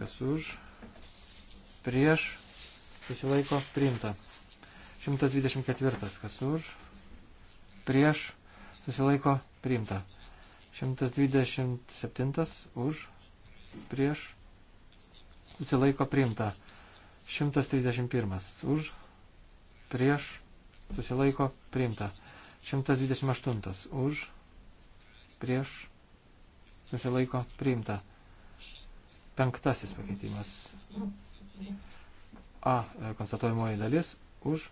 Kas už? Prieš. Susilaiko. Priimta. 124. Kas už? Prieš. Susilaiko. Priimta. 127. Už. Prieš. Susilaiko. Priimta. 131. Už. Prieš. Susilaiko. Priimta. 128. Už. Prieš. Susilaiko. Priimta. Penktasis pakeitimas. A. E, konstatuojamoji dalis už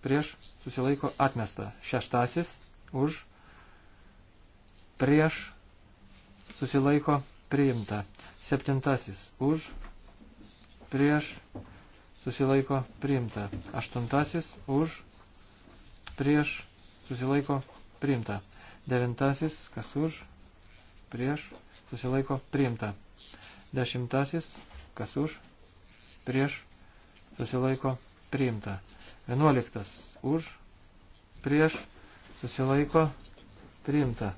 prieš susilaiko atmesta. Šeštasis už prieš susilaiko priimta. Septintasis už prieš susilaiko priimta. Aštuntasis už prieš susilaiko priimta. Devintasis kas už prieš susilaiko priimta. Dešimtasis, kas už, prieš, susilaiko, priimta. Vienuoliktas, už, prieš, susilaiko, priimta.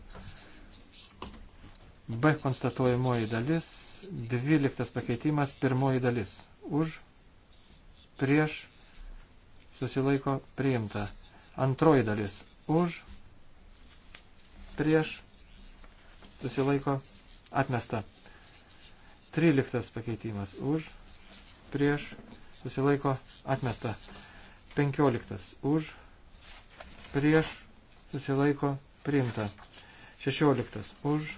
B konstatuojamoji dalis, dvyliktas pakeitimas, pirmoji dalis, už, prieš, susilaiko, priimta. Antroji dalis, už, prieš, susilaiko, atmesta. 13 pakeitimas už, prieš, susilaiko, atmesta. 15 už, prieš, susilaiko, priimta. 16 už,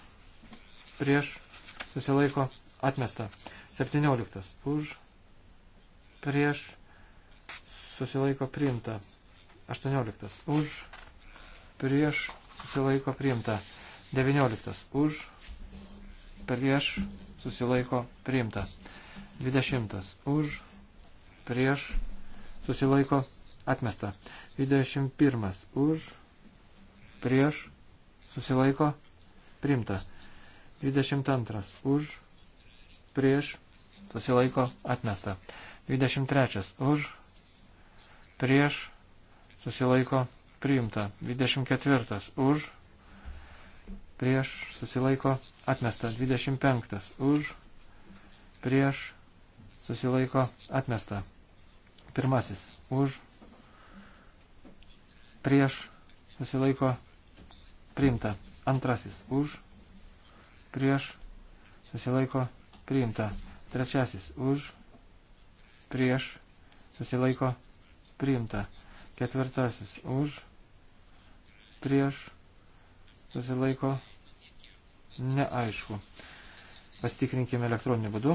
prieš, susilaiko, atmesta. 17 už, prieš, susilaiko, priimta. 18 už, prieš, susilaiko, priimta. 19 už, prieš, susilaiko priimta. 20 už, prieš, susilaiko atmesta. 21 už, prieš, susilaiko priimta. 22 už, prieš, susilaiko atmesta. 23 už, prieš, susilaiko priimta. 24 už, prieš susilaiko atmesta. 25 už prieš susilaiko atmesta. Pirmasis už prieš susilaiko priimta. Antrasis už prieš susilaiko priimta. Trečiasis už prieš susilaiko priimta. Ketvirtasis už prieš susilaiko priimta neaišku. Pasitikrinkime elektroniniu būdu.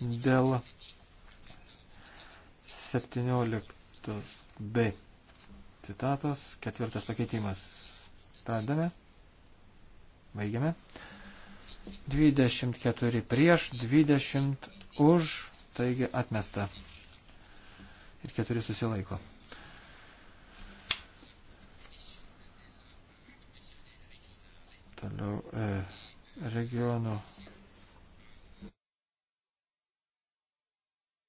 Dėl 17b citatos, ketvirtas pakeitimas. Pradame. Baigiame. 24 prieš, 20 už, taigi atmesta. Ir keturi susilaiko. Toliau e, regionų.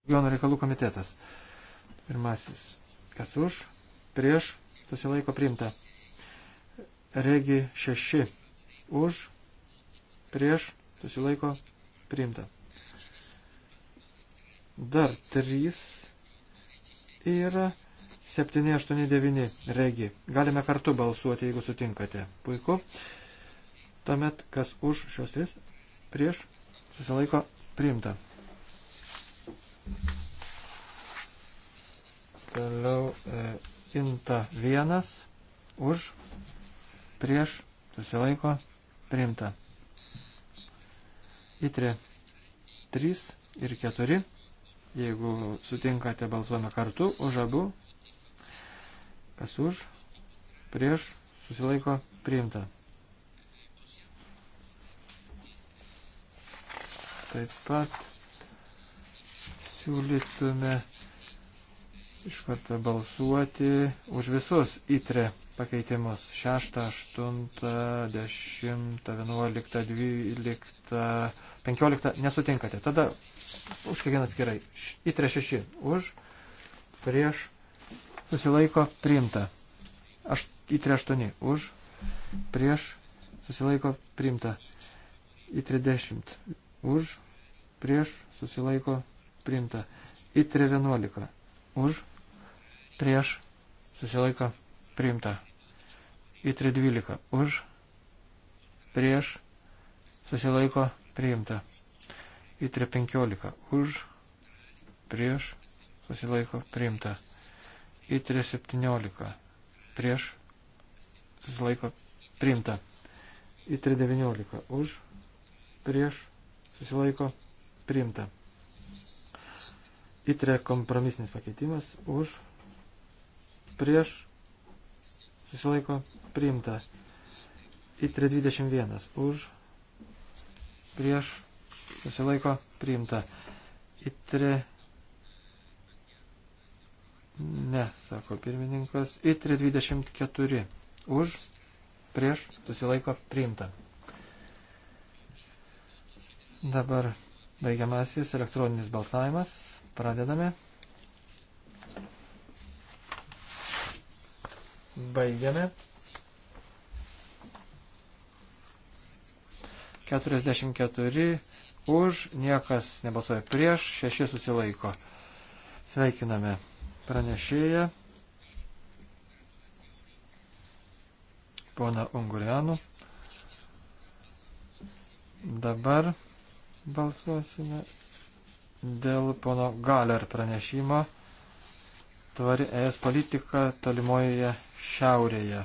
Regionų reikalų komitetas. Pirmasis. Kas už? Prieš. Susilaiko priimta. Regi 6. Už. Prieš. Susilaiko priimta. Dar 3 yra 789 regi. Galime kartu balsuoti, jeigu sutinkate. Puiku. Tuomet, kas už šios tris, prieš, susilaiko, priimta. Toliau e, inta vienas, už, prieš, susilaiko, priimta. Įtrė 3 ir 4, jeigu sutinkate, balsuojame kartu už abu, kas už, prieš, susilaiko, priimta. Taip pat siūlytume iš karto balsuoti už visus įtre pakeitimus 6, 8, 10, 11, 12, 15 nesutinkate. Tada už kiekvieną skirai. Įtre 6 už, prieš, susilaiko, priimta. Aš įtre 8 už, prieš, susilaiko, priimta. Įtre 10 už, prieš, susilaiko, priimta. Itre 11, už, prieš, susilaiko, priimta. Itre 12, už, prieš, susilaiko, priimta. Itre 15, už, prieš, susilaiko, priimta. Itre 17, prieš, susilaiko, priimta. Itre 19, už, prieš, susilaiko priimta. Įtrė kompromisinis pakeitimas už prieš susilaiko priimta. Įtrė 21 už prieš susilaiko priimta. Įtrė ne, sako pirmininkas. Įtrė 24 už prieš susilaiko priimta. Dabar baigiamasis elektroninis balsavimas. Pradedame. Baigiame. 44 už, niekas nebalsuoja prieš, 6 susilaiko. Sveikiname pranešėją. Pona Ungurianų. Dabar balsuosime dėl pono Galer pranešimo tvari ES politika tolimoje šiaurėje.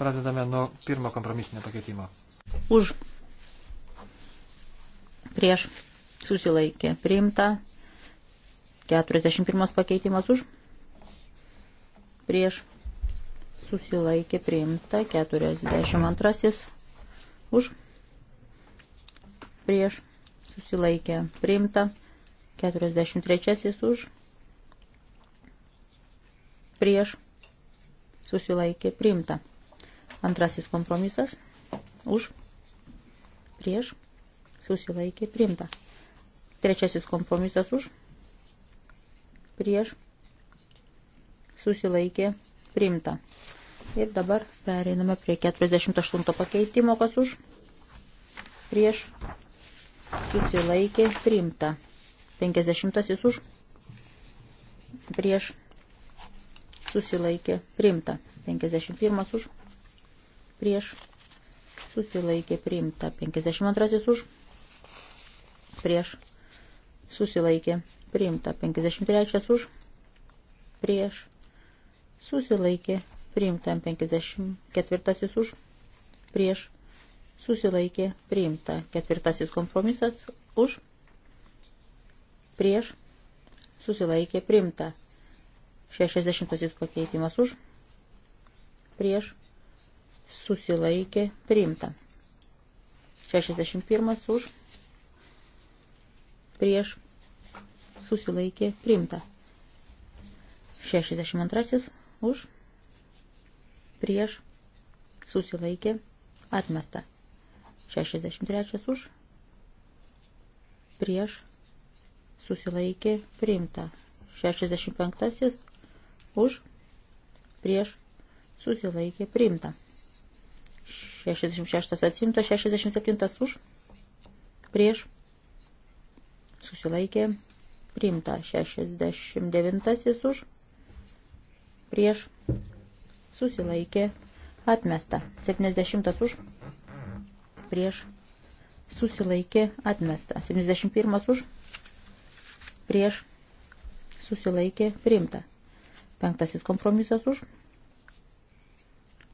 Pradedame nuo pirmo kompromisinio pakeitimo. Už. Prieš. Susilaikė. Priimta. 41 pakeitimas už. Prieš. Susilaikė. Priimta. 42 už prieš, susilaikė priimta, 43 už, prieš, susilaikė priimta. Antrasis kompromisas už, prieš, susilaikė priimta. Trečiasis kompromisas už, prieš, susilaikė priimta. Ir dabar pereiname prie 48 pakeitimo, kas už, prieš, susilaikė priimta. 50 už, prieš susilaikė priimta. 51 už, prieš susilaikė priimta. 52 už, prieš susilaikė priimta. 53 už, prieš susilaikė priimta. 54 už, prieš susilaikė priimta. Ketvirtasis kompromisas už, prieš, susilaikė priimta. 60 pakeitimas už, prieš, susilaikė priimta. 61 už, prieš, susilaikė priimta. 62 už, prieš, susilaikė atmesta. 63 už, prieš, susilaikė, priimta. 65 už, prieš, susilaikė, priimta. 66 atsimta, 67 už, prieš, susilaikė, priimta. 69 už, prieš, susilaikė, atmesta. 70 už, prieš susilaikė atmesta. 71 už prieš susilaikė priimta. Penktasis kompromisas už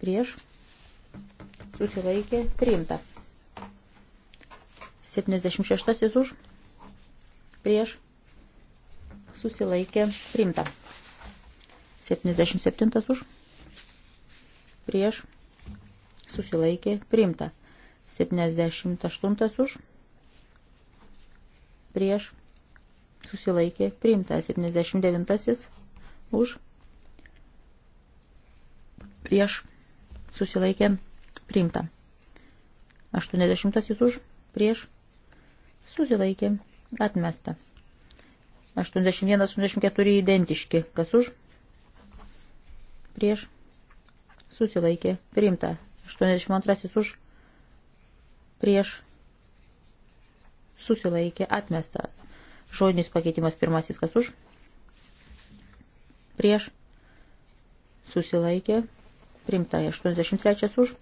prieš susilaikė priimta. 76 už prieš susilaikė priimta. 77 už prieš susilaikė priimta. 78 už, prieš, susilaikė, priimta 79 už, prieš, susilaikė, priimta 80 už, prieš, susilaikė, atmesta 81-84 identiški, kas už, prieš, susilaikė, priimta 82 už, prieš susilaikė atmesta. Žodinis pakeitimas pirmasis kas už, prieš susilaikė primta 83 už,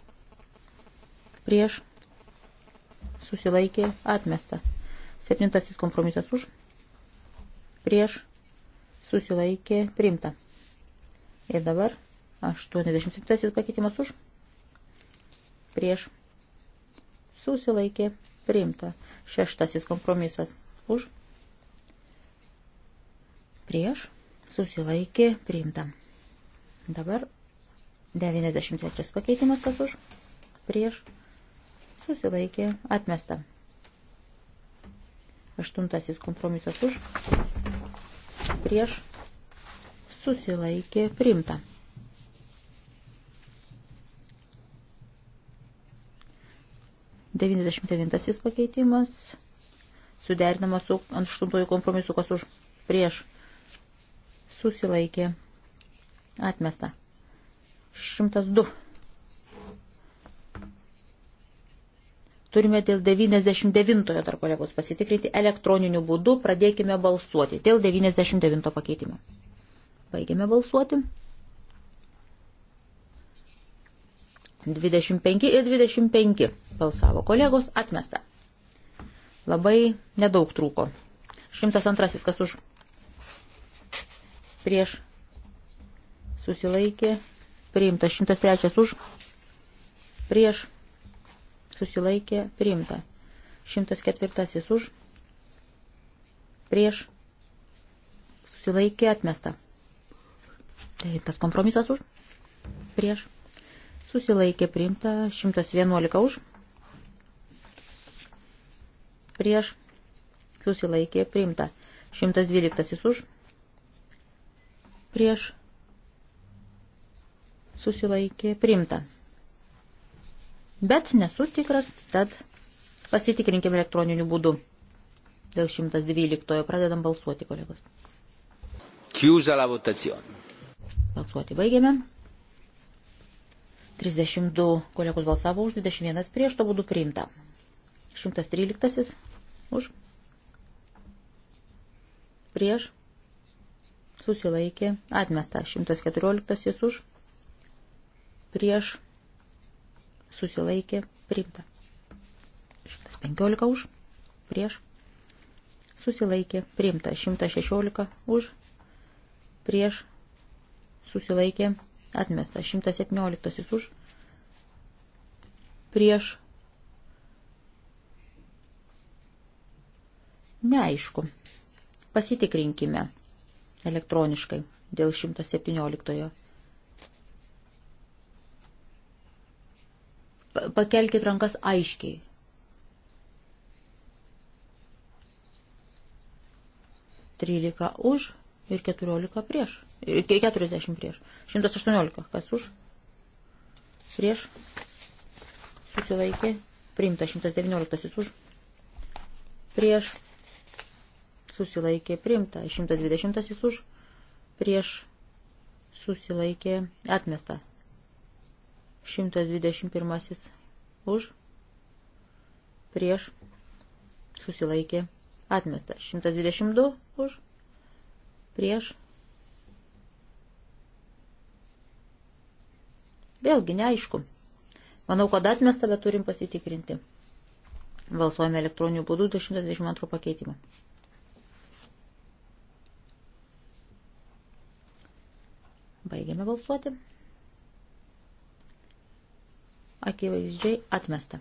prieš susilaikė atmesta. Septintasis kompromisas už, prieš susilaikė primta. Ir dabar 87 pakeitimas už, prieš susilaikė priimta. Šeštasis kompromisas už, prieš, susilaikė priimta. Dabar 93 pakeitimas kas už, prieš, susilaikė atmesta. Aštuntasis kompromisas už, prieš, susilaikė priimta. 99 pakeitimas suderinamas su ant 8 kompromisu, kas už prieš susilaikė atmesta. 102. Turime dėl 99 dar kolegos pasitikrinti elektroniniu būdu. Pradėkime balsuoti dėl 99 pakeitimo. Baigėme balsuoti. 25 ir 25 balsavo kolegos, atmesta. Labai nedaug trūko. 102 kas už prieš susilaikė, priimta. 103 už prieš susilaikė, priimta. 104 už prieš susilaikė, atmesta. 9 kompromisas už prieš susilaikė priimta 111 už, prieš susilaikė priimta 112 už, prieš susilaikė priimta. Bet nesu tikras, tad pasitikrinkim elektroniniu būdu. Dėl 112 pradedam balsuoti, kolegos. Chiusa la votazione. Balsuoti baigiame. 32 kolegos balsavo už, 21 prieš, to būdu priimta. 113 už. Prieš. Susilaikė. Atmesta. 114 už. Prieš. Susilaikė. Priimta. 115 už. Prieš. Susilaikė. Priimta. 116 už. Prieš. Susilaikė. Atmesta 117 už. Prieš. Neaišku. Pasitikrinkime elektroniškai dėl 117. Pakelkit rankas aiškiai. Trylika už, ir 14 prieš. Ir 40 prieš. 118. Kas už? Prieš. Susilaikė. Priimta 119 už. Prieš. Susilaikė. Priimta 120 už. Prieš. Susilaikė. Atmesta. 121 už. Prieš. Susilaikė. Atmesta. 122 už prieš. Vėlgi neaišku. Manau, kad atmestą, bet turim pasitikrinti. Valsuojame elektroniniu būdu 122 pakeitimą. Baigiame balsuoti. Akivaizdžiai atmesta.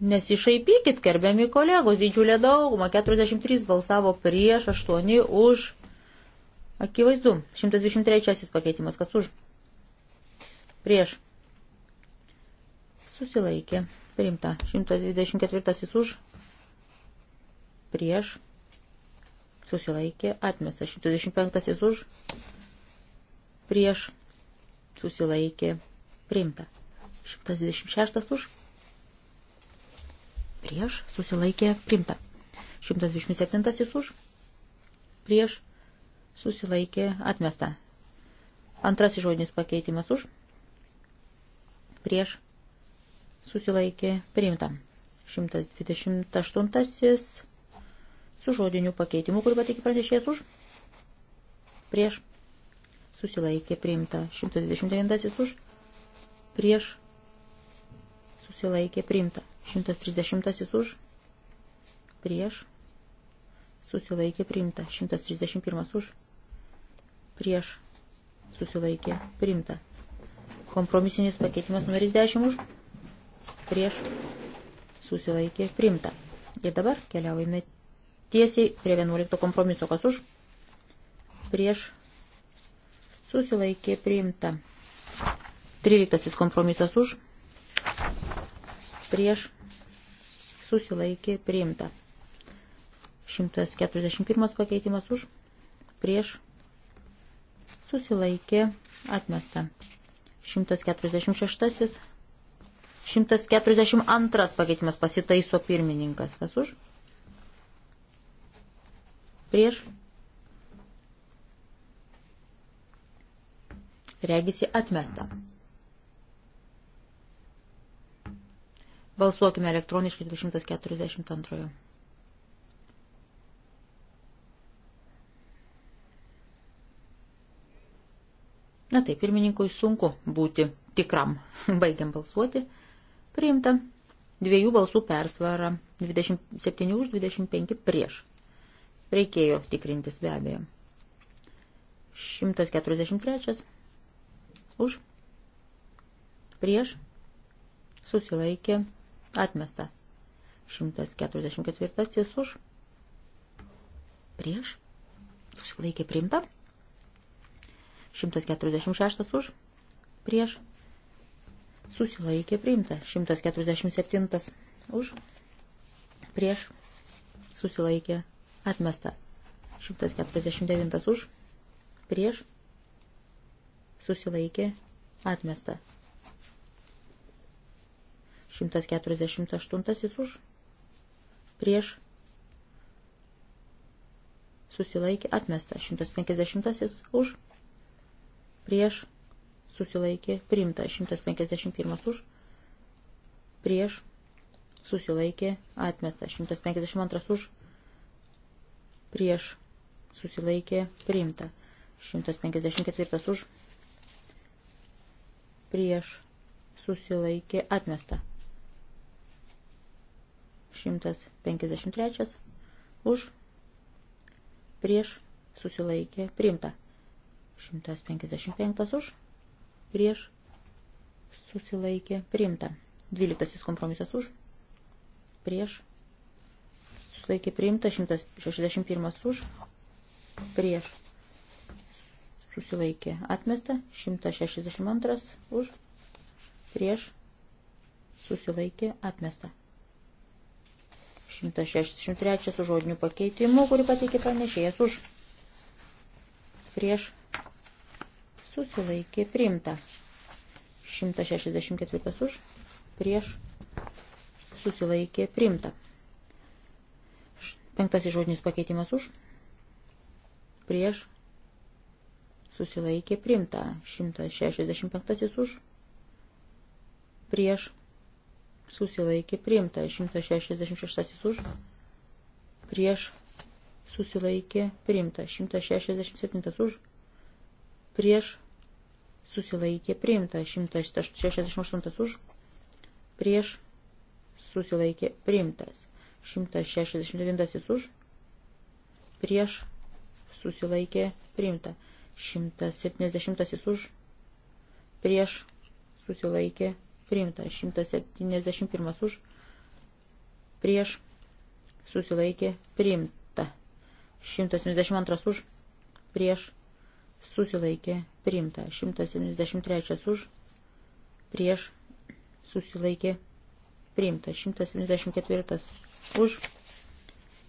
Nesišaipykit, gerbiami kolegos, didžiulė dauguma, 43 balsavo prieš, 8 už. Akivaizdu, 123 pakeitimas, kas už? Prieš. Susilaikė, priimta. 124 už. Prieš. Susilaikė, atmesta. 125 už. Prieš. Susilaikė, priimta. 126 už prieš, susilaikė primta. 127 už, prieš, susilaikė atmesta. Antrasis žodinis pakeitimas už, prieš, susilaikė priimta. 128 su žodiniu pakeitimu, kurį pateikė pranešėjas už, prieš, susilaikė priimta. 129 už, prieš, susilaikė priimta. 130 už, prieš, susilaikė priimta. 131 už, prieš, susilaikė priimta. Kompromisinis pakeitimas numeris 10 už, prieš, susilaikė priimta. Ir dabar keliaujame tiesiai prie 11 kompromiso, kas už, prieš, susilaikė priimta. 13 kompromisas už, prieš, susilaikė priimta. 141 pakeitimas už, prieš, susilaikė atmesta. 146, 142 pakeitimas pasitaiso pirmininkas, kas už, prieš, regisi atmesta. Balsuokime elektroniškai 242. Na tai, pirmininkui sunku būti tikram. Baigiam balsuoti. Priimta. Dviejų balsų persvara. 27 už, 25 prieš. Reikėjo tikrintis be abejo. 143 už. Prieš. Susilaikė. Atmesta. 144 už. Prieš. Susilaikė priimta. 146 už. Prieš. Susilaikė priimta. 147 už. Prieš. Susilaikė atmesta. 149 už. Prieš. Susilaikė atmesta. 148 už, prieš, susilaikė, atmesta, 150 už, prieš, susilaikė, priimta, 151 už, prieš, susilaikė, atmesta, 152 už, prieš, susilaikė, priimta, 154 už, prieš, susilaikė, atmesta. 153 už prieš susilaikė priimta. 155 už prieš susilaikė priimta. 12 kompromisas už prieš susilaikė priimta. 161 už prieš susilaikė atmesta. 162 už prieš susilaikė atmesta. 163 su žodiniu pakeitimu, kurį pateikė pranešėjas už prieš susilaikė priimta. 164 už prieš susilaikė priimta. Penktasis žodinis pakeitimas už prieš susilaikė priimta. 165 už prieš susilaikė priimta, 166 už, prieš susilaikė priimta, 167 už, prieš susilaikė priimta, 168 už, prieš susilaikė priimtas, 169 už, prieš susilaikė priimta, 170 už, prieš susilaikė priimta priimta. 171 už, prieš, susilaikė, priimta. 172 už, prieš, susilaikė, priimta. 173 už, prieš, susilaikė, priimta. 174 už,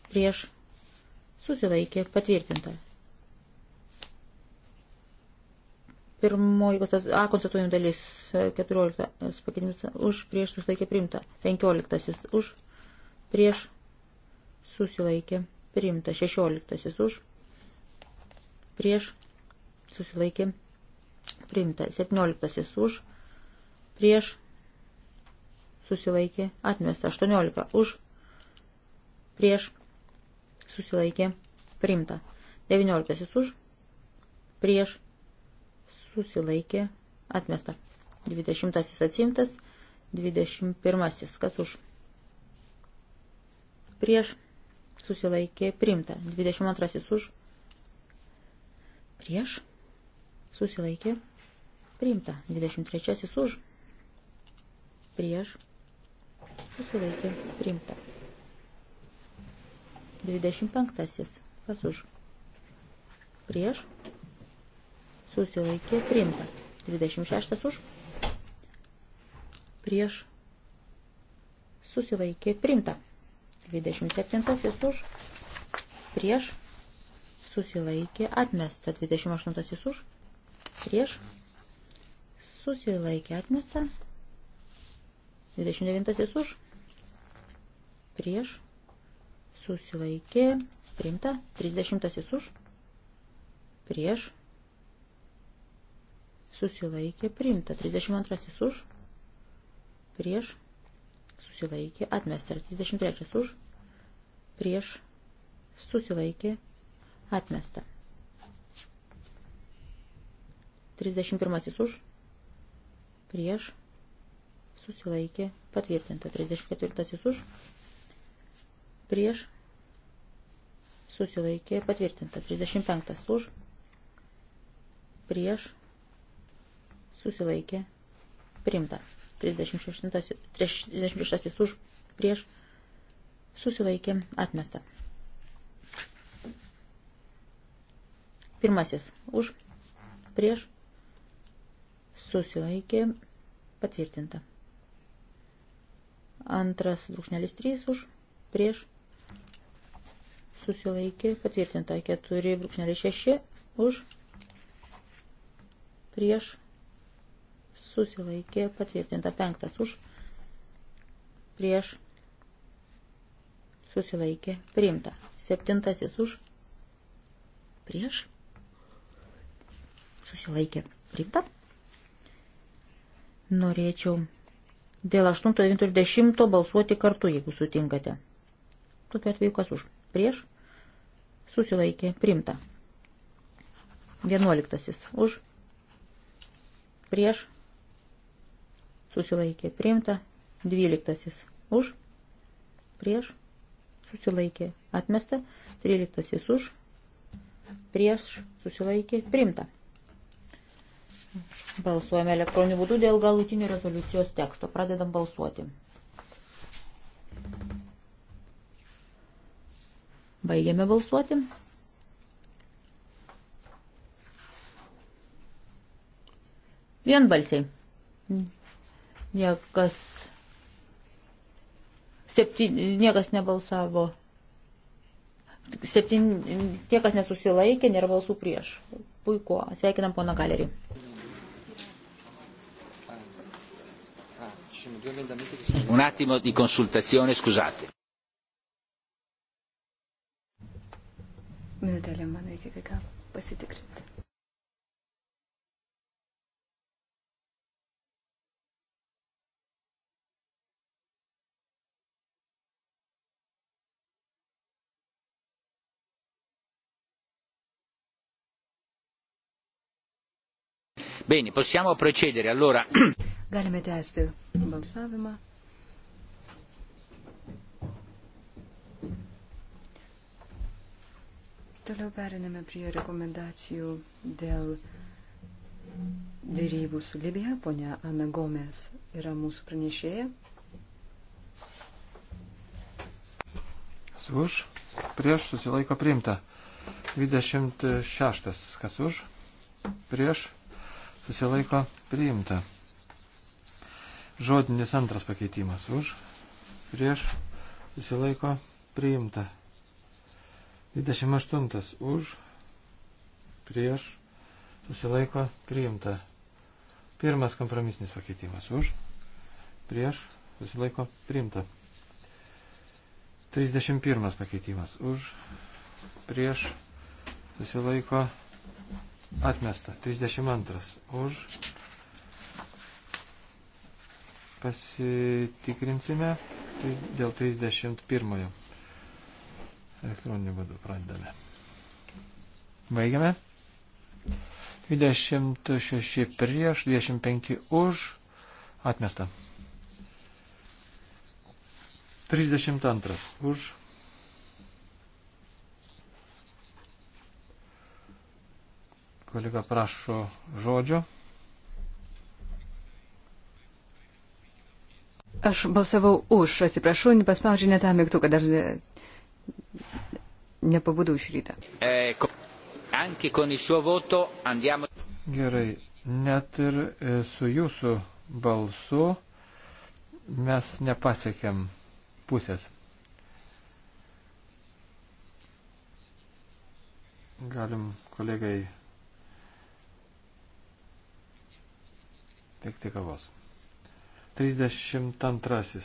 prieš, susilaikė, patvirtinta. Pirmoji A konstatuojimo dalis 14 e, pakeitimas už prieš susilaikė priimta. 15 už prieš susilaikė priimta. 16 už prieš susilaikė priimta. 17 už prieš susilaikė atmesta. 18 už prieš susilaikė priimta. 19 už prieš susilaikė, atmesta. 20 atsimtas, 21 kas už, prieš, susilaikė, primta. 22 už, prieš, susilaikė, primta. 23 už, prieš, susilaikė, primta. 25 kas už, prieš, susilaikė priimta. 26 už, prieš, susilaikė priimta. 27 už, prieš, susilaikė atmesta. 28 už, prieš, susilaikė atmesta. 29 už, prieš, susilaikė priimta. 30 už, prieš, susilaikė priimta. 32 už, prieš, susilaikė atmesta. 33 už, prieš, susilaikė atmesta. 31 už, prieš, susilaikė patvirtinta. 34 už, prieš, susilaikė patvirtinta. 35 už, prieš, susilaikė priimta. 36, 36 už prieš susilaikė atmesta. Pirmasis už prieš susilaikė patvirtinta. Antras lūkšnelis 3 už prieš susilaikė patvirtinta. 4 lūkšnelis 6 už prieš susilaikė patvirtinta. Penktas už prieš susilaikė priimta. Septintasis už prieš susilaikė priimta. Norėčiau dėl 8, 9 ir 10 balsuoti kartu, jeigu sutinkate. Tokiu atveju kas už prieš susilaikė priimta. Vienuoliktasis už prieš susilaikė priimta, 12 už, prieš, susilaikė atmesta, 13 už, prieš, susilaikė priimta. Balsuojame elektroniniu būdu dėl galutinio rezoliucijos teksto. Pradedam balsuoti. Baigiame balsuoti. Vienbalsiai. Niekas, septyn, niekas nebalsavo. Septyn, tie, kas nesusilaikė, nėra balsų prieš. Puiku, sveikinam poną galerį. Un attimo di consultazione, scusate. Minutėlė man reikia ką pasitikrinti. Bene, possiamo procedere allora. Galime tęsti balsavimą. Toliau periname prie rekomendacijų dėl dėrybų su Libija. Pone Ana Gomes yra mūsų pranešėja. Kas už, prieš susilaiko priimta. 26. Kas už, prieš susilaiko priimta. Žodinis antras pakeitimas už, prieš, susilaiko priimta. 28 už, prieš, susilaiko priimta. Pirmas kompromisinis pakeitimas už, prieš, susilaiko priimta. 31 pakeitimas už, prieš, susilaiko Atmesta. 32. Už. Pasitikrinsime dėl 31. Elektroniniu būdu pradedame. Baigiame. 26 prieš, 25 už. Atmesta. 32. Už Kolega prašo žodžio. Aš balsavau už, atsiprašau, nepaspaudžiu net tą mygtuką, dar ne, nepabudau iš ryto. Gerai, net ir e, su jūsų balsu mes nepasiekėm pusės. Galim kolegai Pikti kavos. 32.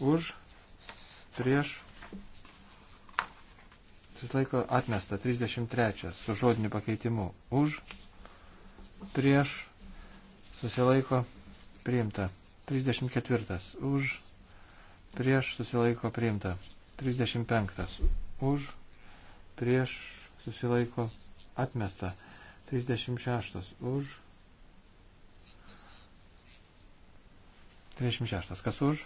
Už, prieš, susilaiko atmesta. 33. Su žodiniu pakeitimu. Už, prieš, susilaiko priimta. 34. Už, prieš, susilaiko priimta. 35. Už, prieš, susilaiko atmesta. 36. Už, 36. Kas už?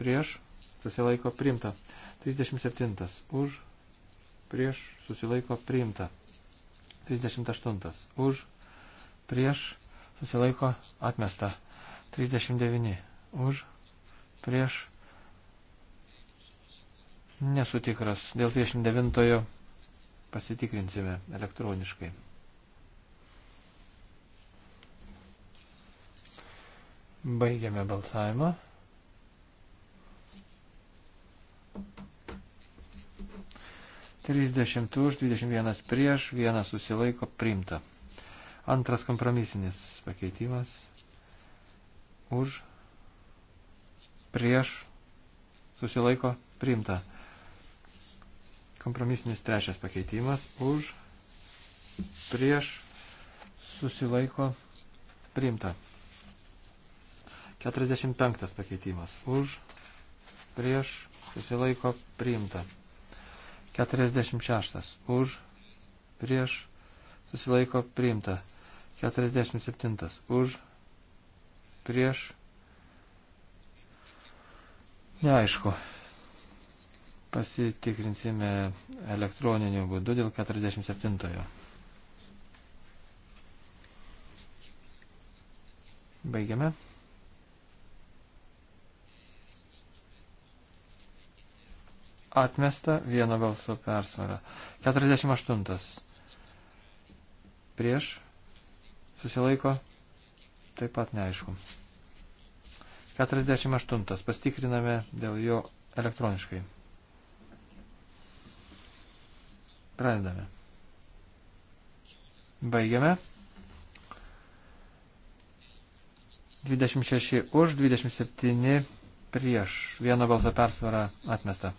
Prieš. Susilaiko priimta. 37. Už. Prieš. Susilaiko priimta. 38. Už. Prieš. Susilaiko atmesta. 39. Už. Prieš. Nesu tikras. Dėl 39 pasitikrinsime elektroniškai. Baigiame balsavimą. Trisdešimt už, dvidešimt vienas prieš, vienas susilaiko priimta. Antras kompromisinis pakeitimas. Už, prieš, susilaiko priimta. Kompromisinis trečias pakeitimas už prieš susilaiko priimta. 45 pakeitimas. Už, prieš, susilaiko, priimta. 46. Už, prieš, susilaiko, priimta. 47. Už, prieš, neaišku. Pasitikrinsime elektroniniu būdu dėl 47. -ojo. Baigiame. atmesta vieno balso persvara. 48. Prieš susilaiko taip pat neaišku. 48. Pastikriname dėl jo elektroniškai. Pradedame. Baigiame. 26 už, 27 prieš. Vieno balso persvara atmesta.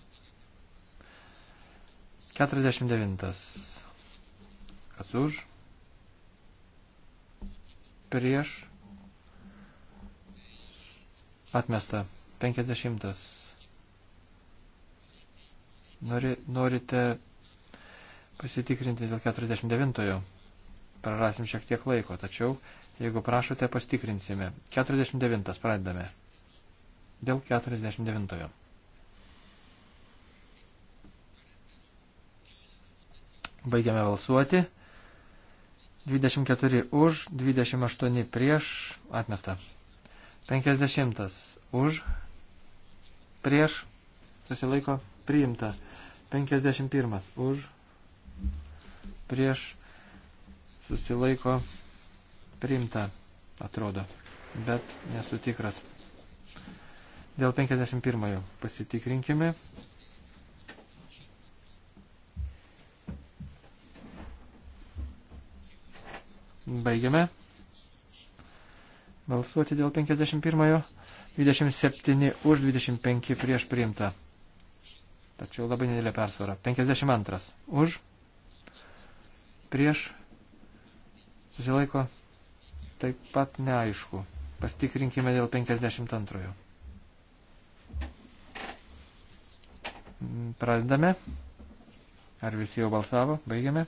49. Kas už? Prieš. Atmesta. 50. Nori, norite pasitikrinti dėl 49. Prarasim šiek tiek laiko, tačiau jeigu prašote, pasitikrinsime. 49. Pradedame. Dėl 49. Baigiame balsuoti. 24 už, 28 prieš, atmesta. 50 už, prieš, susilaiko, priimta. 51 už, prieš, susilaiko, priimta, atrodo, bet nesu tikras. Dėl 51 pasitikrinkime. Baigiame. Balsuoti dėl 51-ojo. 27 už 25 prieš priimta. Tačiau labai nedėlė persvara. 52 už. Prieš. Susilaiko. Taip pat neaišku. Pastikrinkime dėl 52-ojo. Pradedame. Ar visi jau balsavo? Baigiame.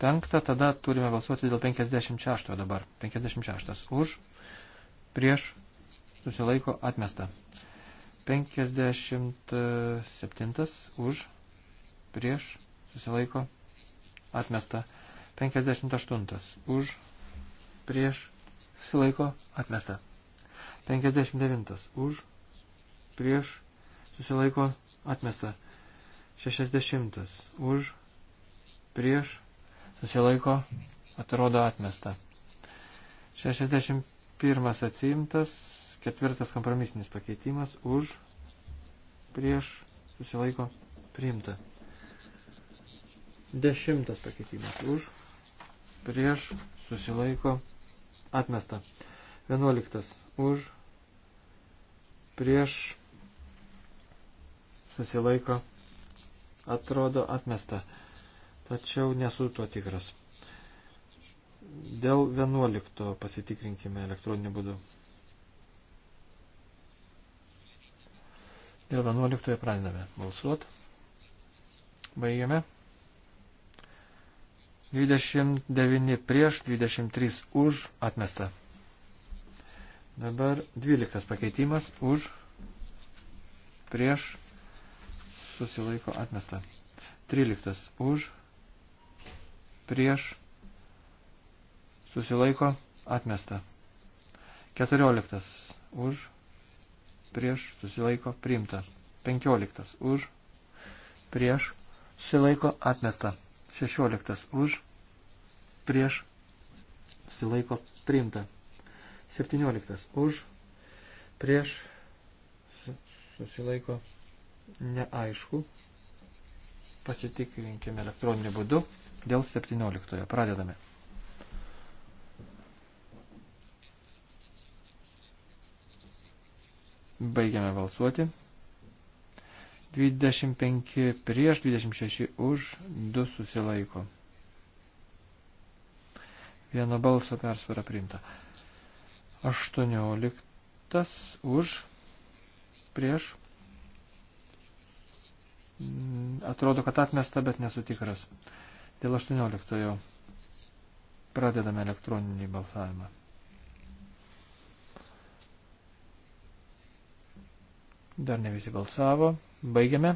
5, tada turime balsuoti dėl 56 dabar. 56 už, prieš, susilaiko, atmesta. 57 už, prieš, susilaiko, atmesta. 58 už, prieš, susilaiko, atmesta. 59 už, prieš, susilaiko, atmesta. 60 už, prieš, susilaiko, atrodo atmesta. 61 atsiimtas, ketvirtas kompromisinis pakeitimas už, prieš, susilaiko, priimta. Dešimtas pakeitimas už, prieš, susilaiko, atmesta. Vienuoliktas už, prieš, susilaiko, atrodo, atmesta tačiau nesu tuo tikras. Dėl 11 pasitikrinkime elektroniniu būdu. Dėl 11 pradedame balsuoti. Baigiame. 29 prieš, 23 už atmesta. Dabar 12 pakeitimas už, prieš, susilaiko atmesta. 13 už, prieš, susilaiko, atmesta. 14 už, prieš, susilaiko, priimta. 15 už, prieš, susilaiko, atmesta. 16 už, prieš, susilaiko, priimta. 17 už, prieš, susilaiko, neaišku. Pasitikrinkime elektroninį būdu dėl 17. Pradedame. Baigiame balsuoti. 25 prieš, 26 už, 2 susilaiko. Vieno balso persvara priimta. 18 už, prieš. Atrodo, kad atmesta, bet nesu tikras. Dėl 18 pradedame elektroninį balsavimą. Dar ne visi balsavo. Baigiame.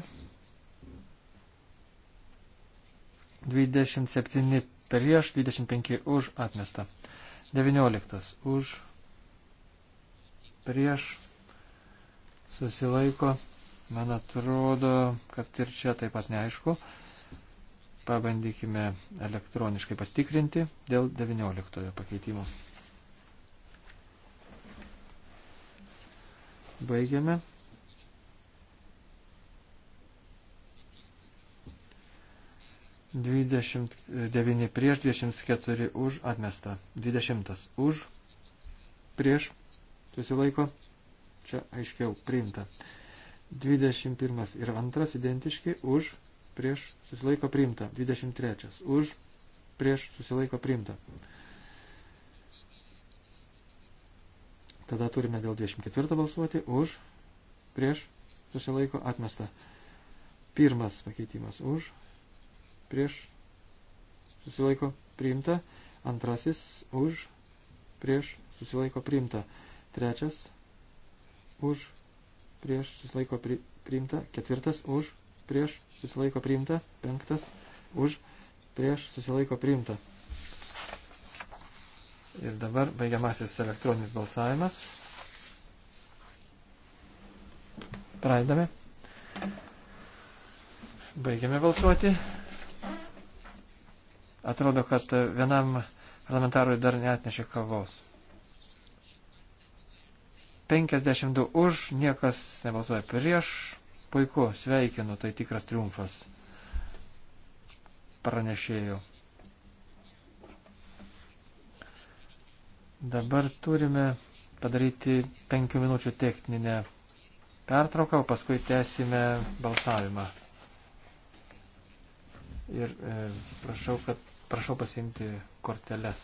27 prieš, 25 už atmestą. 19 už prieš susilaiko. Man atrodo, kad ir čia taip pat neaišku. Pabandykime elektroniškai pastikrinti dėl 19 pakeitimo. Baigiame. Dvidešimt devyni prieš, dvidešimt keturi už atmesta. Dvidešimtas už, prieš, susilaiko, čia aiškiau priimta. Dvidešimt pirmas ir antras identiški už, prieš prieš susilaiko priimta. 23. Už prieš susilaiko priimta. Tada turime dėl 24 balsuoti. Už prieš susilaiko atmesta. Pirmas pakeitimas už prieš susilaiko priimta. Antrasis už prieš susilaiko priimta. Trečias už prieš susilaiko priimta. Ketvirtas už prieš susilaiko priimta, penktas už prieš susilaiko priimta. Ir dabar baigiamasis elektroninis balsavimas. Pradedame. Baigiame balsuoti. Atrodo, kad vienam parlamentarui dar neatnešė kavos. 52 už, niekas nebalsuoja prieš, Puiku, sveikinu, tai tikras triumfas pranešėjų. Dabar turime padaryti penkių minučių techninę pertrauką, o paskui tęsime balsavimą. Ir e, prašau, kad, prašau pasiimti korteles.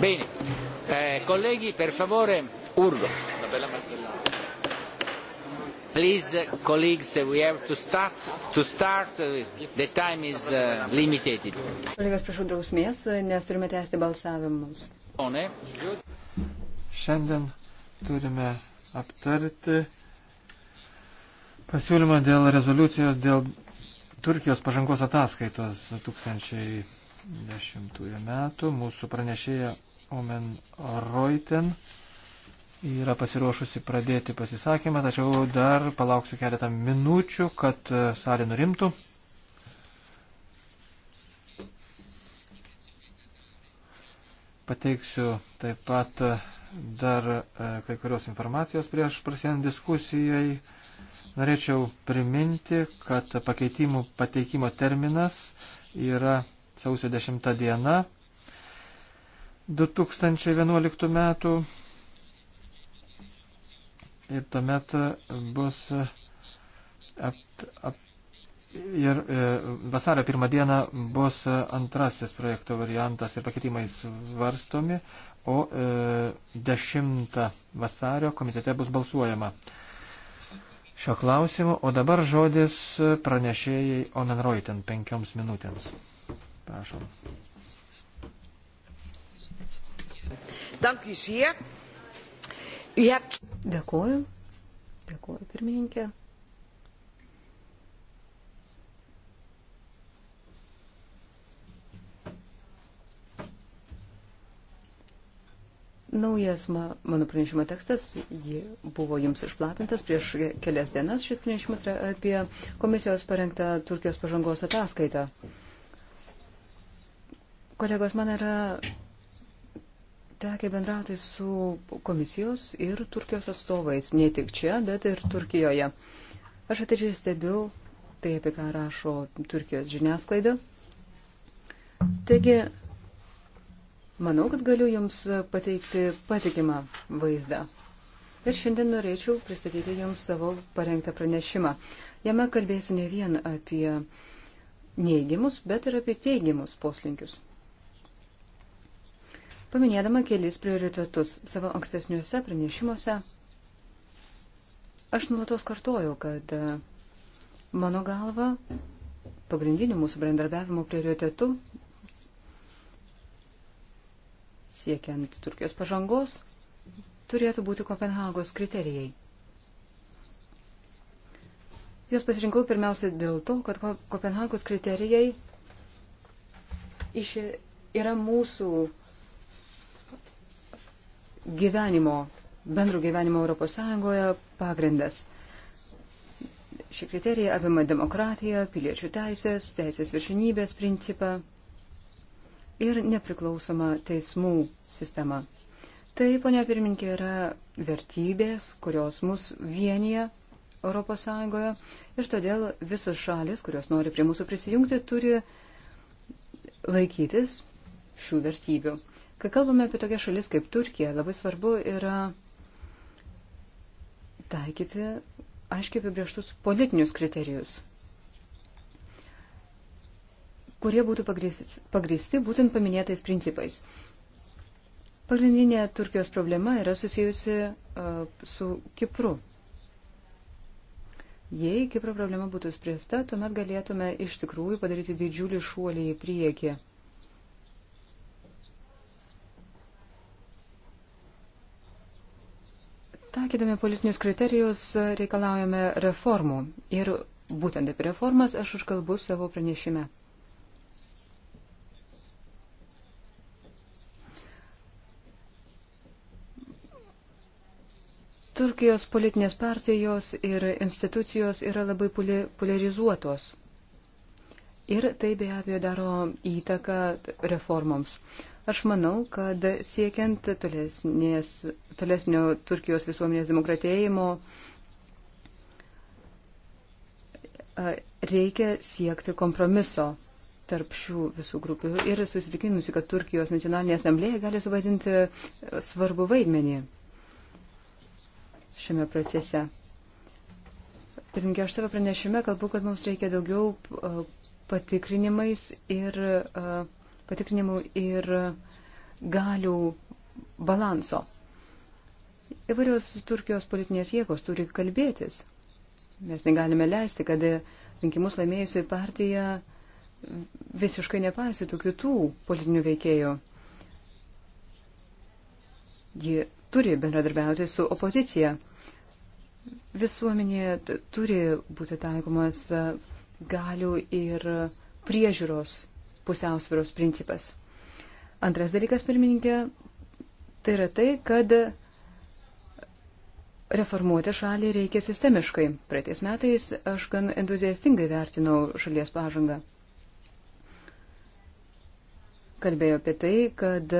Bene, eh, colleghi per favore, urlo. Please, colleagues, we have to start. To start, eh, the time is uh, limited. Kolegos, prašau drausmės, eh, nes turime tęsti balsavimus. Šiandien turime aptarti pasiūlymą dėl rezoliucijos dėl Turkijos pažangos ataskaitos 2000. 2010 metų. Mūsų pranešėja Omen Reuten yra pasiruošusi pradėti pasisakymą, tačiau dar palauksiu keletą minučių, kad e, salė nurimtų. Pateiksiu taip pat e, dar e, kai kurios informacijos prieš prasidant diskusijai. Norėčiau priminti, kad pakeitimų pateikimo terminas yra sausio 10 diena 2011 metų ir tuomet bus apt, ap, ir e, vasario pirmą dieną bus antrasis projekto variantas ir pakeitimai svarstomi, o e, 10 vasario komitete bus balsuojama šio klausimu, o dabar žodis pranešėjai Omen Reuten penkioms minutėms. Prašom. Dėkuoju. Dėkuoju, pirmininkė. Naujas mano pranešimo tekstas buvo jums išplatintas prieš kelias dienas. Šis pranešimas yra apie komisijos parengtą Turkijos pažangos ataskaitą. Kolegos, man yra tekę bendrauti su komisijos ir Turkijos atstovais, ne tik čia, bet ir Turkijoje. Aš atidžiai stebiu tai, apie ką rašo Turkijos žiniasklaida. Taigi, manau, kad galiu Jums pateikti patikimą vaizdą. Ir šiandien norėčiau pristatyti Jums savo parengtą pranešimą. Jame kalbėsiu ne vien apie neigiamus, bet ir apie teigiamus poslinkius paminėdama kelis prioritetus savo ankstesniuose pranešimuose. Aš nuolatos kartoju, kad e, mano galva pagrindiniu mūsų bendradarbiavimo prioritetu siekiant Turkijos pažangos turėtų būti Kopenhagos kriterijai. Jos pasirinkau pirmiausia dėl to, kad Kopenhagos kriterijai iš, yra mūsų gyvenimo, bendro gyvenimo ES pagrindas. Šie kriterijai apima demokratiją, piliečių teisės, teisės viršinybės principą ir nepriklausomą teismų sistemą. Tai, ponia pirminkė, yra vertybės, kurios mus vienyje ES ir todėl visos šalis, kurios nori prie mūsų prisijungti, turi laikytis šių vertybių. Kai kalbame apie tokias šalis kaip Turkija, labai svarbu yra taikyti aiškiai apibrieštus politinius kriterijus, kurie būtų pagristi, pagristi būtent paminėtais principais. Pagrindinė Turkijos problema yra susijusi uh, su Kipru. Jei Kipro problema būtų spręsta, tuomet galėtume iš tikrųjų padaryti didžiulį šuolį į priekį. Takydami politinius kriterijus e, reikalaujame reformų ir būtent apie reformas aš užkalbu savo pranešime. Turkijos politinės partijos ir institucijos yra labai polarizuotos. Ir tai be abejo daro įtaką reformoms. Aš manau, kad siekiant tolesnės, tolesnio Turkijos visuomenės demokratėjimo, reikia siekti kompromiso tarp šių visų grupių ir susitikinusi, kad Turkijos nacionalinė asamblėja gali suvaidinti svarbu vaidmenį šiame procese. Pirminkė, aš savo pranešime kalbu, kad mums reikia daugiau patikrinimais ir uh, patikrinimų ir galių balanso. Įvairios Turkijos politinės jėgos turi kalbėtis. Mes negalime leisti, kad rinkimus laimėjusi partija visiškai nepaisytų kitų politinių veikėjų. Ji turi bendradarbiauti su opozicija. Visuomenėje turi būti taikomas galių ir priežiūros pusiausvėros principas. Antras dalykas, pirmininkė, tai yra tai, kad reformuoti šalį reikia sistemiškai. Praeitais metais aš gan entuziastingai vertinau šalies pažangą. Kalbėjau apie tai, kad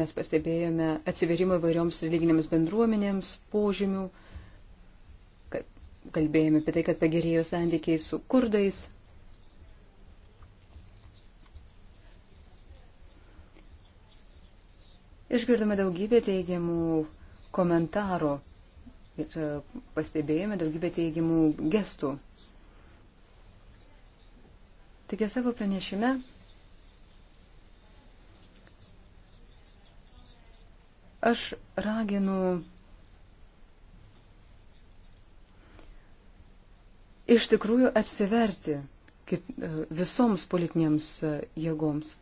mes pastebėjome atsiverimą įvairioms religinėms bendruomenėms, požymių, kalbėjome apie tai, kad pagerėjo santykiai su kurdais, Išgirdome daugybę teigiamų komentarų ir e, pastebėjome daugybę teigiamų gestų. Taigi savo pranešime aš raginu iš tikrųjų atsiverti visoms politinėms e, jėgoms.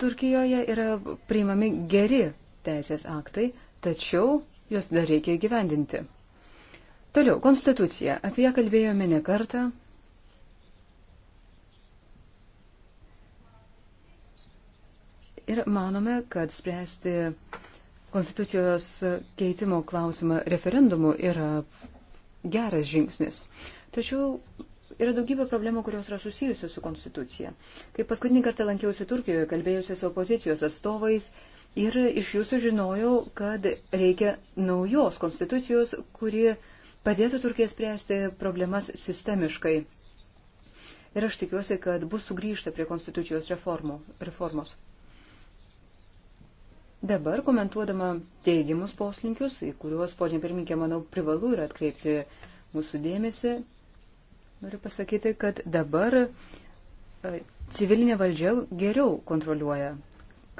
Turkijoje yra priimami geri teisės aktai, tačiau juos dar reikia gyvendinti. Toliau, konstitucija. Apie ją kalbėjome ne kartą. Ir manome, kad spręsti konstitucijos keitimo klausimą referendumu yra geras žingsnis. Tačiau Yra daugybė problemų, kurios yra susijusios su konstitucija. Kai paskutinį kartą lankiausi Turkijoje, kalbėjusi su opozicijos atstovais ir iš jų sužinojau, kad reikia naujos konstitucijos, kuri padėtų Turkijai spręsti problemas sistemiškai. Ir aš tikiuosi, kad bus sugrįžta prie konstitucijos reformų, reformos. Dabar, komentuodama teigiamus poslinkius, į kuriuos, ponė pirminkė, manau, privalu yra atkreipti mūsų dėmesį, Noriu pasakyti, kad dabar e, civilinė valdžia geriau kontroliuoja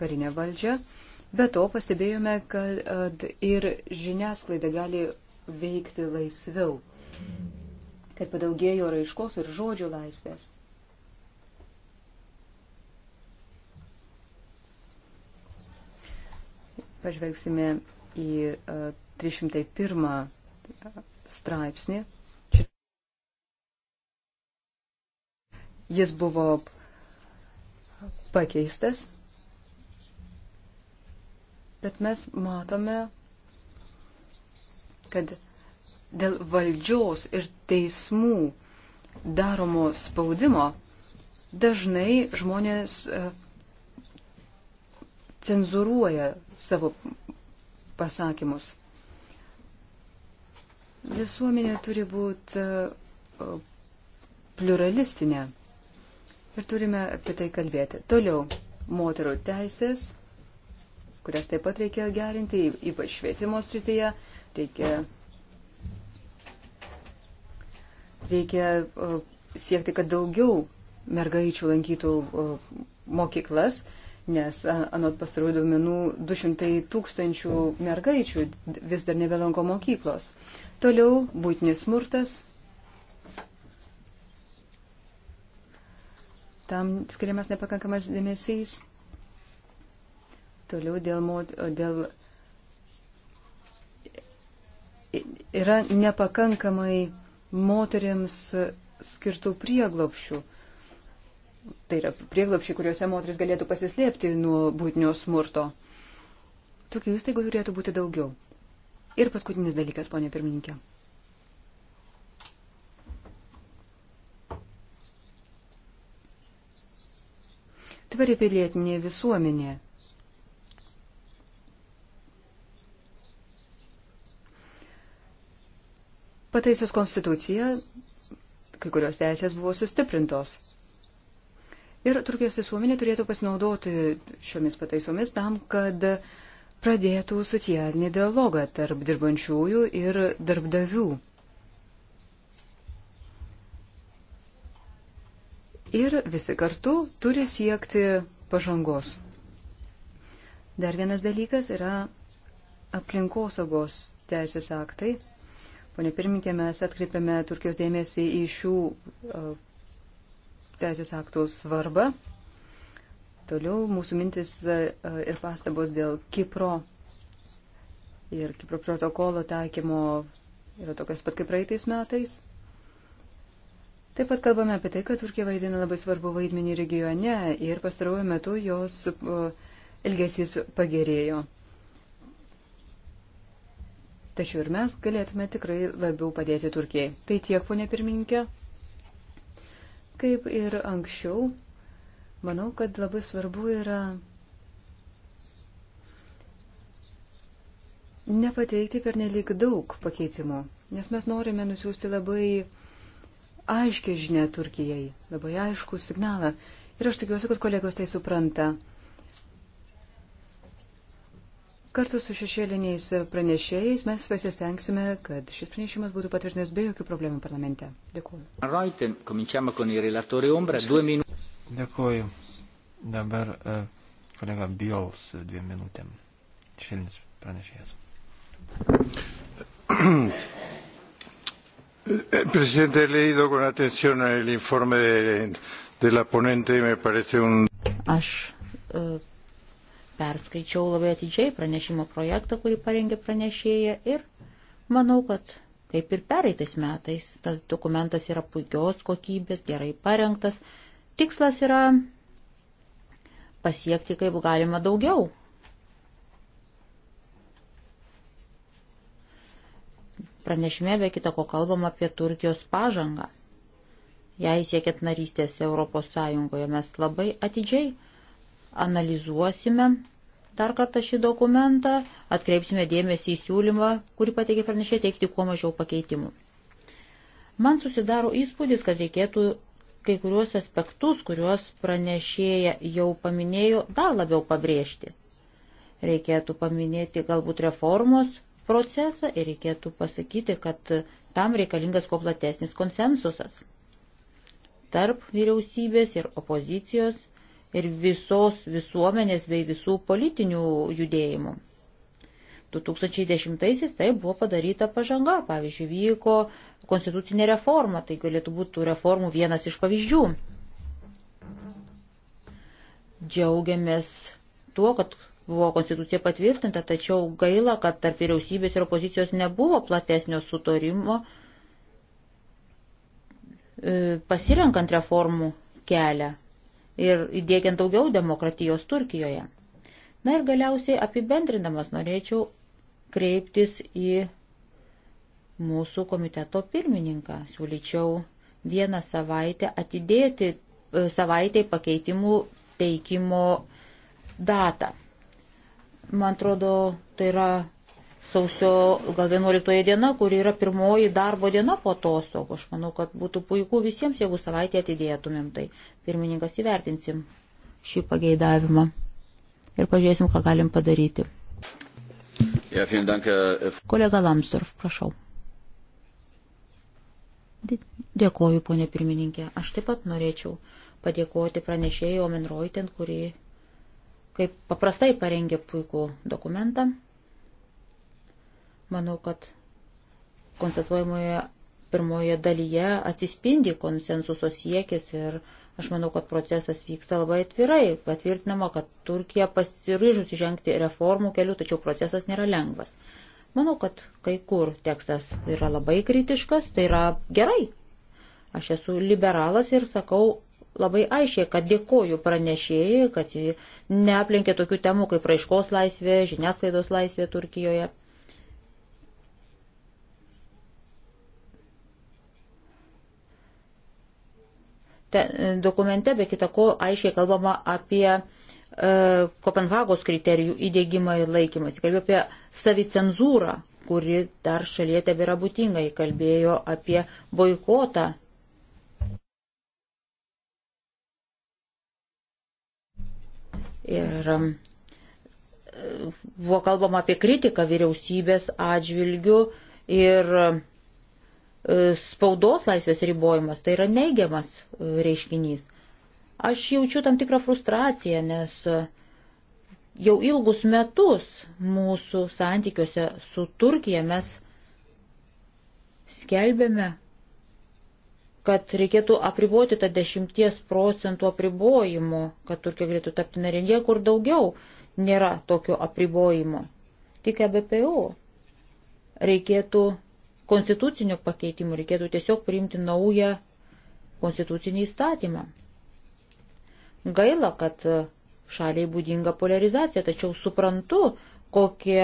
karinę valdžią. Be to pastebėjome, kad e, ir žiniasklaida gali veikti laisviau, kad padaugėjo raiškos ir žodžių laisvės. Pažvelgsime į 301 e, straipsnį Jis buvo pakeistas, bet mes matome, kad dėl valdžios ir teismų daromo spaudimo dažnai žmonės e, cenzuruoja savo pasakymus. Visuomenė turi būti e, pluralistinė. Ir turime apie tai kalbėti. Toliau, moterų teisės, kurias taip pat reikia gerinti, ypač švietimo srityje, reikia, reikia siekti, kad daugiau mergaičių lankytų mokyklas, nes anot pastarųjų duomenų 200 tūkstančių mergaičių vis dar nebelanko mokyklos. Toliau būtinis smurtas, tam skiriamas nepakankamas dėmesys. Toliau dėl, dėl yra nepakankamai moteriams skirtų prieglopšių. Tai yra prieglopšiai, kuriuose moteris galėtų pasislėpti nuo būtinio smurto. Tokių įstaigų turėtų būti daugiau. Ir paskutinis dalykas, ponė pirmininkė. tvari pilietinė visuomenė. Pataisius konstituciją, kai kurios teisės buvo sustiprintos. Ir Turkijos visuomenė turėtų pasinaudoti šiomis pataisomis tam, kad pradėtų socialinį dialogą tarp dirbančiųjų ir darbdavių. ir visi kartu turi siekti pažangos. Dar vienas dalykas yra aplinkosaugos teisės aktai. Pone pirminkė, mes atkreipiame Turkijos dėmesį į šių e, teisės aktų svarbą. Toliau mūsų mintis e, ir pastabos dėl Kipro ir Kipro protokolo taikymo yra tokios pat kaip praeitais metais. Taip pat kalbame apie tai, kad Turkija vaidina labai svarbu vaidmenį regione ir pastaruoju metu jos elgesys pagerėjo. Tačiau ir mes galėtume tikrai labiau padėti Turkijai. Tai tiek, ponė pirmininkė. Kaip ir anksčiau, manau, kad labai svarbu yra nepateikti per nelik daug pakeitimų, nes mes norime nusiųsti labai aiškia žinia Turkijai, labai aišku signalą. Ir aš tikiuosi, kad kolegos tai supranta. Kartu su šešėliniais pranešėjais mes pasistengsime, kad šis pranešimas būtų patvirtinęs be jokių problemų parlamente. Dėkuoju. Dėkuoju. Dabar e, kolega Biols dviem minutėm. Šešėlinis pranešėjas. Presidente, he leído con atención el informe de, de la ponente y me parece un. Aš uh, perskaičiau labai atidžiai pranešimo projektą, kurį parengė pranešėja ir manau, kad kaip ir pereitais metais tas dokumentas yra puikios kokybės, gerai parengtas. Tikslas yra pasiekti kaip galima daugiau Pranešime be kita ko kalbam apie Turkijos pažangą. Jei siekėt narystės Europos Sąjungoje, mes labai atidžiai analizuosime dar kartą šį dokumentą, atkreipsime dėmesį į siūlymą, kurį pateikė pranešė teikti kuo mažiau pakeitimų. Man susidaro įspūdis, kad reikėtų kai kuriuos aspektus, kuriuos pranešėja jau paminėjo, dar labiau pabrėžti. Reikėtų paminėti galbūt reformos, procesą ir reikėtų pasakyti, kad tam reikalingas kuo platesnis konsensusas tarp vyriausybės ir opozicijos ir visos visuomenės bei visų politinių judėjimų. 2010-aisiais tai buvo padaryta pažanga, pavyzdžiui, vyko konstitucinė reforma, tai galėtų būti tų reformų vienas iš pavyzdžių. Džiaugiamės tuo, kad buvo konstitucija patvirtinta, tačiau gaila, kad tarp vyriausybės ir opozicijos nebuvo platesnio sutarimo e, pasirenkant reformų kelią ir įdėkiant daugiau demokratijos Turkijoje. Na ir galiausiai apibendrindamas norėčiau kreiptis į mūsų komiteto pirmininką. Siūlyčiau vieną savaitę atidėti e, savaitėj pakeitimų teikimo datą. Man atrodo, tai yra sausio gal 11 diena, kuri yra pirmoji darbo diena po atostogų. Aš manau, kad būtų puiku visiems, jeigu savaitę atidėtumėm. Tai pirmininkas įvertinsim šį pageidavimą ir pažiūrėsim, ką galim padaryti. Ja, dank, if... Kolega Lamsdorf, prašau. Dėkoju, ponė pirmininkė. Aš taip pat norėčiau padėkoti pranešėjai Omenroitin, kuri kaip paprastai parengė puikų dokumentą. Manau, kad konstatuojamoje pirmoje dalyje atsispindi konsensuso siekis ir aš manau, kad procesas vyksta labai atvirai. Patvirtinama, kad Turkija pasiryžusi žengti reformų keliu, tačiau procesas nėra lengvas. Manau, kad kai kur tekstas yra labai kritiškas, tai yra gerai. Aš esu liberalas ir sakau, labai aiškiai, kad dėkoju pranešėjai, kad ji neaplinkė tokių temų kaip raiškos laisvė, žiniasklaidos laisvė Turkijoje. Te, dokumente be kita ko aiškiai kalbama apie e, Kopenhagos kriterijų įdėgymą ir laikymasi. Kalbėjo apie savicenzūrą, kuri dar šalyje tebėra būtingai. Kalbėjo apie boikotą Ir um, buvo kalbama apie kritiką vyriausybės atžvilgių ir um, spaudos laisvės ribojimas tai yra neigiamas uh, reiškinys. Aš jaučiu tam tikrą frustraciją, nes uh, jau ilgus metus mūsų santykiuose su Turkija mes skelbėme kad reikėtų apriboti tą 10 procentų apribojimo, kad Turkija galėtų tapti narė, niekur daugiau nėra tokio apribojimo. Tik ABPO e reikėtų konstitucinio pakeitimo, reikėtų tiesiog priimti naują konstitucinį įstatymą. Gaila, kad šaliai būdinga polarizacija, tačiau suprantu, kokie,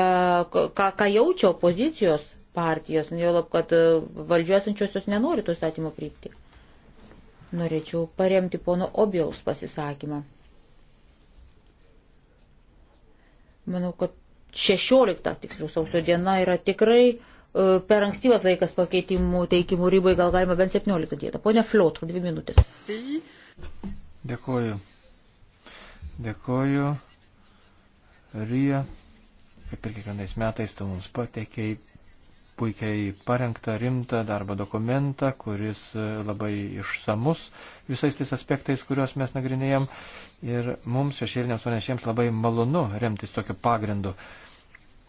ką, ką jaučia opozicijos partijas, nu, jau lab, kad e, valdžiuosančiosios nenori to statymo krypti. Norėčiau paremti pono Objaus pasisakymą. Manau, kad 16, tiksliau, sausio diena yra tikrai e, per ankstyvas laikas pakeitimų teikimų rybai, gal galima bent 17 dieną. Pone Fliotru, dvi minutės. Dėkuoju. Dėkuoju. Rija, kaip ir kiekvienais metais, tu mums pateikėjai puikiai parengtą rimtą darbo dokumentą, kuris e, labai išsamus visais tais aspektais, kuriuos mes nagrinėjom. Ir mums šešėliniams panešiems labai malonu remtis tokiu pagrindu,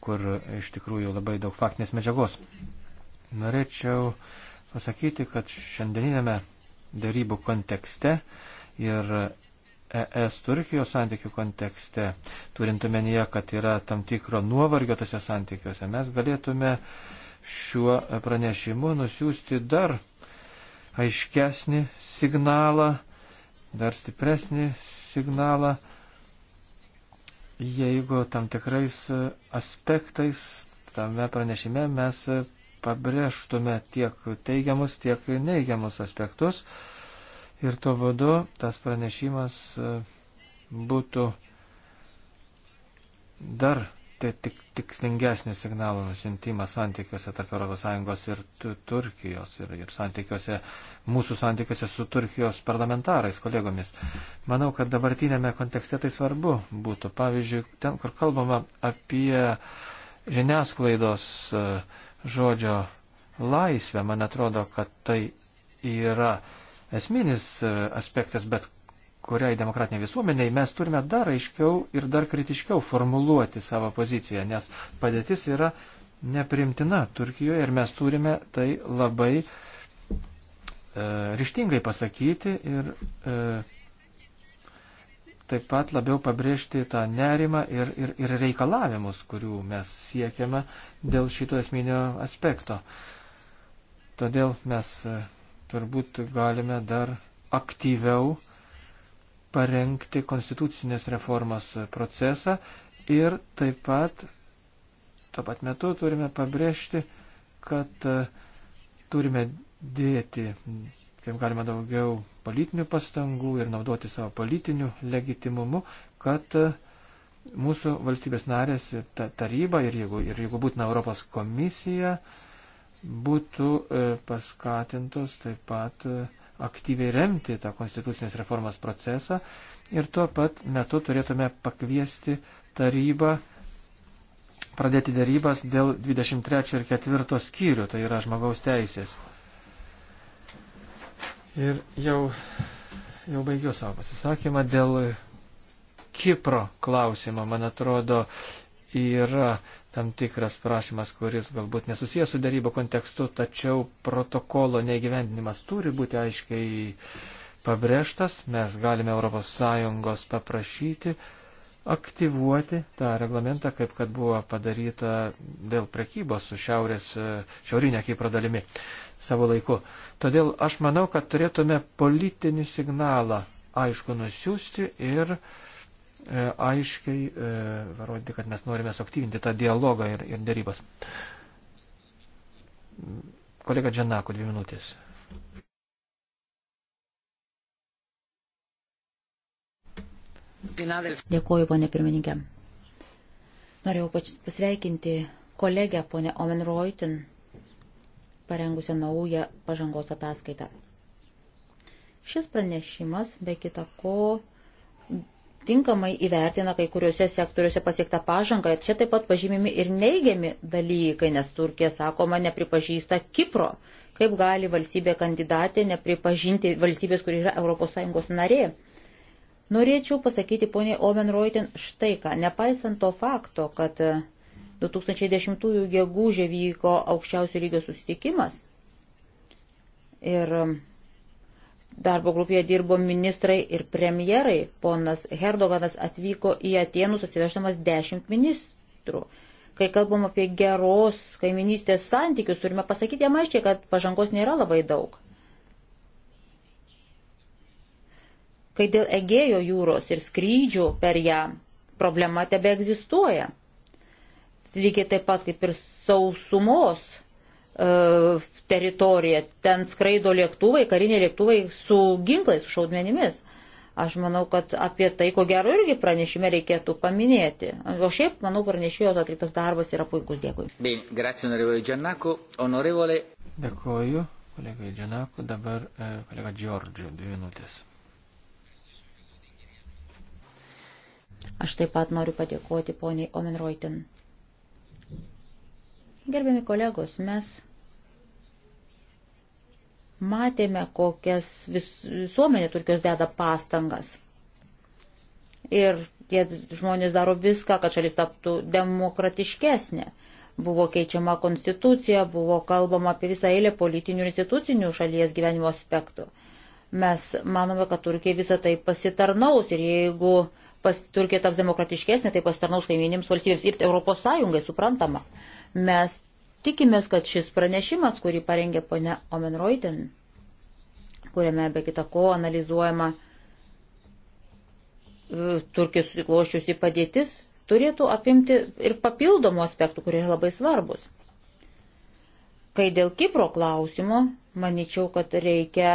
kur iš tikrųjų labai daug faktinės medžiagos. Norėčiau pasakyti, kad šiandieninėme darybų kontekste ir ES Turkijos santykių kontekste, turint omenyje, kad yra tam tikro nuovargio tose santykiuose, mes galėtume uh, šiuo pranešimu nusiųsti dar aiškesnį signalą, dar stipresnį signalą, jeigu tam tikrais aspektais tame pranešime mes pabrėžtume tiek teigiamus, tiek neigiamus aspektus ir tuo būdu tas pranešimas būtų dar Tai tik, tikslingesnis signalo nusintimas santykiuose tarp ES ir Turkijos ir, ir santykiuose, mūsų santykiuose su Turkijos parlamentarais, kolegomis. Manau, kad dabartinėme kontekste tai svarbu būtų. Pavyzdžiui, ten, kur kalbama apie žiniasklaidos e, žodžio laisvę, man atrodo, kad tai yra esminis e, aspektas bet kuriai demokratiniai visuomeniai mes turime dar aiškiau ir dar kritiškiau formuluoti savo poziciją, nes padėtis yra neprimtina Turkijoje ir mes turime tai labai e, ryštingai pasakyti ir e, taip pat labiau pabrėžti tą nerimą ir, ir, ir reikalavimus, kurių mes siekiame dėl šito esminio aspekto. Todėl mes e, turbūt galime dar aktyviau parengti konstitucinės reformos procesą ir taip pat, tuo pat metu turime pabrėžti, kad e, turime dėti, kaip galima daugiau, politinių pastangų ir naudoti savo politiniu legitimumu, kad e, mūsų valstybės narės ta, taryba ir jeigu, ir jeigu būtina Europos komisija būtų e, paskatintos taip pat e, aktyviai remti tą konstitucinės reformos procesą ir tuo pat metu turėtume pakviesti tarybą pradėti dėrybas dėl 23 ir 4 skyrių, tai yra žmogaus teisės. Ir jau, jau baigiu savo pasisakymą dėl Kipro klausimo, man atrodo, yra tam tikras prašymas, kuris galbūt nesusijęs su darybo kontekstu, tačiau protokolo neįgyvendinimas turi būti aiškiai pabrėžtas. Mes galime ES paprašyti aktyvuoti tą reglamentą, kaip kad buvo padaryta dėl prekybos su šiaurės, šiaurinė Kipro dalimi savo laiku. Todėl aš manau, kad turėtume politinį signalą aišku nusiųsti ir uh, E, aiškiai e, rodyti, kad mes norime suaktyvinti tą dialogą ir, ir dėrybas. Kolega Džanako, dvi minutės. Dėkuoju, ponė pirmininkė. Norėjau pasveikinti kolegę ponę Omen Reutin, parengusią naują pažangos ataskaitą. Šis pranešimas, be kita ko, tinkamai įvertina kai kuriuose sektoriuose pasiektą pažangą. Čia taip pat pažymimi ir neigiami dalykai, nes Turkija, sakoma, nepripažįsta Kipro. Kaip gali valstybė kandidatė nepripažinti valstybės, kur yra ES narė? Norėčiau pasakyti poniai Omenroitin štai ką, nepaisant to fakto, kad 2010 gegužė vyko aukščiausių lygio susitikimas ir Darbo grupėje dirbo ministrai ir premjerai. Ponas Herdoganas atvyko į Atenus atsiveždamas dešimt ministrų. Kai kalbam apie geros kaiminystės santykius, turime pasakyti jam aiškiai, kad pažangos nėra labai daug. Kai dėl Egėjo jūros ir skrydžių per ją problema tebe egzistuoja. Lygiai taip pat kaip ir sausumos E, teritoriją. Ten skraido lėktuvai, kariniai lėktuvai su ginklais, su šaudmenimis. Aš manau, kad apie tai, ko gero, irgi pranešime reikėtų paminėti. O šiaip, manau, pranešėjo atliktas darbas yra puikus. Dėkui. Bien, grazie, onorevole Giannaku. Onorevole. Dėkuoju, kolega Giannaku. Dabar e, kolega Giorgio, dvi minutės. Aš taip pat noriu padėkoti poniai Omenroitin. Gerbiami kolegos, mes Matėme, kokias visuomenė Turkijos deda pastangas. Ir tie žmonės daro viską, kad šalis taptų demokratiškesnė. Buvo keičiama konstitucija, buvo kalbama apie visą eilę politinių ir institucinių šalies gyvenimo aspektų. Mes manome, kad Turkija visą tai pasitarnaus ir jeigu pas, Turkija taps demokratiškesnė, tai pasitarnaus kaiminims valstybėms ir Europos Sąjungai, suprantama. Mes Tikimės, kad šis pranešimas, kurį parengė ponia Omenroiten, kuriame be kita ko analizuojama e, Turkijos susikloščiusi padėtis, turėtų apimti ir papildomų aspektų, kurie yra labai svarbus. Kai dėl Kipro klausimo, manyčiau, kad reikia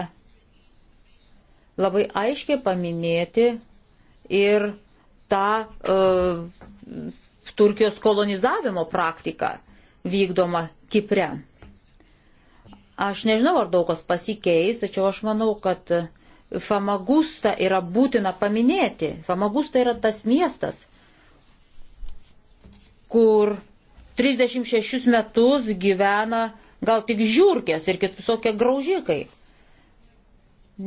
labai aiškiai paminėti ir tą e, Turkijos kolonizavimo praktiką vykdoma Kipre. Aš nežinau, ar daug kas pasikeis, tačiau aš manau, kad Famagusta yra būtina paminėti. Famagusta yra tas miestas, kur 36 metus gyvena gal tik žiūrkės ir kitokie graužikai.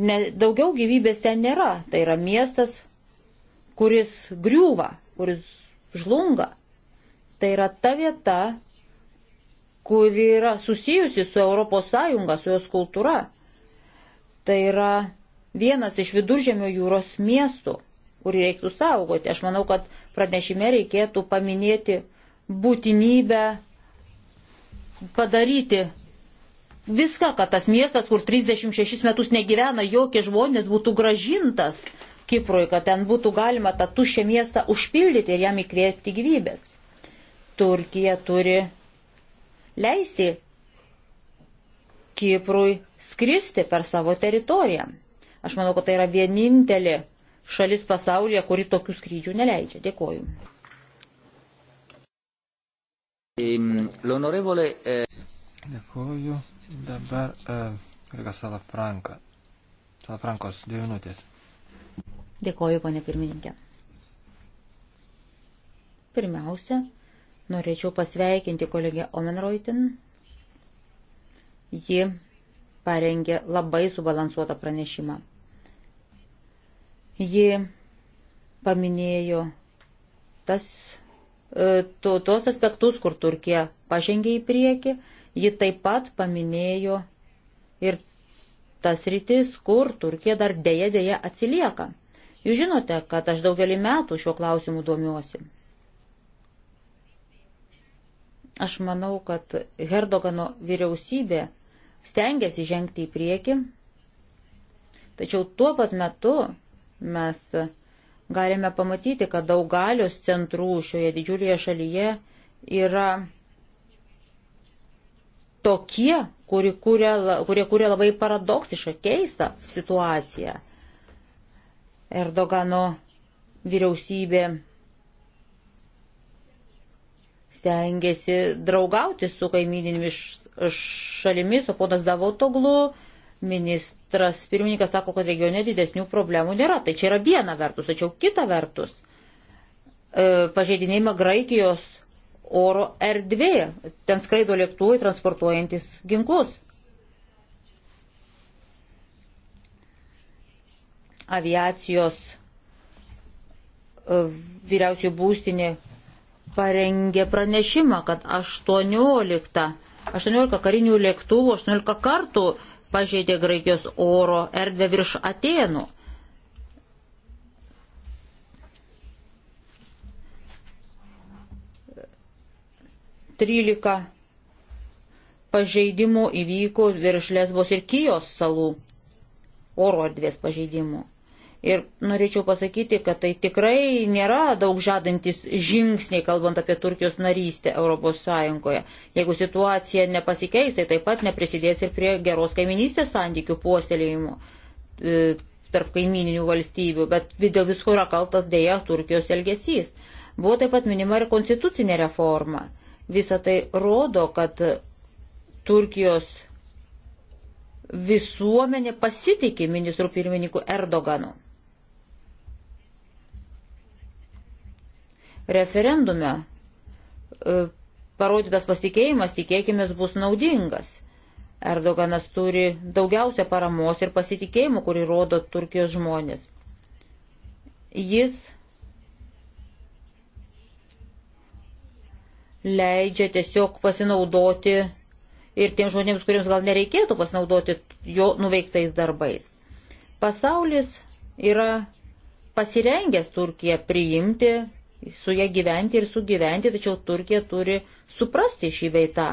Ne, daugiau gyvybės ten nėra. Tai yra miestas, kuris griūva, kuris žlunga. Tai yra ta vieta, kuri yra susijusi su ES, su jos kultūra. Tai yra vienas iš viduržėmio jūros miestų, kurį reiktų saugoti. Aš manau, kad pranešime reikėtų paminėti būtinybę padaryti viską, kad tas miestas, kur 36 metus negyvena jokie žmonės, būtų gražintas Kiprui, kad ten būtų galima tą tuščią miestą užpildyti ir jam įkvėpti gyvybės. Turkija turi leisti Kiprui skristi per savo teritoriją. Aš manau, kad tai yra vienintelė šalis pasaulyje, kuri tokių skrydžių neleidžia. Dėkoju. Ehm, l'onorevole. Eh, Dėkoju. Dabar eh, kolega uh, Salafranka. Salafrankos dvi minutės. Dėkoju, ponė pirmininkė. Pirmiausia, Norėčiau pasveikinti kolegę Omenroitin. Ji parengė labai subalansuotą pranešimą. Ji paminėjo tas, e, to, tos aspektus, kur Turkija pažengė į priekį. Ji taip pat paminėjo ir tas rytis, kur Turkija dar dėja dėja atsilieka. Jūs žinote, kad aš daugelį metų šiuo klausimu domiuosi. Aš manau, kad Herdogano vyriausybė stengiasi žengti į priekį, tačiau tuo pat metu mes galime pamatyti, kad daug galios centrų šioje didžiulėje šalyje yra tokie, kurie kūrė, kurie kūrė labai paradoksišką, keistą situaciją. Erdogano vyriausybė stengiasi draugauti su kaimininėmis šalimis, o ponas Davotoglu, ministras pirmininkas, sako, kad regione didesnių problemų nėra. Tai čia yra viena vertus, tačiau kita vertus e, pažeidinėjimą Graikijos oro erdvėje. Ten skraido lėktuvai transportuojantis ginklus. Aviacijos e, vyriausių būstinė parengė pranešimą, kad 18, 18 karinių lėktuvų 18 kartų pažeidė Graikijos oro erdvę virš Atenų. Trylika pažeidimų įvyko virš Lesbos ir Kijos salų oro erdvės pažeidimų. Ir norėčiau pasakyti, kad tai tikrai nėra daug žadantis žingsniai, kalbant apie Turkijos narystę ES. Jeigu situacija nepasikeis, tai taip pat neprisidės ir prie geros kaiminystės santykių puoselėjimo e, tarp kaimininių valstybių, bet dėl visko yra kaltas dėja Turkijos elgesys. Buvo taip pat minima ir konstitucinė reforma. Visą tai rodo, kad Turkijos visuomenė pasitikė ministrų pirmininku Erdoganu. referendume e, parodytas pasitikėjimas, tikėkime, bus naudingas. Erdoganas turi daugiausia paramos ir pasitikėjimo, kurį rodo Turkijos žmonės. Jis leidžia tiesiog pasinaudoti ir tiem žmonėms, kuriems gal nereikėtų pasinaudoti jo nuveiktais darbais. Pasaulis yra pasirengęs Turkiją priimti su ją gyventi ir sugyventi, tačiau Turkija turi suprasti šį veitą.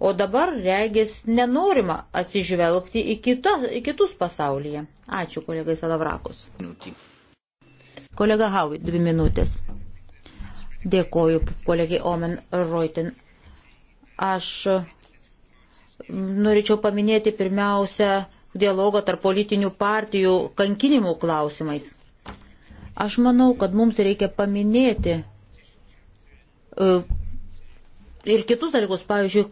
O dabar, regis, nenorima atsižvelgti į, kita, į kitus pasaulyje. Ačiū, kolegai Salavrakus. Kolega Hauit, dvi minutės. Dėkoju kolegiai Omen Reutin. Aš norėčiau paminėti pirmiausia dialogą tarp politinių partijų kankinimų klausimais. Aš manau, kad mums reikia paminėti e, ir kitus dalykus. Pavyzdžiui,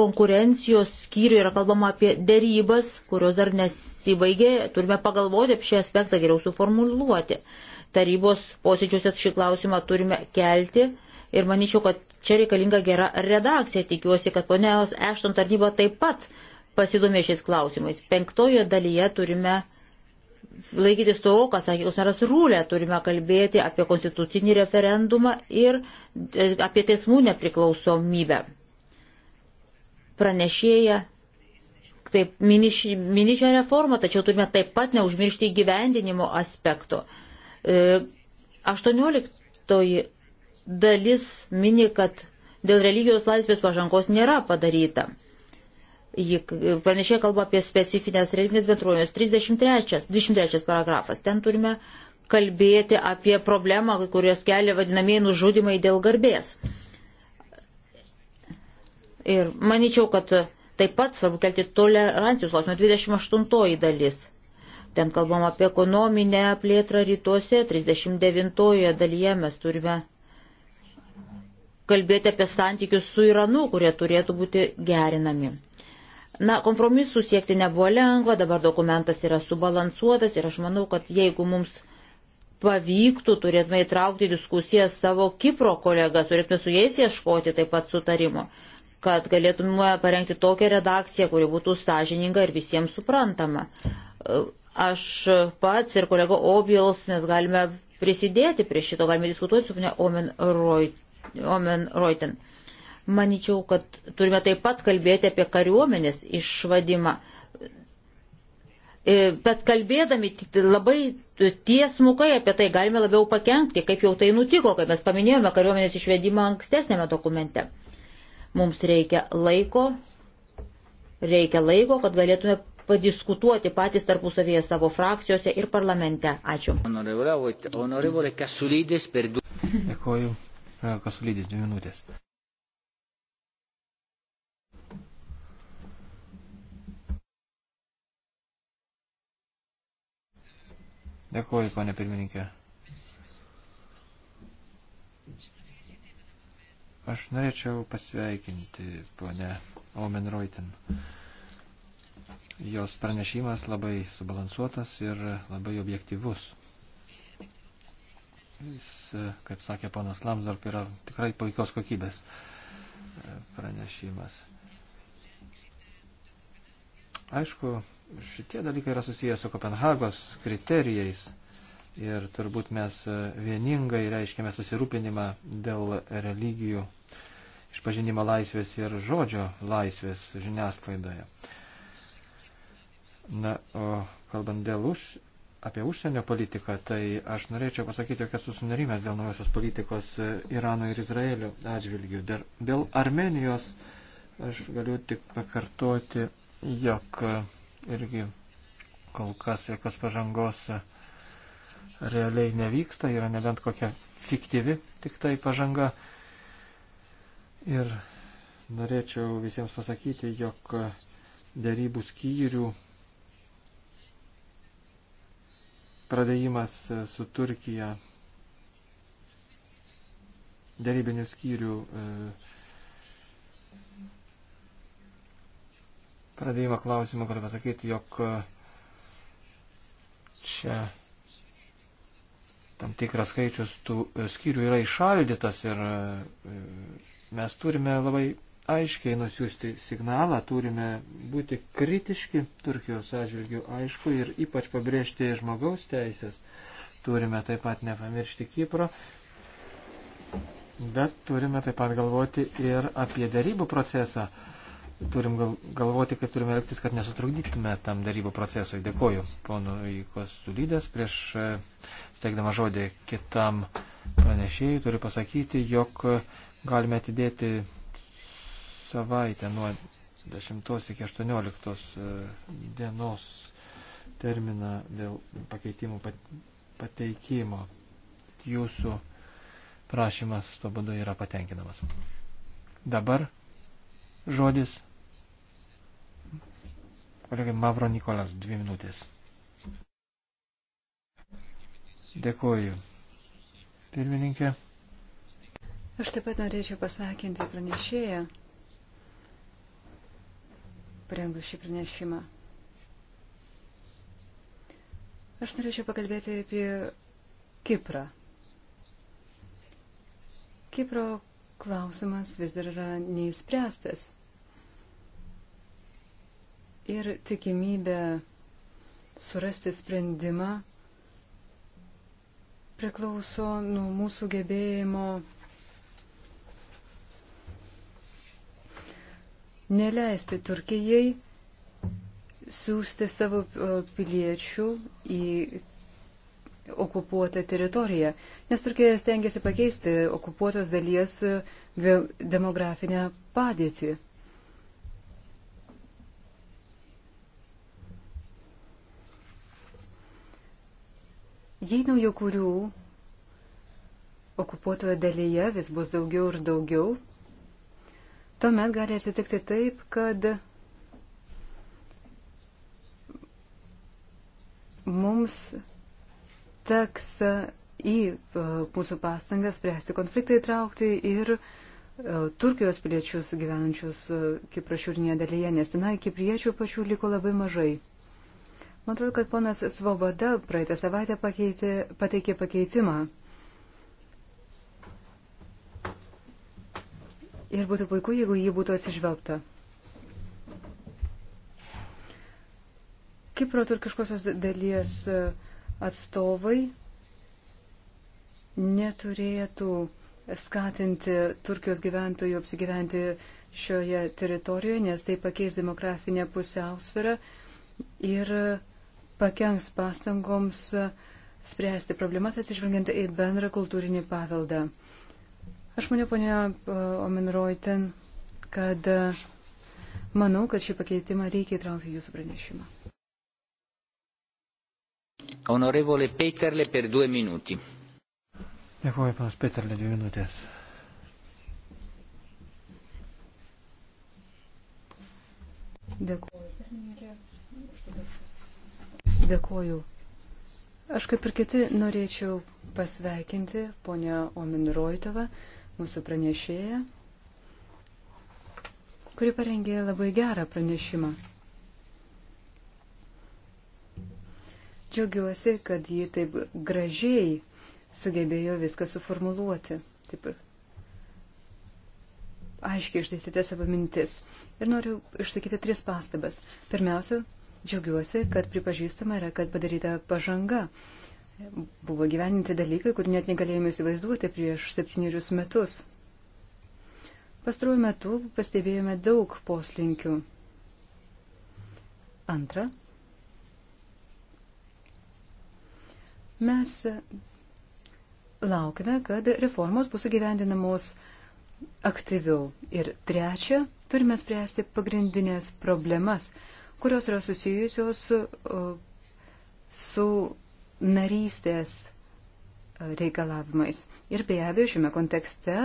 konkurencijos skyriui yra kalbama apie dėrybas, kurios dar nesibaigė. Turime pagalvoti apie šį aspektą geriau suformuluoti. Tarybos posėdžiuose šį klausimą turime kelti. Ir manyčiau, kad čia reikalinga gera redakcija. Tikiuosi, kad ponios Ešton tarnyba taip pat pasidomė šiais klausimais. Penktojo dalyje turime uh, laikytis to, ką sakė Usaras Rūlė, turime kalbėti apie konstitucinį referendumą ir e, apie teismų nepriklausomybę. Pranešėja taip mini šią reformą, tačiau turime taip pat neužmiršti įgyvendinimo aspekto. 18 e, dalis mini, kad dėl religijos laisvės pažangos nėra padaryta. Ji panašiai kalba apie specifines religinės bendruomenės 33, 23 paragrafas. Ten turime kalbėti apie problemą, kurios kelia vadinamieji nužudimai dėl garbės. Ir manyčiau, kad taip pat svarbu kelti tolerancijos klausimą 28 dalis. Ten kalbam apie ekonominę plėtrą rytuose, 39 dalyje mes turime kalbėti apie santykius su Iranu, kurie turėtų būti gerinami. Na, kompromisų siekti nebuvo lengva, dabar dokumentas yra subalansuotas ir aš manau, kad jeigu mums pavyktų, turėtume įtraukti diskusijas savo Kipro kolegas, turėtume su jais ieškoti taip pat sutarimo, kad galėtume parengti tokią redakciją, kuri būtų sąžininga ir visiems suprantama. Aš pats ir kolega Obils mes galime prisidėti prie šito, galime diskutuoti su ponia Omen, Roy, Omen Reuten. Maničiau, kad turime taip pat kalbėti apie kariuomenės išvadimą. E, bet kalbėdami labai tiesmukai apie tai galime labiau pakengti, kaip jau tai nutiko, kaip mes paminėjome kariuomenės išvedimą ankstesnėme dokumente. Mums reikia laiko, reikia laiko, kad galėtume padiskutuoti patys tarpusavėje savo frakcijose ir parlamente. Ačiū. Dėkoju. Kasulydis, dvi minutės. Dėkuoju, ponė pirmininkė. Aš norėčiau pasveikinti ponę Omen Reutin. Jos pranešimas labai subalansuotas ir labai objektyvus. Jis, kaip sakė ponas Lamsdorp, yra tikrai puikios kokybės e, pranešimas. Aišku, šitie dalykai yra susijęs su Kopenhagos kriterijais ir turbūt mes e, vieningai reiškėme susirūpinimą dėl religijų išpažinimo laisvės ir žodžio laisvės žiniasklaidoje. Na, o kalbant dėl už, apie užsienio politiką, tai aš norėčiau pasakyti, jog esu sunerimęs dėl naujosios politikos e, Irano ir Izraelio atžvilgių. Dėl, dėl Armenijos aš galiu tik pakartoti, jog. Uh, irgi kol kas jokios pažangos e, realiai nevyksta, yra nebent kokia fiktyvi tik tai pažanga. Ir norėčiau visiems pasakyti, jog dėrybų skyrių pradėjimas e, su Turkija, dėrybinių skyrių e, pradėjimo klausimo galiu pasakyti, jog e, čia tam tikras skaičius tų e, skyrių yra išaldytas ir e, mes turime labai aiškiai nusiųsti signalą, turime būti kritiški Turkijos atžvilgių, aišku, ir ypač pabrėžti žmogaus teisės. Turime taip pat nepamiršti Kipro, bet turime taip pat galvoti ir apie darybų procesą turim gal, galvoti, kaip turime elgtis, kad nesutrukdytume tam darybų procesui. Dėkoju ponui Kosulydės. Prieš e, steigdama žodį kitam pranešėjui turiu pasakyti, jog galime atidėti savaitę nuo 10 iki 18 e, dienos terminą dėl pakeitimų pateikimo. Jūsų prašymas tuo būdu yra patenkinamas. Dabar žodis Kolegai Mavro Nikolas, dvi minutės. Dėkuoju. Pirmininkė. Aš taip pat norėčiau pasakinti pranešėją, parengus šį pranešimą. Aš norėčiau pakalbėti apie Kiprą. Kipro klausimas vis dar yra neįspręstas ir tikimybė surasti sprendimą priklauso nuo mūsų gebėjimo neleisti Turkijai siūsti savo piliečių į okupuotą teritoriją, nes Turkija stengiasi pakeisti okupuotos dalies e, demografinę padėtį. Jei naujų kurių okupuotoje dalyje vis bus daugiau ir daugiau, tuomet gali atsitikti taip, kad mums teks į e, mūsų pastangas spręsti konfliktą įtraukti ir e, Turkijos piliečius gyvenančius e, Kipro šiūrinėje dalyje, nes tenai kipriečių pačių liko labai mažai. Man atrodo, kad ponas Svoboda praeitą savaitę pakeitė, pateikė pakeitimą. Ir būtų puiku, jeigu jį būtų atsižvelgta. Kipro turkiškosios dalies atstovai neturėtų skatinti Turkijos gyventojų apsigyventi šioje teritorijoje, nes tai pakeis demografinę pusiausvyrą ir pakenks pastangoms e, spręsti problemas atsižvelgiant į bendrą kultūrinį paveldą. Aš maniau, ponia e, Omenroiten, kad e, manau, kad šį pakeitimą reikia įtraukti jūsų pranešimą. Honorevole Peterle per due minuti. Dėkuoju, panas Peterle, dvi minutės. Dėkuoju. Dėkuoju. Aš kaip ir kiti norėčiau pasveikinti ponę Omin Roitovą, mūsų pranešėją, kuri parengė labai gerą pranešimą. Džiaugiuosi, kad ji taip gražiai sugebėjo viską suformuluoti. Taip ir aiškiai išdėstyti savo mintis. Ir noriu išsakyti tris pastabas. Pirmiausia, Džiaugiuosi, kad pripažįstama yra, kad padaryta pažanga. Buvo gyveninti dalykai, kur net negalėjome įsivaizduoti prieš septynerius metus. Pastaruoju metu pastebėjome daug poslinkių. Antra. Mes laukime, kad reformos bus įgyvendinamos aktyviau. Ir trečia, turime spręsti pagrindinės problemas, kurios yra susijusios su narystės reikalavimais. Ir be abejo, šiame kontekste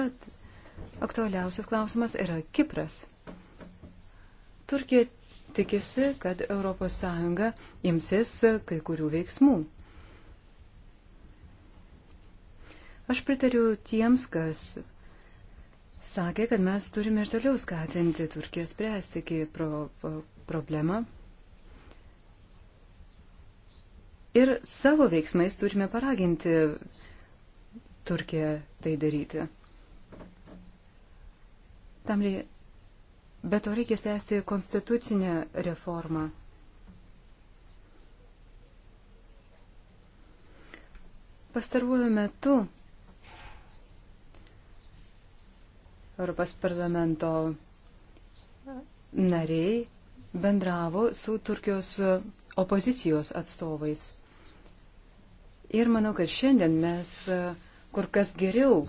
aktualiausias klausimas yra Kipras. Turkija tikisi, kad ES imsis kai kurių veiksmų. Aš pritariu tiems, kas sakė, kad mes turime ir toliau skatinti Turkiją spręsti Kipro problemą ir savo veiksmais turime paraginti Turkiją tai daryti. Tam reikia, bet to reikia stęsti konstitucinę reformą. Pastaruoju metu Europos parlamento nariai bendravo su Turkijos opozicijos atstovais. Ir manau, kad šiandien mes e, kur kas geriau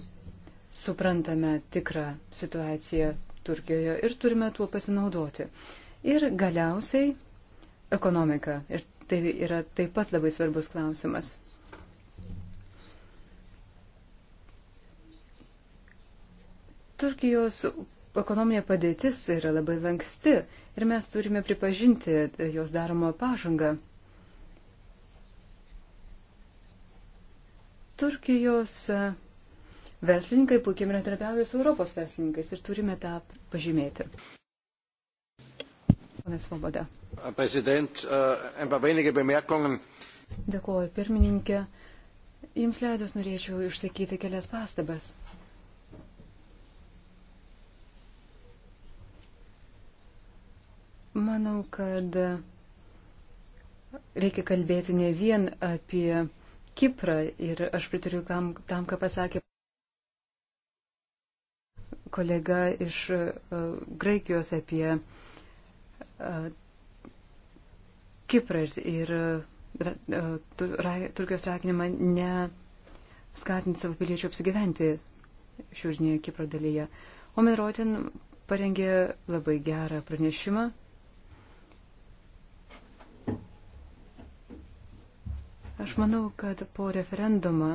suprantame tikrą situaciją Turkijoje ir turime tuo pasinaudoti. Ir galiausiai ekonomika. Ir tai yra taip pat labai svarbus klausimas. Turkijos ekonominė padėtis yra labai lanksti ir mes turime pripažinti jos daromą pažangą. Turkijos verslininkai puikiai bendradarbiauja su Europos verslininkais ir turime tą pažymėti. Pane Svoboda. Eh, Dėkuoju, pirmininkė. Jums leidus norėčiau išsakyti kelias pastabas. Manau, kad reikia kalbėti ne vien apie Kiprą ir aš pritariu kam, tam, ką pasakė kolega iš uh, Graikijos apie uh, Kiprą ir uh, Turkijos raginimą ne skatinti savo piliečių apsigyventi šiurinėje Kipro dalyje. Omerotin parengė labai gerą pranešimą Aš manau, kad po referendumą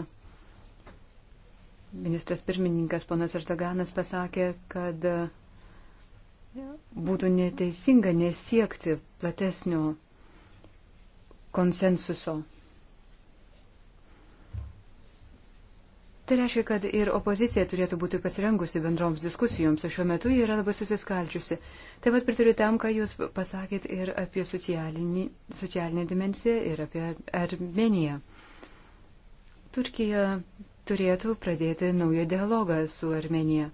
ministras pirmininkas ponas Erdoganas pasakė, kad būtų neteisinga nesiekti platesnio konsensuso. Tai reiškia, kad ir opozicija turėtų būti pasirengusi bendroms diskusijoms, o šiuo metu ji yra labai susiskaldžiusi. Taip pat pritariu tam, ką Jūs pasakėt ir apie socialinį, socialinę dimensiją, ir apie Armeniją. Turkija turėtų pradėti naują dialogą su Armenija.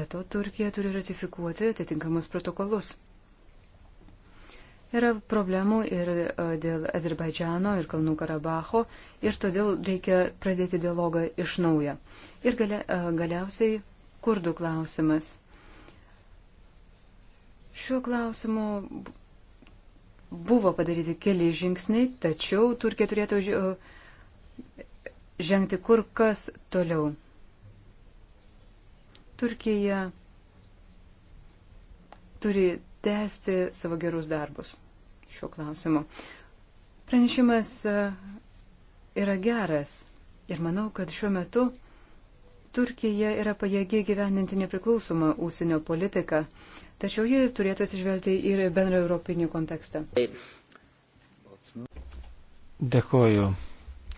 Be to, Turkija turi ratifikuoti atitinkamus protokolus. Yra problemų ir e, dėl Azerbaidžiano ir Kalnų Karabaho ir todėl reikia pradėti dialogą iš naujo. Ir galia, e, galiausiai kurdų klausimas. Šiuo klausimu buvo padaryti keli žingsniai, tačiau Turkija turėtų e, žengti kur kas toliau. Turkija turi tęsti savo gerus darbus šiuo klausimu. Pranešimas e, yra geras ir manau, kad šiuo metu Turkija yra pajėgi gyveninti nepriklausomą ūsinio politiką, tačiau ji turėtų atsižvelgti ir bendrą europinį kontekstą. Dėkoju.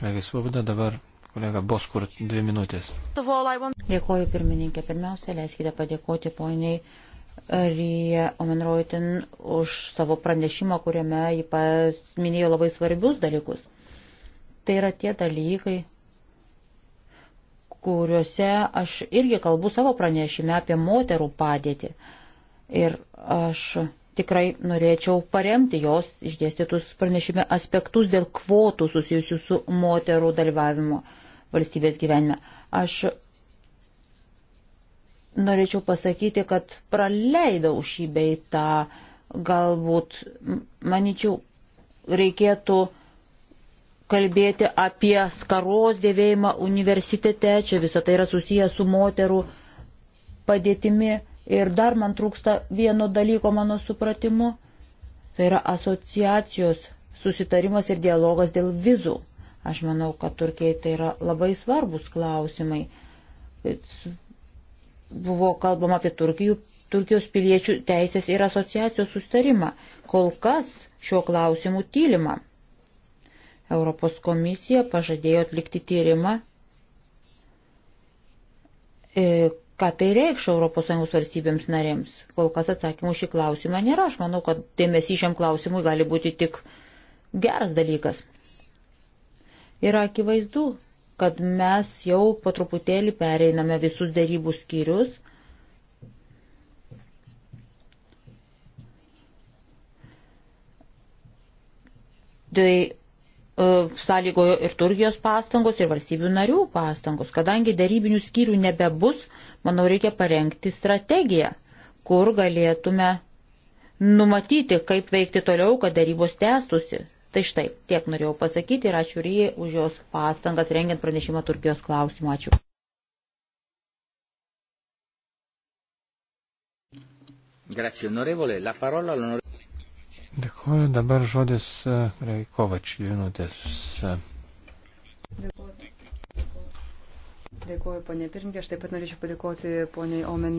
Kolegai Svoboda, dabar kolega Boskur, dvi minutės. Dėkoju pirmininkė. Pirmiausia, leiskite padėkoti poniai Rija Omenroitin už savo pranešimą, kuriame ji minėjo labai svarbius dalykus. Tai yra tie dalykai, kuriuose aš irgi kalbu savo pranešime apie moterų padėtį. Ir aš tikrai norėčiau paremti jos išdėstytus pranešime aspektus dėl kvotų susijusių su moterų dalyvavimu valstybės gyvenime. Aš norėčiau pasakyti, kad praleidau šį beitą, galbūt, manyčiau, reikėtų kalbėti apie skaros dėvėjimą universitete, čia visą tai yra susiję su moterų padėtimi ir dar man trūksta vieno dalyko mano supratimu, tai yra asociacijos susitarimas ir dialogas dėl vizų. Aš manau, kad Turkijai tai yra labai svarbus klausimai buvo kalbama apie Turkijų, Turkijos piliečių teisės ir asociacijos sustarimą. Kol kas šiuo klausimu tylimą. Europos komisija pažadėjo atlikti tyrimą, e, ką tai reikš ES valstybėms narėms. Kol kas atsakymų šį klausimą nėra. Aš manau, kad dėmesys šiam klausimui gali būti tik geras dalykas. Yra akivaizdu, kad mes jau po truputėlį pereiname visus dėrybų skyrius. Tai e, sąlygojo ir Turkijos pastangos, ir valstybių narių pastangos. Kadangi darybinių skyrių nebebus, manau, reikia parengti strategiją, kur galėtume numatyti, kaip veikti toliau, kad darybos tęstusi. Tai štai, tiek norėjau pasakyti ir ačiū Ryjai už jos pastangas rengiant pranešimą Turkijos klausimu. Ačiū. Grazie, onorevole. La parola all'onorevole. Dėkuoju, dabar žodis e, Reikovač, dvi minutės. E. Dėkuoju, ponė Pirinkė, aš taip pat norėčiau padėkoti poniai Omen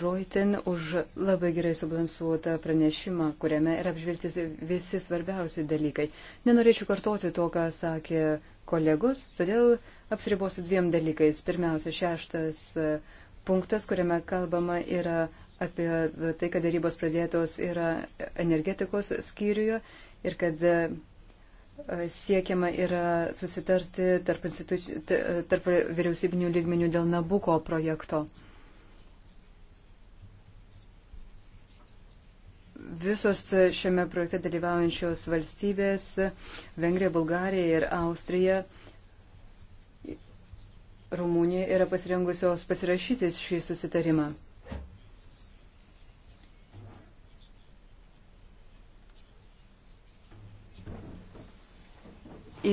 Roitin už labai gerai subalansuotą pranešimą, kuriame yra apžvilgti visi svarbiausi dalykai. Nenorėčiau kartoti to, ką sakė kolegos, todėl apsiribosiu dviem dalykais. Pirmiausia, šeštas e, punktas, kuriame kalbama yra apie tai, kad darybos pradėtos yra energetikos skyriuje ir kad e, siekiama yra susitarti tarp, tarp vyriausybinių lygmenių dėl Nabuko projekto. visos šiame projekte dalyvaujančios valstybės - Vengrija, Bulgarija ir Austrija, Rumunija yra pasirengusios pasirašyti šį susitarimą.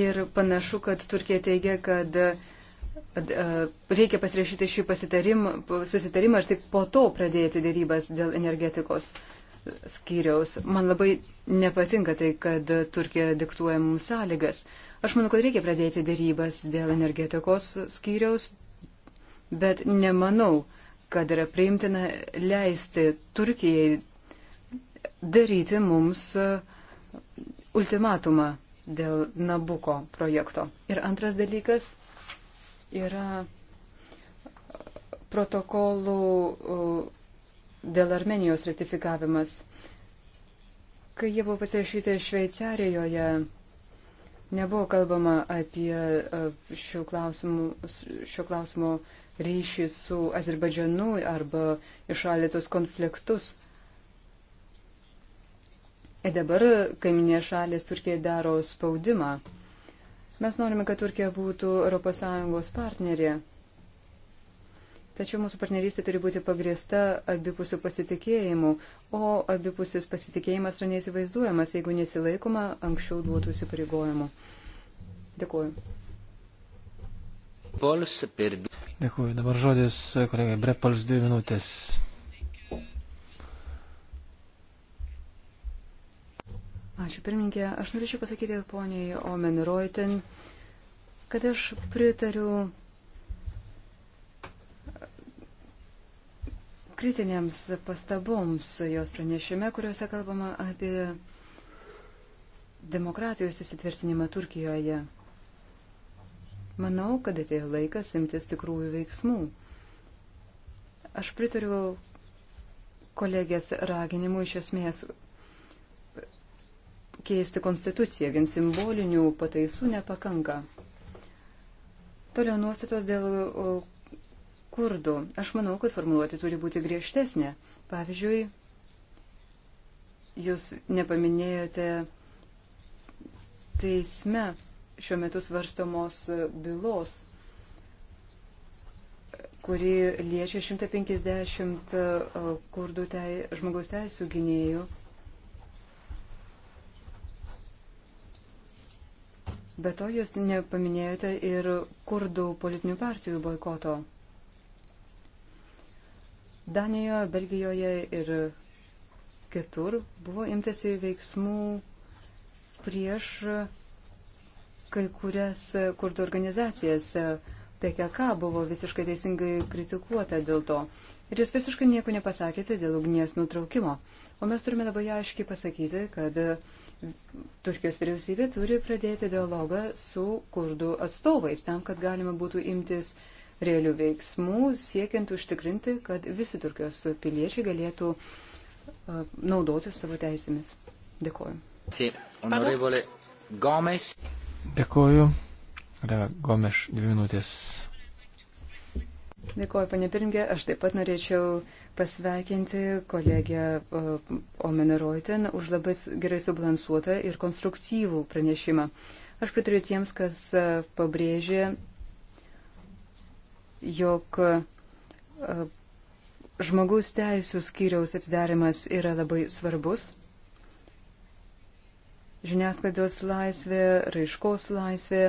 Ir panašu, kad Turkija teigia, kad reikia pasirašyti šį susitarimą ir tik po to pradėti dėrybas dėl energetikos skyriaus. Man labai nepatinka tai, kad Turkija diktuoja mums sąlygas. Aš manau, kad reikia pradėti dėrybas dėl energetikos skyriaus, bet nemanau, kad yra priimtina leisti Turkijai daryti mums uh, ultimatumą dėl Nabuko projekto. Ir antras dalykas yra uh, protokolų uh, dėl Armenijos ratifikavimas. Kai jie buvo pasirašyti Šveicarijoje, nebuvo kalbama apie e, šio klausimo, šio klausimo ryšį su Azerbaidžianu arba išalėtus konfliktus. Ir dabar kaiminė šalis Turkija daro spaudimą. Mes norime, kad Turkija būtų ES partnerė. Tačiau mūsų partnerystė turi būti pagrįsta abipusių pasitikėjimų, o abipusis pasitikėjimas yra neįsivaizduojamas, jeigu nesilaikoma anksčiau duotų įsipareigojimų. Dėkuoju. Dėkuoju. Dabar žodis e, kolegai Brepols dvi minutės. Ačiū pirmininkė. Aš norėčiau pasakyti poniai Omen Reuten, kad aš pritariu kritinėms pastaboms jos pranešime, kuriuose kalbama apie demokratijos įsitvirtinimą Turkijoje. Manau, kad atėjo laikas imtis tikrųjų veiksmų. Aš pritariu kolegės raginimu iš esmės keisti konstituciją, vien simbolinių pataisų nepakanka. Toliau nuostatos dėl kurdų. Aš manau, kad formuluoti turi būti griežtesnė. Pavyzdžiui, jūs nepaminėjote teisme šiuo metu svarstomos bylos, kuri liečia 150 e, kurdų tei, žmogaus teisų gynėjų. Be to jūs nepaminėjote ir kurdų politinių partijų boikoto. Danijoje, Belgijoje ir kitur buvo imtasi veiksmų prieš kai kurias kurdų organizacijas. PKK buvo visiškai teisingai kritikuota dėl to. Ir jūs visiškai nieko nepasakėte dėl ugnies nutraukimo. O mes turime labai aiškiai pasakyti, kad Turkijos vyriausybė turi pradėti dialogą su kurdų atstovais, tam, kad galima būtų imtis uh, realių veiksmų, siekiant užtikrinti, kad visi Turkijos piliečiai galėtų naudoti savo teisėmis. Dėkoju. Dėkoju. Gomeš, dvi minutės. Dėkoju, panė Pirinkė. Aš taip pat norėčiau pasveikinti kolegę Omeną Reuten už labai gerai subalansuotą ir konstruktyvų pranešimą. Aš pritariu tiems, kas pabrėžė jog e, žmogaus teisų skyriaus atidarimas yra labai svarbus. Žiniasklaidos laisvė, raiškos laisvė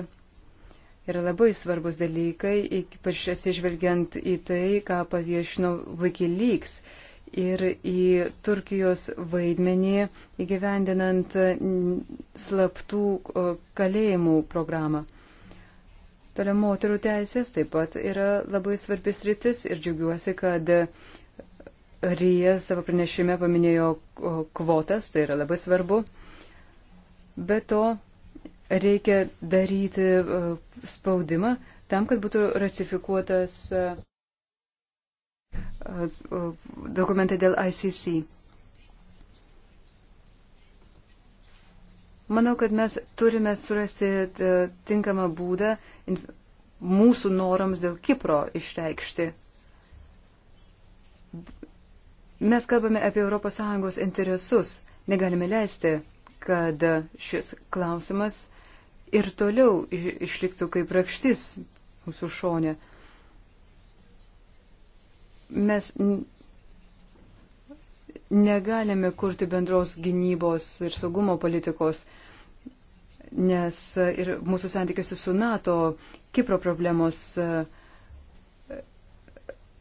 yra labai svarbus dalykai, ypač atsižvelgiant į tai, ką paviešino Wikileaks ir į Turkijos vaidmenį įgyvendinant slaptų e, kalėjimų programą. Toliau moterų teisės taip pat yra labai svarbis rytis ir džiugiuosi, kad Rija savo pranešime paminėjo kvotas, tai yra labai svarbu. Be to, reikia daryti e, spaudimą tam, kad būtų ratifikuotas e, e, dokumentai dėl ICC. Manau, kad mes turime surasti tinkamą būdą mūsų norams dėl Kipro išreikšti. Mes kalbame apie ES interesus. Negalime leisti, kad šis klausimas ir toliau išliktų kaip rakštis mūsų šonė. Mes negalime kurti bendros gynybos ir saugumo politikos uh, nes e, ir mūsų santykiuose su NATO Kipro problemos e,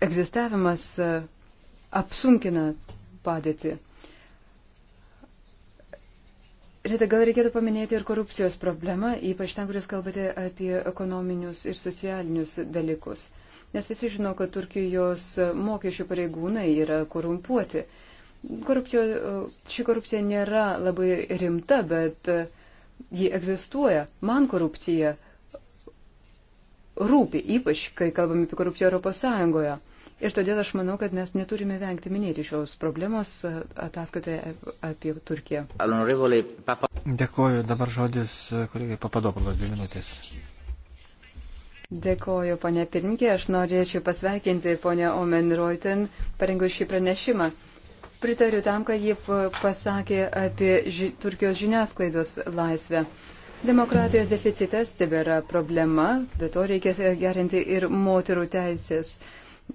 egzistavimas e, apsunkina padėtį. Rita, gal reikėtų paminėti ir korupcijos problemą, ypač ten, kur jūs kalbate apie ekonominius ir socialinius dalykus. Nes visi žino, kad Turkijos mokesčių pareigūnai yra korumpuoti. Korupcijo, ši korupcija nėra labai rimta, bet uh, ji egzistuoja. Man korupcija rūpi, ypač kai kalbame apie korupciją Europos Sąjungoje. Ir todėl aš manau, kad mes neturime vengti minėti šios problemos ataskaitoje apie Turkiją. Dėkuoju, dabar žodis kolegai Papadopulos dvi minutės. Dėkoju, ponė pirmininkė, aš norėčiau pasveikinti ponę Omen Reuten parengus šį pranešimą pritariu tam, ką jie pasakė apie ži Turkijos žiniasklaidos laisvę. Demokratijos deficitas tebėra problema, bet to reikės gerinti ir moterų teisės.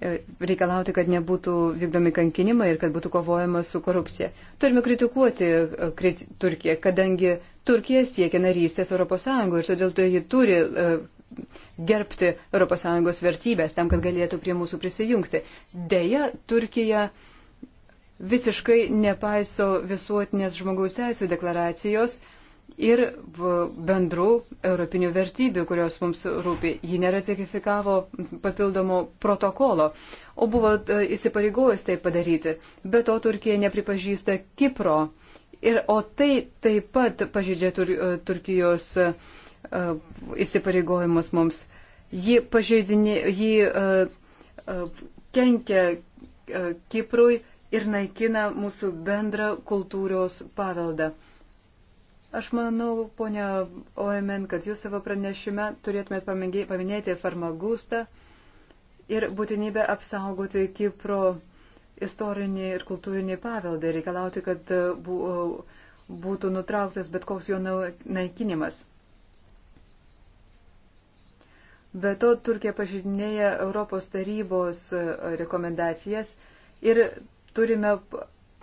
E, reikalauti, kad nebūtų vykdomi kankinimai ir kad būtų kovojama su korupcija. Turime kritikuoti e, krit Turkiją, kadangi Turkija siekia narystės ES ir todėl tai ji turi e, gerbti ES vertybės tam, kad galėtų prie mūsų prisijungti. Deja, Turkija uh, visiškai nepaiso visuotinės žmogaus teisų deklaracijos ir bendrų europinių vertybių, kurios mums rūpi. Ji neratifikavo papildomo protokolo, o buvo e, įsipareigojęs tai padaryti. Be to Turkija nepripažįsta Kipro. Ir, o tai taip pat pažydžia tur, e, Turkijos uh, įsipareigojimus mums. Ji pažeidinė, ji uh, uh, kenkia Kiprui ir naikina mūsų bendrą kultūros paveldą. Aš manau, ponia Oemen, kad jūs savo pranešime turėtumėt paminėti farmagustą ir būtinybę apsaugoti Kipro istorinį ir kultūrinį paveldą ir reikalauti, kad e, būtų nutrauktas bet koks jo naikinimas. Be to, Turkija pažydinėja Europos tarybos e, rekomendacijas ir turime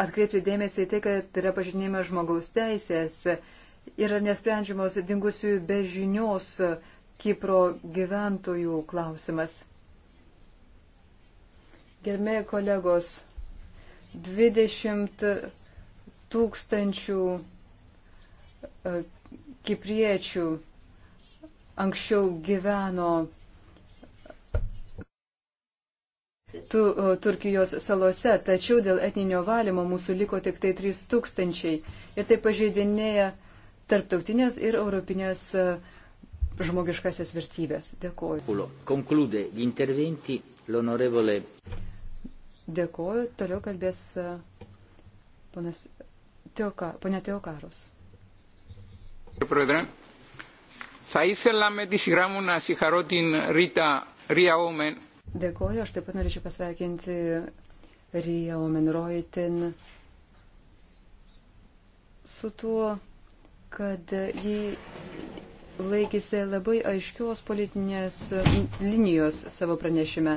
atkreipti dėmesį į tai, kad yra pažinėjama žmogaus teisės, yra nesprendžiamos dingusių be žinios Kipro gyventojų klausimas. Gerbėjai kolegos, 20 tūkstančių e, kipriečių anksčiau gyveno tu, Turkijos salose, tačiau dėl etninio valymo mūsų liko tik tai 3 tūkstančiai. Ir tai pažeidinėja tarptautinės ir europinės e, žmogiškasias vertybės. Dėkuoju. Dėkuoju. Toliau kalbės e, ponas Teoka, ponia Teokaros. Πρόεδρε, θα ήθελα με τη σειρά μου να συγχαρώ την Ρίτα Ρία Όμεν Dėkuoju, aš taip pat norėčiau pasveikinti Riją Omenroitin su tuo, kad ji laikėsi labai aiškios politinės linijos savo pranešime.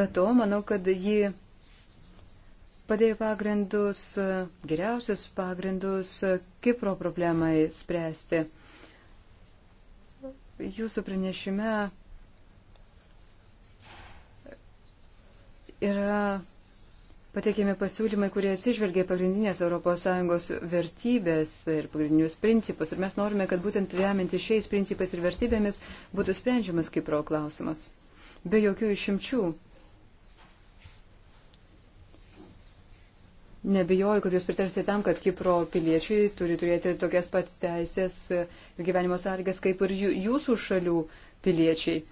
Be to, manau, kad ji padėjo pagrindus, geriausius pagrindus Kipro problemai spręsti. Jūsų pranešime yra pateikiami pasiūlymai, kurie atsižvelgia pagrindinės ES vertybės ir pagrindinius principus. Ir mes norime, kad būtent remianti šiais principais ir vertybėmis būtų sprendžiamas Kipro klausimas. Be jokių išimčių. Nebijoju, kad jūs pritarsite tam, kad Kipro piliečiai turi turėti tokias pat teisės ir gyvenimo sąlygas kaip ir jūsų šalių piliečiai.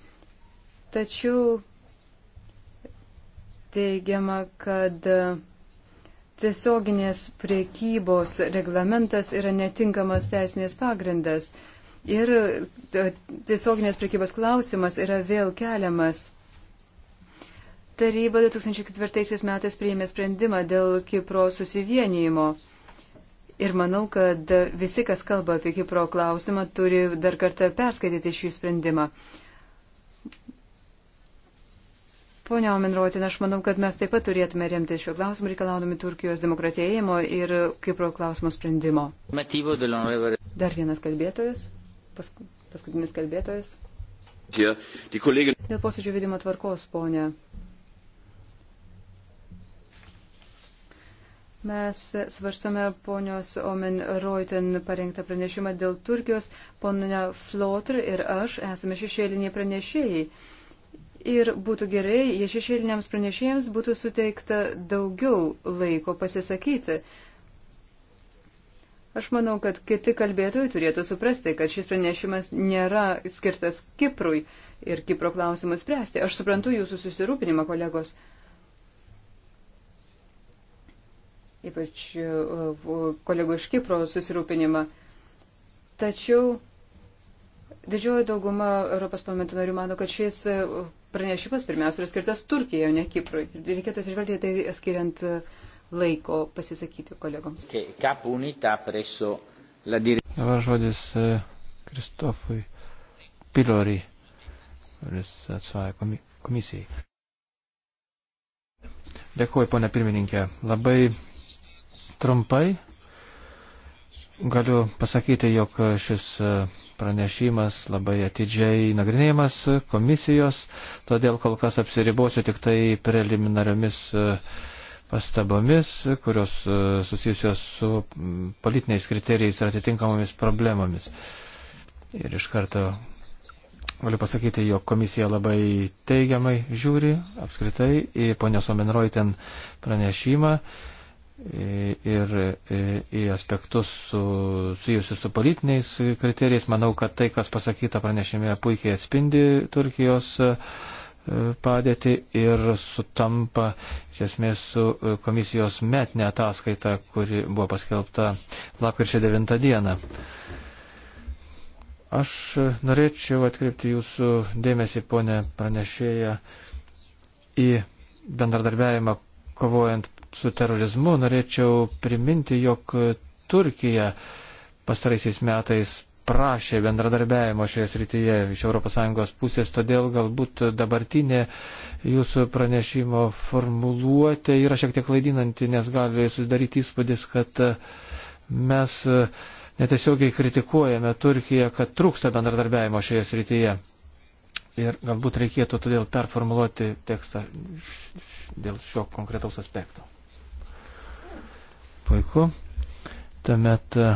Tačiau teigiama, kad tiesioginės priekybos reglamentas yra netinkamas teisinės pagrindas ir e, tiesioginės priekybos klausimas yra vėl keliamas. Taryba 2004 metais priėmė sprendimą dėl Kipro susivienijimo. Ir manau, kad visi, kas kalba apie Kipro klausimą, turi dar kartą perskaityti šį sprendimą. Pone Omenruotin, aš manau, kad mes taip pat turėtume remti šiuo klausimu reikalaudami Turkijos demokratėjimo ir Kipro klausimo sprendimo. Dar vienas kalbėtojas, pas, paskutinis kalbėtojas. Dėl posėdžio vedimo tvarkos, ponė. Mes svarstame ponios Omen Reuten parengtą pranešimą dėl Turkijos. Ponia Flotr ir aš esame šešėliniai pranešėjai. Ir būtų gerai, jei šešėliniams pranešėjams būtų suteikta daugiau laiko pasisakyti. Aš manau, kad kiti kalbėtojai turėtų suprasti, kad šis pranešimas nėra skirtas Kiprui ir Kipro klausimus spręsti. Aš suprantu jūsų susirūpinimą, kolegos. Ypač uh, uh, kolegų iš Kipro susirūpinimą. Tačiau didžioji dauguma Europos parlamento narių mano, kad šis uh, pranešimas pirmiausia yra skirtas Turkijai, o ne Kiprui. Reikėtų atsižvelgti tai skiriant e, laiko pasisakyti kolegoms. Dabar žodis e, Kristofui Pilori, kuris atstovauja komisijai. Dėkuoju, ponia pirmininkė. Labai trumpai Galiu pasakyti, jog šis e, pranešimas labai atidžiai nagrinėjimas komisijos, todėl kol kas apsiribosiu tik tai preliminariomis e, pastabomis, kurios e, susijusios su politiniais kriterijais ir atitinkamomis problemomis. Ir iš karto galiu pasakyti, jog komisija labai teigiamai žiūri apskritai į ponios Omenroiten pranešimą ir e, į aspektus susijusius su, su politiniais kriterijais. Manau, kad tai, kas pasakyta pranešime, puikiai atspindi Turkijos e, padėtį ir sutampa iš esmės su e, komisijos metinė ataskaita, kuri buvo paskelbta lapkričio 9 dieną. Aš norėčiau atkreipti jūsų dėmesį, ponė pranešėja, į bendradarbiavimą kovojant su terorizmu, norėčiau priminti, jog Turkija pastaraisiais metais prašė bendradarbiavimo šioje srityje iš ES pusės, todėl galbūt dabartinė jūsų pranešimo formuluotė yra šiek tiek klaidinanti, nes gali susidaryti įspūdis, kad mes netiesiogiai kritikuojame Turkiją, kad trūksta bendradarbiavimo šioje srityje. Ir galbūt reikėtų todėl performuluoti tekstą dėl šio konkretaus aspekto. Puiku. Tuomet e,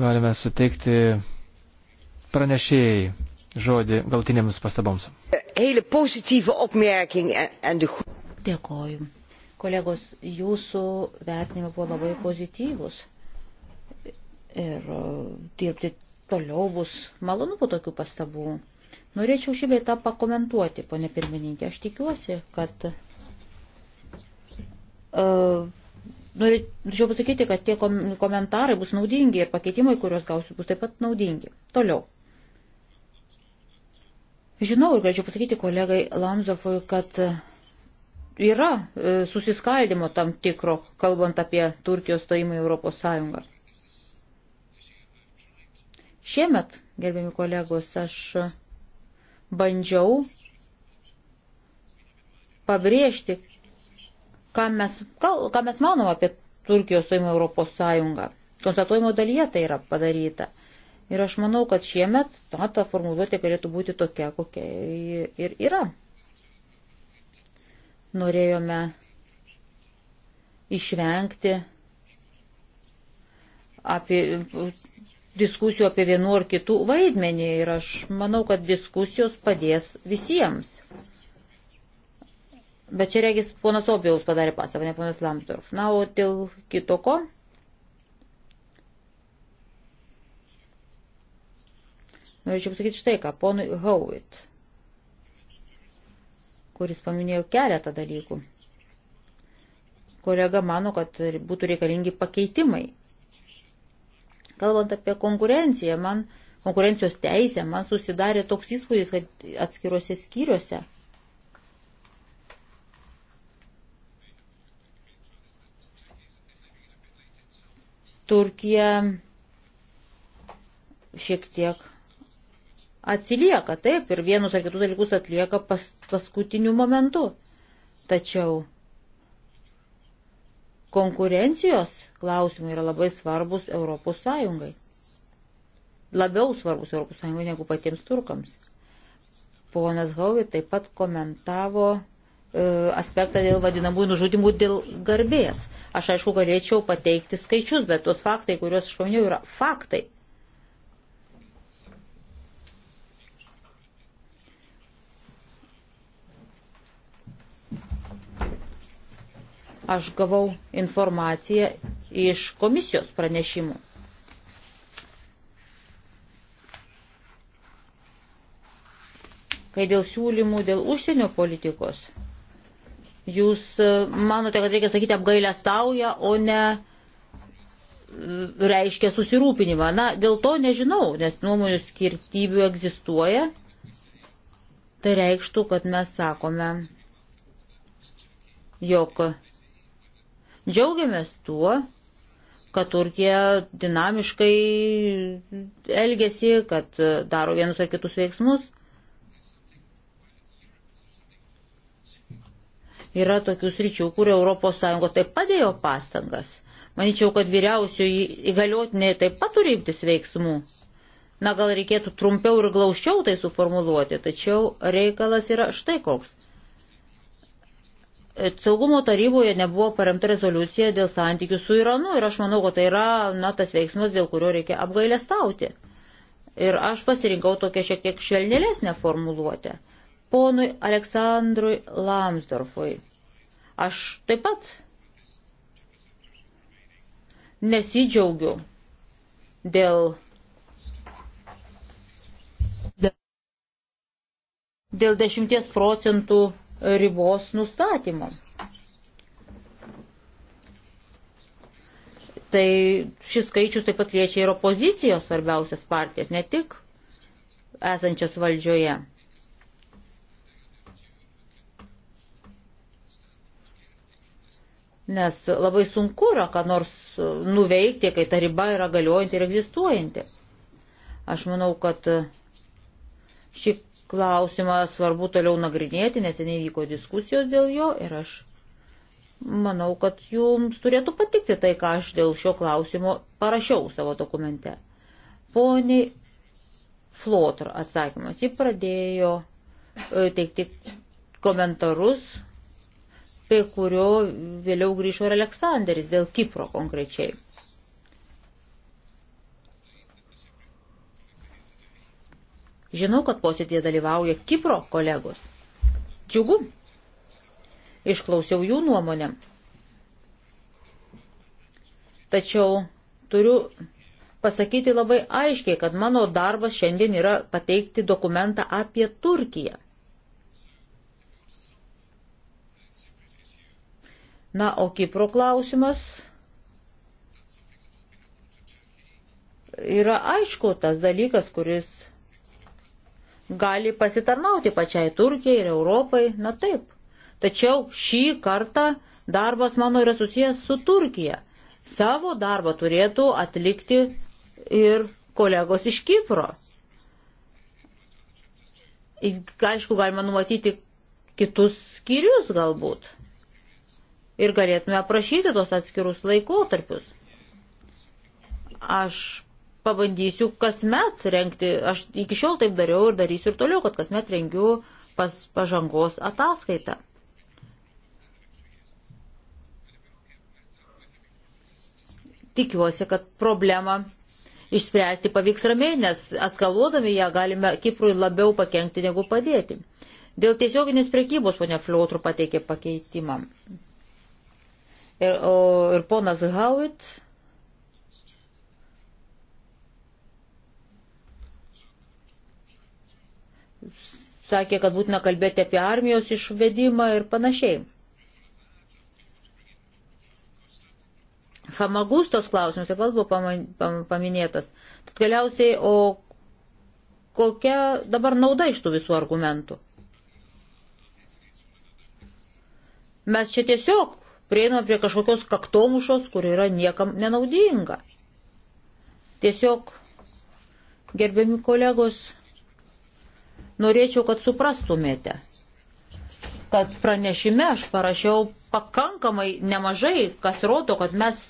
galime suteikti pranešėjai žodį galtinėms pastaboms. Dėkoju. Kolegos, jūsų vertinimai buvo labai pozityvus. Ir e, dirbti toliau bus malonu po tokių pastabų. Norėčiau šį beitą pakomentuoti, ponė pirmininkė. Aš tikiuosi, kad uh, Norėčiau pasakyti, kad tie komentarai bus naudingi ir pakeitimai, kuriuos gausiu, bus taip pat naudingi. Toliau. Žinau ir galėčiau pasakyti kolegai Lamsdorfui, kad e, yra e, susiskaldimo tam tikro, kalbant apie Turkijos stojimą į Europos Sąjungą. Šiemet, gerbiami kolegos, aš bandžiau pabrėžti, ką mes, ką mes manom apie Turkijos stojimą Europos Sąjungą. Konstatuojimo dalyje tai yra padaryta. Ir aš manau, kad šiemet na, ta formuluotė galėtų būti tokia, kokia ir yra. Norėjome išvengti apie, diskusijų apie vienu ar kitų vaidmenį ir aš manau, kad diskusijos padės visiems. Bet čia regis ponas Obilus padarė pasavą, ne ponas Lamsdorf. Na, o dėl kito ko? Norėčiau pasakyti štai ką, ponui Howitt, kuris paminėjo keletą dalykų. Kolega mano, kad būtų reikalingi pakeitimai. Kalbant apie konkurenciją, man konkurencijos teisę, man susidarė toks įspūdis, kad atskiruose skyriuose – Turkija šiek tiek atsilieka, taip, ir vienus ar kitus dalykus atlieka pas, paskutiniu momentu. Tačiau konkurencijos klausimai yra labai svarbus Europos Sąjungai. Labiau svarbus Europos Sąjungai negu patiems turkams. Ponas Hauvi taip pat komentavo E, aspektą dėl vadinamųjų nužudimų dėl garbės. Aš aišku galėčiau pateikti skaičius, bet tuos faktai, kuriuos aš paminėjau, yra faktai. Aš gavau informaciją iš komisijos pranešimų. Kai dėl siūlymų dėl užsienio politikos Jūs e, manote, kad reikia sakyti apgailę stauja, o ne e, reiškia susirūpinimą. Na, dėl to nežinau, nes nuomonių skirtybių egzistuoja. Tai reikštų, kad mes sakome, jog džiaugiamės tuo, kad Turkija dinamiškai elgesi, kad daro vienus ar kitus veiksmus. Yra tokių sričių, kur ES taip padėjo pastangas. Maničiau, kad vyriausioji įgaliotinė taip pat turi imtis veiksmų. Na gal reikėtų trumpiau ir glaučiau tai suformuluoti, tačiau reikalas yra štai koks. Saugumo taryboje nebuvo paremta rezoliucija dėl santykių su Iranu ir aš manau, kad tai yra na, tas veiksmas, dėl kurio reikia apgailestauti. Ir aš pasirinkau tokią šiek tiek švelnėlesnę formuluotę ponui Aleksandrui Lamsdorfui. Aš taip pat nesidžiaugiu dėl, dėl 10 procentų ribos nustatymo. Tai šis skaičius taip pat liečia ir opozicijos svarbiausias partijas, ne tik esančias valdžioje. nes labai sunku yra ką nors nuveikti, kai ta riba yra galiojanti ir egzistuojanti. Aš manau, kad šį klausimą svarbu toliau nagrinėti, neseniai vyko diskusijos dėl jo ir aš manau, kad jums turėtų patikti tai, ką aš dėl šio klausimo parašiau savo dokumente. Poniai Flotr atsakymas. Ji pradėjo e, teikti komentarus prie kurio vėliau grįžo ir Aleksanderis, dėl Kipro konkrečiai. Žinau, kad posėdėje dalyvauja Kipro kolegos. Džiugu. Išklausiau jų nuomonę. Tačiau turiu pasakyti labai aiškiai, kad mano darbas šiandien yra pateikti dokumentą apie Turkiją. Na, o Kipro klausimas yra aišku tas dalykas, kuris gali pasitarnauti pačiai Turkijai ir Europai, na taip. Tačiau šį kartą darbas mano yra susijęs su Turkija. Savo darbą turėtų atlikti ir kolegos iš Kipro. Aišku, galima numatyti kitus skyrius galbūt ir galėtume aprašyti tos atskirus laikotarpius. Aš pabandysiu kasmet renkti, aš iki šiol taip dariau ir darysiu ir toliau, kad kasmet rengiu pas pažangos ataskaitą. Tikiuosi, kad problemą išspręsti pavyks ramiai, nes askaluodami ją galime Kiprui labiau pakengti negu padėti. Dėl tiesioginės prekybos ponia Fliotrų pateikė pakeitimą ir, o, ir ponas Howitt. Sakė, kad būtina kalbėti apie armijos išvedimą ir panašiai. Famagustos klausimas taip pat buvo paminėtas. Tad galiausiai, o kokia dabar nauda iš tų visų argumentų? Mes čia tiesiog prieina prie kažkokios kaktomušos, kur yra niekam nenaudinga. Tiesiog, gerbiami kolegos, norėčiau, kad suprastumėte, kad pranešime aš parašiau pakankamai nemažai, kas rodo, kad mes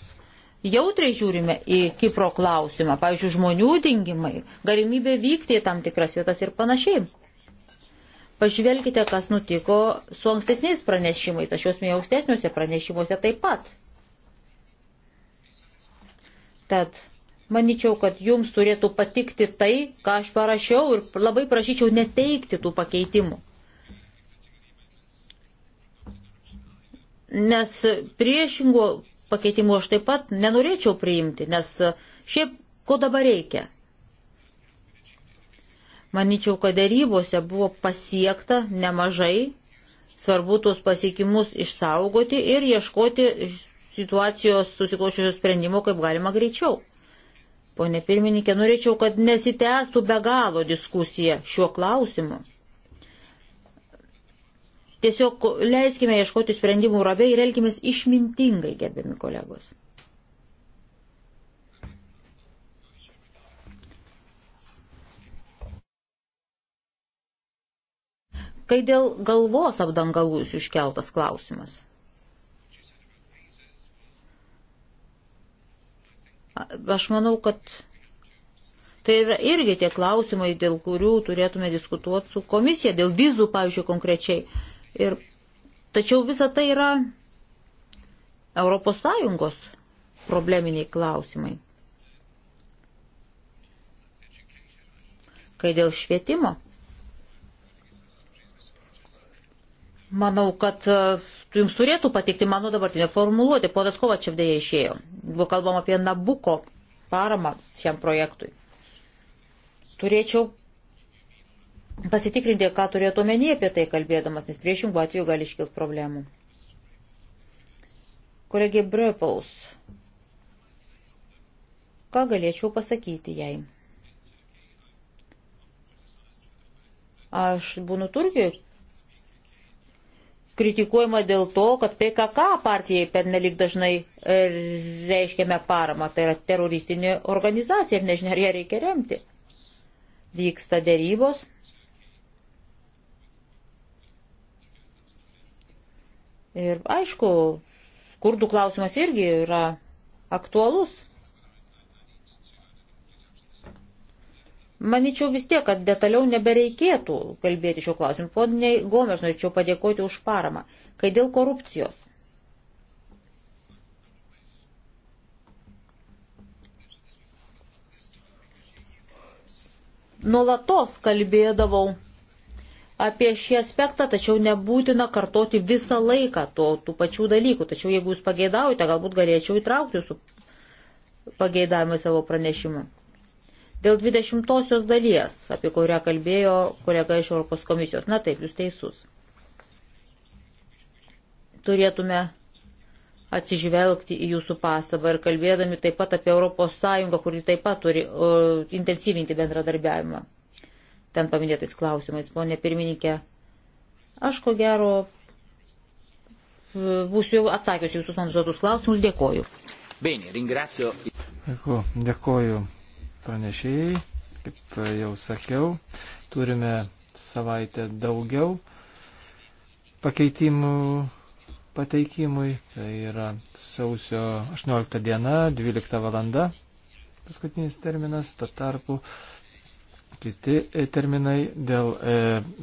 jautriai žiūrime į Kipro klausimą, pavyzdžiui, žmonių dingimai, galimybė vykti į tam tikras vietas ir panašiai. Pažvelkite, kas nutiko su ankstesniais pranešimais. Aš juos minėjau ankstesniuose pranešimuose taip pat. Tad manyčiau, kad jums turėtų patikti tai, ką aš parašiau ir labai prašyčiau neteikti tų pakeitimų. Nes priešingų pakeitimų aš taip pat nenorėčiau priimti, nes šiaip ko dabar reikia? Maničiau, kad darybose buvo pasiekta nemažai, svarbu tuos pasiekimus išsaugoti ir ieškoti situacijos susiklošiusios sprendimo kaip galima greičiau. Pone pirmininkė, norėčiau, kad nesitęstų be galo diskusija šiuo klausimu. Tiesiog leiskime ieškoti sprendimų rabiai ir elkime išmintingai, gerbiami kolegos. Kai dėl galvos apdangalų jūs iškeltas klausimas. Aš manau, kad tai yra irgi tie klausimai, dėl kurių turėtume diskutuoti su komisija, dėl vizų, pavyzdžiui, konkrečiai. Ir, tačiau visa tai yra ES probleminiai klausimai. Kai dėl švietimo Manau, kad e, jums turėtų patikti mano dabartinė formuluotė. Ponas Kovačev dėja išėjo. Buvo kalbama apie Nabuko paramą šiam projektui. Turėčiau pasitikrinti, ką turėtų omenyje apie tai kalbėdamas, nes priešingų atveju gali iškilti problemų. Kolegė Brepaus, ką galėčiau pasakyti jai? Aš būnu Turkijoje, kritikuojama dėl to, kad PKK partijai per nelik dažnai e, reiškiame paramą. Tai yra teroristinė organizacija ir nežinia, ar ją reikia remti. Vyksta dėrybos. Ir aišku, kurdų klausimas irgi yra aktualus. Maničiau vis tiek, kad detaliau nebereikėtų kalbėti šio klausimu. Poniai Gomes, norėčiau padėkoti už paramą. Kai dėl korupcijos. Nulatos kalbėdavau apie šį aspektą, tačiau nebūtina kartoti visą laiką to, tų pačių dalykų. Tačiau jeigu jūs pageidaujate, galbūt galėčiau įtraukti jūsų pageidavimą savo pranešimu. Dėl 20-osios dalies, apie kurią kalbėjo kolega iš Europos komisijos, na taip, jūs teisus. Turėtume atsižvelgti į jūsų pastabą ir kalbėdami taip pat apie Europos Sąjungą, kuri taip pat turi uh, intensyvinti bendradarbiavimą. Ten paminėtais klausimais, ponė pirmininkė, aš ko gero būsiu jau atsakius jūsų man užduotus klausimus, dėkoju. Bene, ringrazio. Dėkoju, dėkoju pranešėjai. Kaip jau sakiau, turime savaitę daugiau pakeitimų pateikimui. Tai yra sausio 18 diena, 12 valanda. Paskutinis terminas, to tarpu Kiti e, terminai dėl e,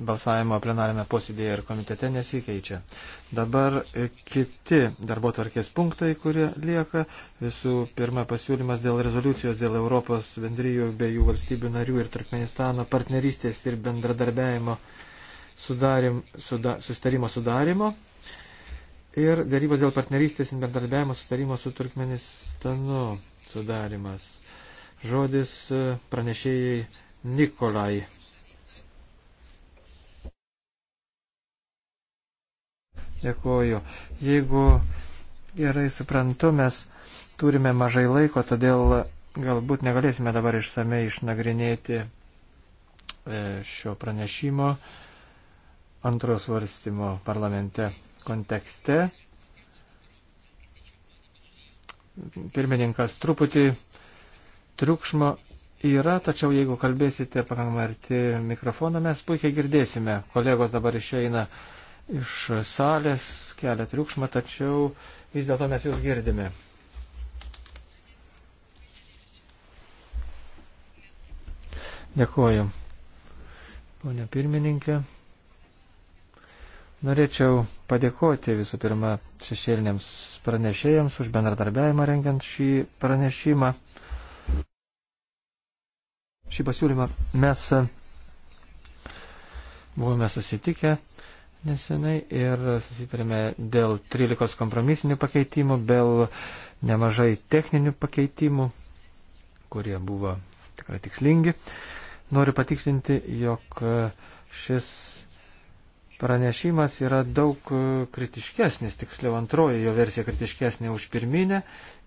balsavimo plenarėme posėdėje ir komitete nesikeičia. Dabar e, kiti darbo tvarkės punktai, kurie lieka. Visų pirma pasiūlymas dėl rezoliucijos dėl Europos bendryjų bei jų valstybių narių ir Turkmenistano partnerystės ir bendradarbiajimo sudarim, suda, sustarimo sudarimo. Ir darybos dėl partnerystės ir bendradarbiajimo sustarimo su Turkmenistanu sudarimas. Žodis pranešėjai Nikolai. Dėkuoju. Jeigu gerai suprantu, mes turime mažai laiko, todėl galbūt negalėsime dabar išsamei išnagrinėti e, šio pranešimo antros varstymo parlamente kontekste. Pirmininkas truputį triukšmo yra, tačiau jeigu kalbėsite pakankamai arti mikrofoną, mes puikiai girdėsime. Kolegos dabar išeina iš salės, kelia triukšmą, tačiau vis dėlto mes jūs girdime. Dėkuoju. Pone pirmininkė, norėčiau padėkoti visų pirma šešėliniams pranešėjams už bendradarbiavimą rengiant šį pranešimą šį pasiūlymą. Mes e, buvome susitikę nesenai ir susitarėme dėl 13 kompromisinių pakeitimų, dėl nemažai techninių pakeitimų, kurie buvo tikrai tikslingi. Noriu patikslinti, jog e, šis pranešimas yra daug e, kritiškesnis, tiksliau antroji jo versija kritiškesnė už pirminę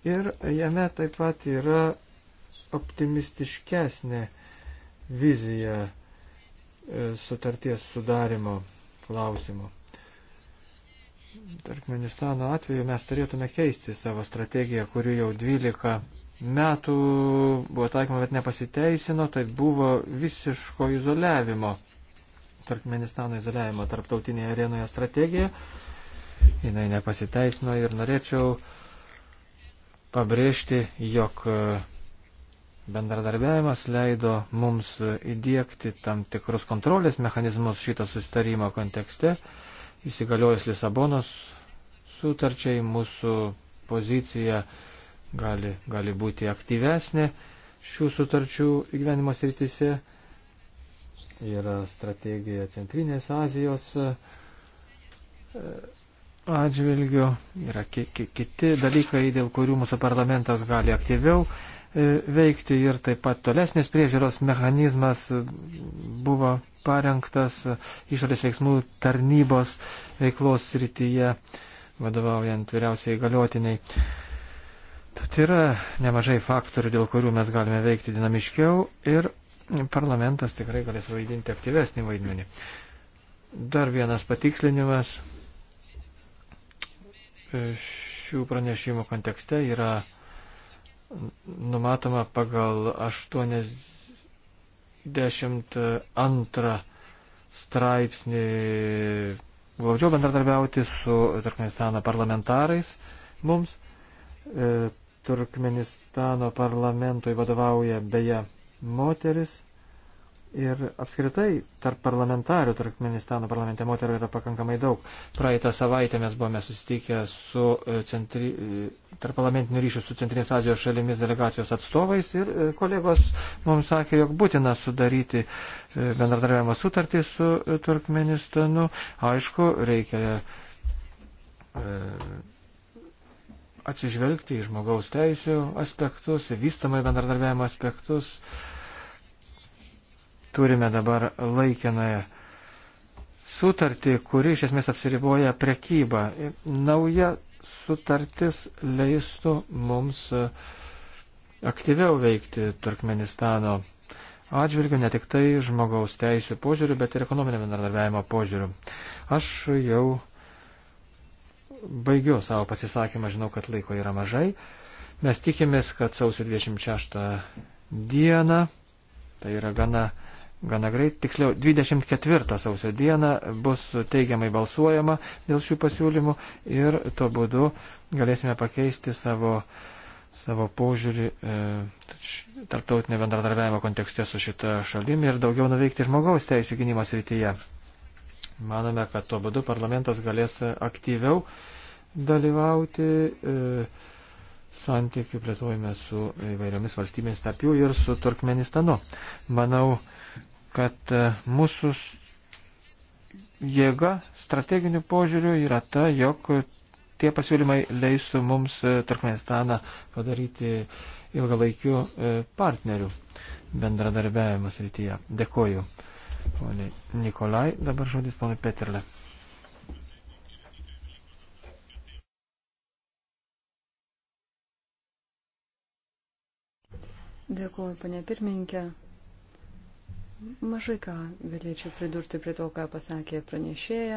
ir jame taip pat yra optimistiškesnę viziją e, sutarties sudarimo klausimu. Turkmenistano atveju mes turėtume keisti savo strategiją, kuri jau 12 metų buvo taikoma, bet nepasiteisino, tai buvo visiško izoliavimo, Turkmenistano izoliavimo tarptautinėje arenoje strategija. Jinai nepasiteisino ir norėčiau pabrėžti, jog e, bendradarbiavimas leido mums įdėkti tam tikrus kontrolės mechanizmus šito susitarimo kontekste. Įsigaliojus Lisabonos sutarčiai mūsų pozicija gali, gali būti aktyvesnė šių sutarčių įgyvenimo srityse. Yra strategija Centrinės Azijos e, atžvilgiu, yra ki ki kiti dalykai, dėl kurių mūsų parlamentas gali aktyviau E, veikti ir taip pat tolesnės priežiūros mechanizmas e, buvo parengtas e, išorės veiksmų tarnybos veiklos srityje, vadovaujant vyriausiai galiotiniai. Tad yra nemažai faktorių, dėl kurių mes galime veikti dinamiškiau ir parlamentas tikrai galės vaidinti aktyvesnį vaidmenį. Dar vienas patikslinimas šių pranešimų kontekste yra numatoma pagal 82 straipsnį glaudžiau bendradarbiauti su Turkmenistano parlamentarais mums. E, Turkmenistano parlamentui vadovauja beje moteris Ir apskritai tarp parlamentarių Turkmenistano parlamente moterų yra pakankamai daug. Praeitą savaitę mes buvome susitikę su e, centri, e, tarp parlamentinių ryšių su Centrinės Azijos šalimis delegacijos atstovais ir e, kolegos mums sakė, jog būtina sudaryti bendradarbiavimo sutartį su Turkmenistanu. Aišku, reikia atsižvelgti į žmogaus teisų aspektus, į vystamai bendradarbiavimo aspektus. E, Turime dabar laikinąją sutartį, kuri iš esmės apsiriboja prekybą. Nauja sutartis leistų mums aktyviau veikti Turkmenistano atžvilgiu, ne tik tai žmogaus teisų požiūriu, bet ir ekonominio bendradarbiavimo požiūriu. Aš jau baigiu savo pasisakymą, žinau, kad laiko yra mažai. Mes tikimės, kad sausio 26 dieną, tai yra gana gana greit, tiksliau 24 sausio dieną bus teigiamai balsuojama dėl šių pasiūlymų ir tuo būdu galėsime pakeisti savo, savo požiūrį e, tarptautinio bendradarbiavimo kontekste su šita šalimi ir daugiau nuveikti žmogaus teisų gynimo srityje. Manome, kad tuo būdu parlamentas galės aktyviau dalyvauti. E, santykių plėtojime su įvairiomis valstybėmis, tarp jų ir su Turkmenistanu. Manau, kad e, mūsų jėga strateginių požiūrių yra ta, jog tie pasiūlymai leisų mums e, Turkmenistaną padaryti ilgalaikių e, partnerių bendradarbiavimo srityje. Dėkoju, ponė Nikolai. Dabar žodis ponė Peterle. Dėkuoju, ponė pirmininkė. Mažai ką galėčiau pridurti prie to, ką pasakė pranešėja.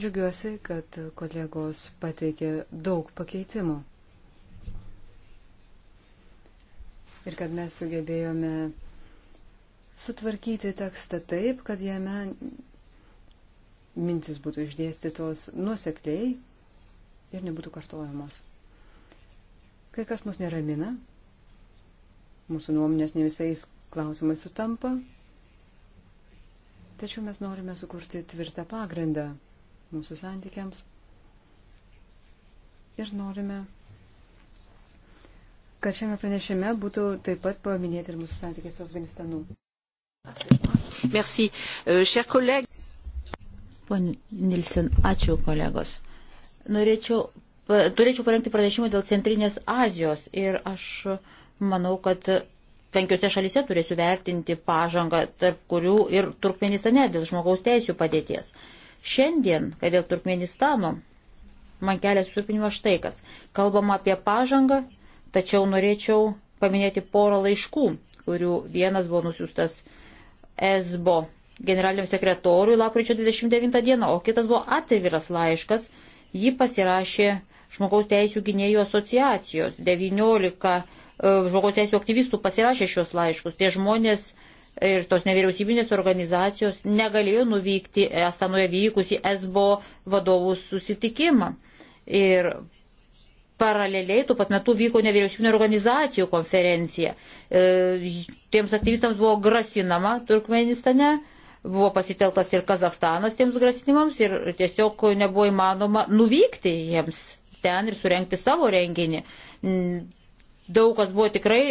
Džiugiuosi, kad kolegos pateikė daug pakeitimų. Ir kad mes sugebėjome sutvarkyti tekstą taip, kad jame mintis būtų išdėstytos nuosekliai ir nebūtų kartojamos. Kai kas mus neramina, mūsų nuomonės ne visais klausimais sutampa, Tačiau mes norime sukurti tvirtą pagrindą mūsų santykiams ir norime, kad šiame pranešime būtų taip pat paminėti ir mūsų santykiai su Afganistanu. Merci. Euh, Cher collègue. Pone Nilsen, ačiū kolegos. Norėčiau, turėčiau parengti pranešimą dėl Centrinės Azijos ir aš manau, kad penkiose šalise turėsiu vertinti pažangą, tarp kurių ir Turkmenistane dėl žmogaus teisų padėties. Šiandien, kad dėl Turkmenistano, man kelia susirūpinimo štai kas. Kalbama apie pažangą, tačiau norėčiau paminėti porą laiškų, kurių vienas buvo nusiustas ESBO generaliniam sekretoriui lapkričio 29 dieną, o kitas buvo atviras laiškas, jį pasirašė žmogaus teisų gynėjų asociacijos 19 E, žmogaus teisų aktyvistų pasirašė šios laiškus. Tie žmonės ir tos nevyriausybinės organizacijos negalėjo nuvykti Astanoje vykusi SBO vadovų susitikimą. Ir paraleliai tuo pat metu vyko nevyriausybinio organizacijų konferencija. E, tiems aktyvistams buvo grasinama Turkmenistane, buvo pasiteltas ir Kazakstanas tiems grasinimams ir tiesiog nebuvo įmanoma nuvykti jiems ten ir surenkti savo renginį daug kas buvo tikrai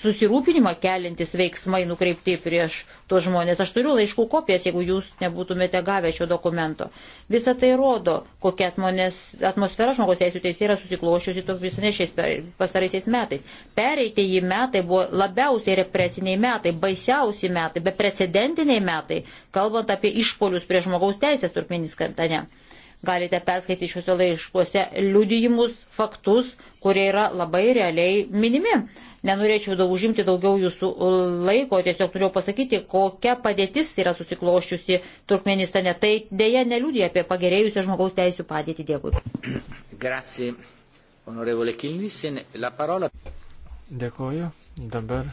susirūpinimą kelintis veiksmai nukreipti prieš tuos žmonės. Aš turiu laiškų kopijas, jeigu jūs nebūtumėte gavę šio dokumento. Visą tai rodo, kokia atmonės, atmosfera žmogaus teisų teisė yra susiklošiusi tokiais nešiais pastaraisiais metais. Pereitė į metai buvo labiausiai represiniai metai, baisiausi metai, beprecedentiniai metai, kalbant apie išpolius prie žmogaus teisės Turkmenistane. Tai Galite perskaityti šiuose laiškuose liudijimus, faktus, kurie yra labai realiai minimi. Nenorėčiau daug užimti daugiau jūsų laiko, tiesiog turiu pasakyti, kokia padėtis yra susikloščiusi Turkmenistane. Tai dėja neliūdė apie pagerėjusią žmogaus teisų padėtį. Dėkui. Grazie, honorevole Kilnisen. La parola. Dėkoju. Dabar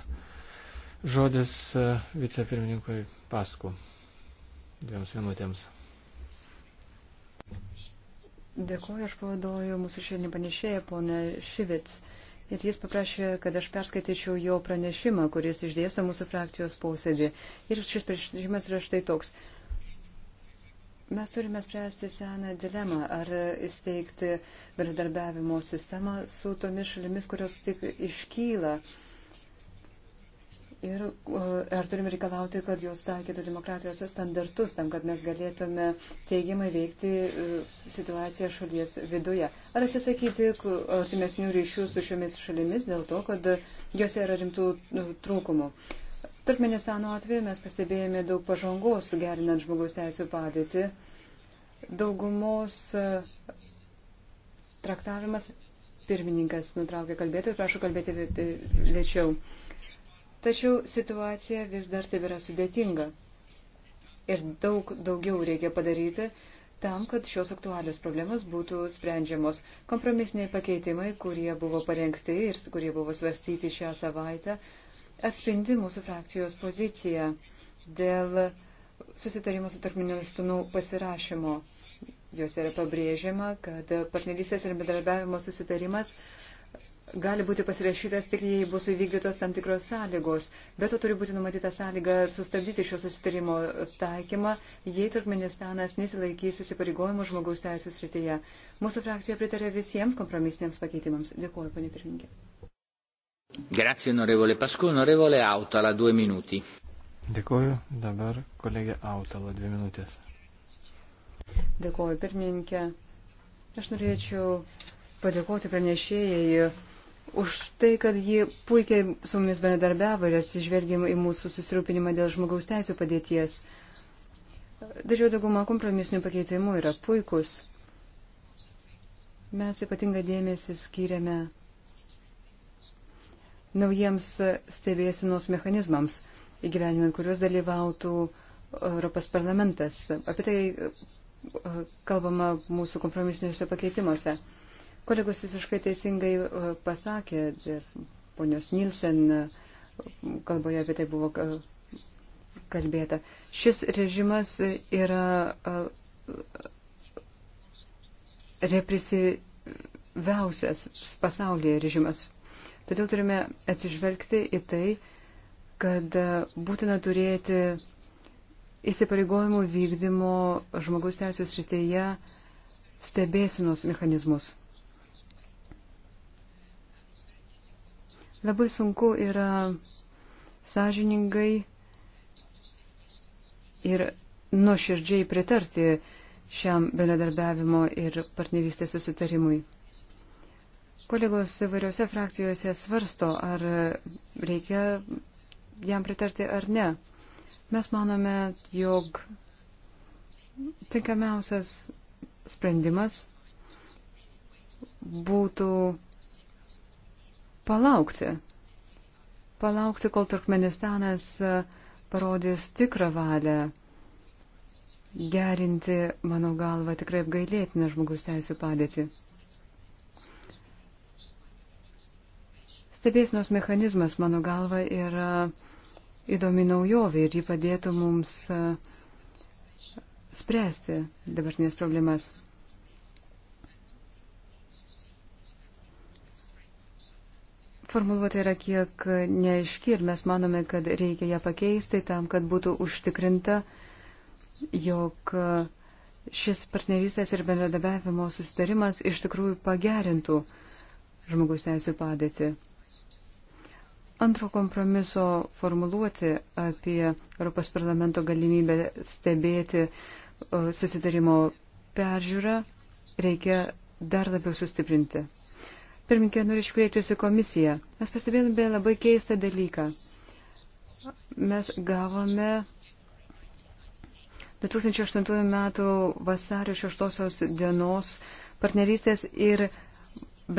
žodis e, vicepirmininkui Pasku. Dviems minutėms. Dėkuoju, aš pavaduoju mūsų šiandien panešėją, ponę Šivits. Ir jis paprašė, kad aš perskaityčiau jo pranešimą, kuris išdėsto mūsų frakcijos posėdį. Ir šis pranešimas yra štai toks. Mes turime spręsti seną dilemą, ar įsteigti bendradarbiavimo sistemą su tomis šalimis, kurios tik iškyla uh, ir ar turim reikalauti, kad jos taikytų demokratijos standartus tam, kad mes galėtume teigiamai veikti e, situaciją šalies viduje. Ar atsisakyti artimesnių ryšių su šiomis šalimis dėl to, kad jose yra rimtų e, trūkumų. Turkmenistano atveju mes pastebėjome daug pažangos gerinant žmogaus teisų padėtį. Daugumos e, traktavimas pirmininkas nutraukė kalbėti ir prašau kalbėti lėčiau. Vė Tačiau situacija vis dar taip yra sudėtinga. Ir daug daugiau reikia padaryti tam, kad šios aktualios problemas būtų sprendžiamos. Kompromisiniai pakeitimai, kurie buvo parengti ir kurie buvo svarstyti šią savaitę, atspindi mūsų frakcijos poziciją dėl susitarimo su tarpministinų pasirašymo. Jos yra pabrėžiama, kad partnerystės ir bendradarbiavimo susitarimas gali būti pasirašytas tik jei bus įvykdytos tam tikros sąlygos. Bet to turi būti numatyta sąlyga sustabdyti šio susitarimo taikymą, jei Turkmenistanas nesilaikys įsipareigojimų žmogaus teisų srityje. Mūsų frakcija pritarė visiems kompromisiniams pakeitimams. Dėkuoju, panė pirmininkė. Grazie, onorevole Pasku, onorevole Autala, du minutį. Dėkuoju, dabar kolegė Autala, dvi minutės. Dėkuoju, pirmininkė. Aš norėčiau padėkoti pranešėjai už tai, kad ji puikiai su mumis bendradarbiavo ir atsižvelgėm į mūsų susirūpinimą dėl žmogaus teisų padėties. Didžioji dauguma kompromisinių pakeitimų yra puikus. Mes ypatingą dėmesį skiriame naujiems stebėsinos mechanizmams, įgyveninant kuriuos dalyvautų Europos parlamentas. Apie tai e, kalbama mūsų kompromisiniuose pakeitimuose. Kolegos visiškai teisingai e, pasakė, ponios Nilsen e, kalboje apie tai buvo e, kalbėta. Šis režimas yra represyviausias pasaulyje režimas. Todėl turime atsižvelgti į tai, kad būtina turėti įsipareigojimų vykdymo žmogus teisės rytėje stebėsinos mechanizmus. Labai sunku yra sąžiningai ir nuoširdžiai pritarti šiam bendradarbiavimo ir partnerystės susitarimui. Kolegos įvairiose frakcijose svarsto, ar reikia jam pritarti ar ne. Mes manome, jog tinkamiausias sprendimas būtų palaukti. Palaukti, kol Turkmenistanas e, parodys tikrą valią gerinti, mano galva, tikrai apgailėtiną žmogus teisų padėtį. Stebėsinos mechanizmas, mano galva, yra įdomi naujovė ir ji padėtų mums e, spręsti dabartinės problemas. Formuluotė yra kiek neaiški ir mes manome, kad reikia ją pakeisti tam, kad būtų užtikrinta, jog šis partnerystės ir bendradabiavimo susitarimas iš tikrųjų pagerintų žmogus teisų padėtį. Antro kompromiso formuluoti apie Europos parlamento galimybę stebėti e, susitarimo peržiūrą reikia dar labiau sustiprinti. Pirminkė, norėčiau kreiptis į komisiją. Mes pastebėjome labai keistą dalyką. Mes gavome 2008 metų vasario 6 dienos partnerystės ir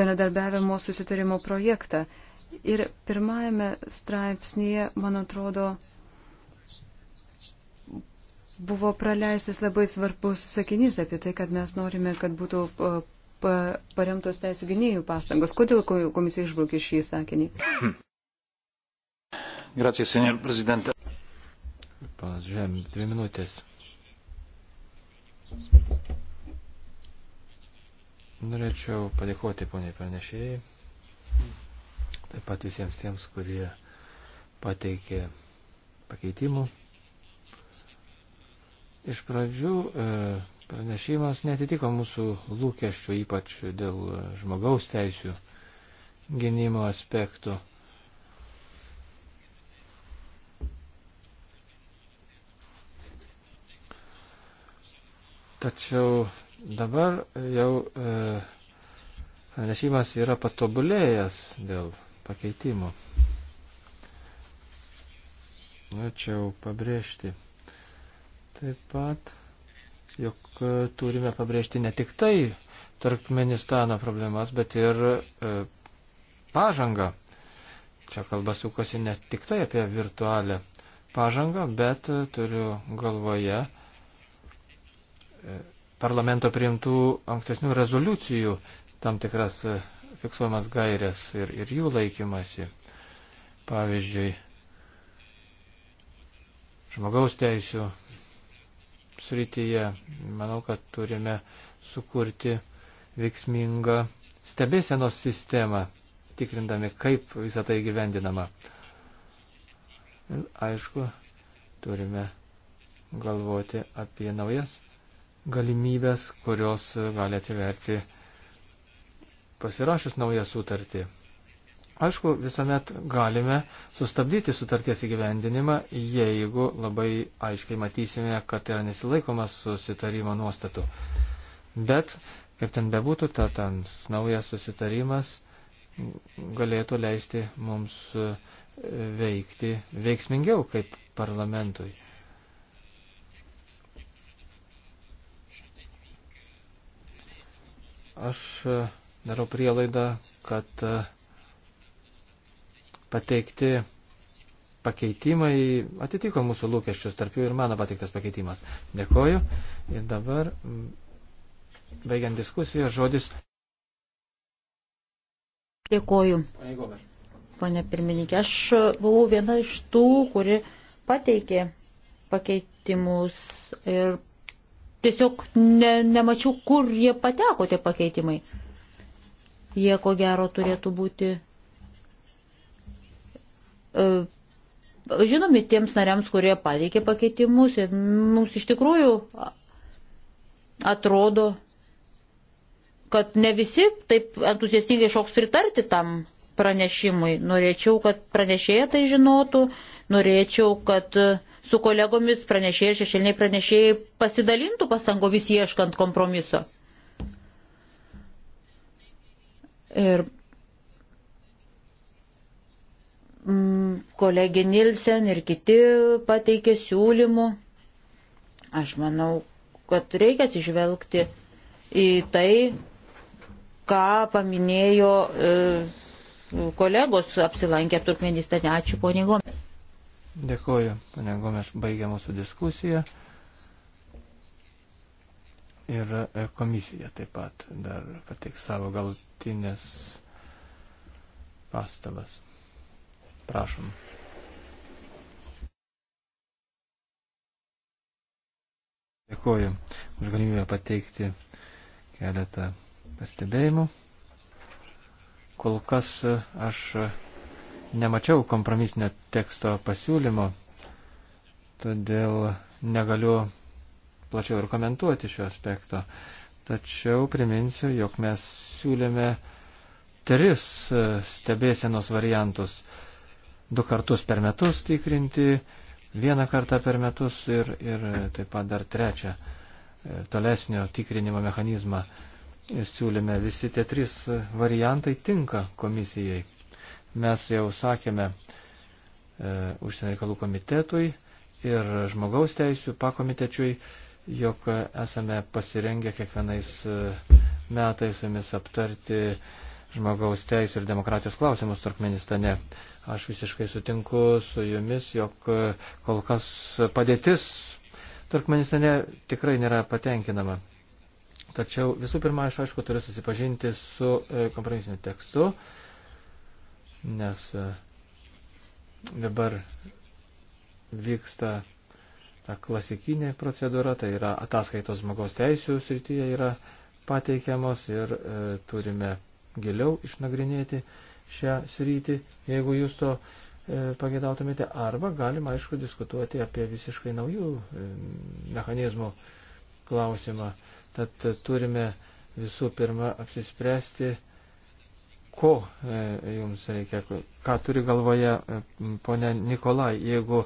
benedarbiavimo susitarimo projektą. Ir pirmajame straipsnėje, man atrodo, buvo praleistas labai svarbus sakinys apie tai, kad mes norime, kad būtų paremtos teisų gynėjų pastangos. Kodėl komisija išbraukė šį sakinį? Grazie, senior prezidentė. Pažiūrėjom, dvi minutės. Norėčiau padėkoti poniai pranešėjai, taip pat visiems tiems, kurie pateikė pakeitimų. Iš pradžių e, pranešimas netitiko mūsų lūkesčių, ypač dėl žmogaus teisų gynimo aspektų. Tačiau dabar jau e, pranešimas yra patobulėjęs dėl pakeitimų. Norėčiau pabrėžti taip pat jog e, turime pabrėžti ne tik tai Turkmenistano problemas, bet ir e, pažangą. Čia kalba sukasi ne tik tai apie virtualią pažangą, bet e, turiu galvoje e, parlamento priimtų ankstesnių rezoliucijų tam tikras fiksuojamas gairias ir, ir jų laikymasi. Pavyzdžiui, žmogaus teisų srityje. Manau, kad turime sukurti veiksmingą stebėsenos sistemą, tikrindami, kaip visą tai gyvendinama. Ir, aišku, turime galvoti apie naujas galimybės, kurios gali atsiverti pasirašus naują sutartį. Aišku, visuomet galime sustabdyti sutarties įgyvendinimą, jeigu labai aiškiai matysime, kad tai yra nesilaikomas susitarimo nuostatų. Bet, kaip ten bebūtų, ta, ten naujas susitarimas galėtų leisti mums e, veikti veiksmingiau kaip parlamentui. Aš e, darau prielaidą, kad uh, pateikti pakeitimai atitiko mūsų lūkesčius, tarp jų ir mano pateiktas pakeitimas. Dėkoju. Ir dabar, mm, baigiant diskusiją, žodis. Dėkoju. Pane pirmininkė, aš buvau viena iš tų, kuri pateikė pakeitimus ir tiesiog ne, nemačiau, kur jie pateko tie pakeitimai. Jie ko gero turėtų būti E, žinomi tiems nariams, kurie pateikė pakeitimus ir mums iš tikrųjų atrodo, kad ne visi taip entuziastingai šoks pritarti tam pranešimui. Norėčiau, kad pranešėja tai žinotų, norėčiau, kad su kolegomis pranešėjai, šešėliniai pranešėjai pasidalintų pastangomis ieškant kompromiso. Ir Mm, kolegė Nilsen ir kiti pateikė siūlymų. Aš manau, kad reikia atsižvelgti į tai, ką paminėjo e, kolegos apsilankę Turkmenistane. Ačiū, ponė Gomes. Dėkuoju, ponė Gomes, baigė mūsų diskusiją. Ir e, komisija taip pat dar pateiks savo galtinės pastabas. Prašom. Dėkuoju už galimybę pateikti keletą pastebėjimų. Kol kas e, aš e, nemačiau kompromisinio teksto pasiūlymo, todėl negaliu plačiau ir komentuoti šio aspekto. Tačiau priminsiu, jog mes siūlėme tris e, stebėsenos variantus du kartus per metus tikrinti, vieną kartą per metus ir, ir taip pat dar trečią e, tolesnio tikrinimo mechanizmą siūlėme. Visi tie trys variantai tinka komisijai. Mes jau sakėme e, užsienio reikalų komitetui ir žmogaus teisų pakomitečiui, jog esame pasirengę kiekvienais e, metais jomis aptarti žmogaus teisų ir demokratijos klausimus Turkmenistane. Aš visiškai sutinku su jumis, jog kol kas padėtis Turkmenistane tikrai nėra patenkinama. Tačiau visų pirma, aš aišku turiu susipažinti su e, kompromisiniu tekstu, nes e, dabar vyksta ta klasikinė procedūra, tai yra ataskaitos žmogaus teisų srityje yra pateikiamos ir e, turime giliau išnagrinėti šią sritį, jeigu jūs to e, pagėdautumėte, arba galima, aišku, diskutuoti apie visiškai naujų e, mechanizmų klausimą. Tad e, turime visų pirma apsispręsti, ko jums reikia, ką turi galvoje ponė Nikolai. Jeigu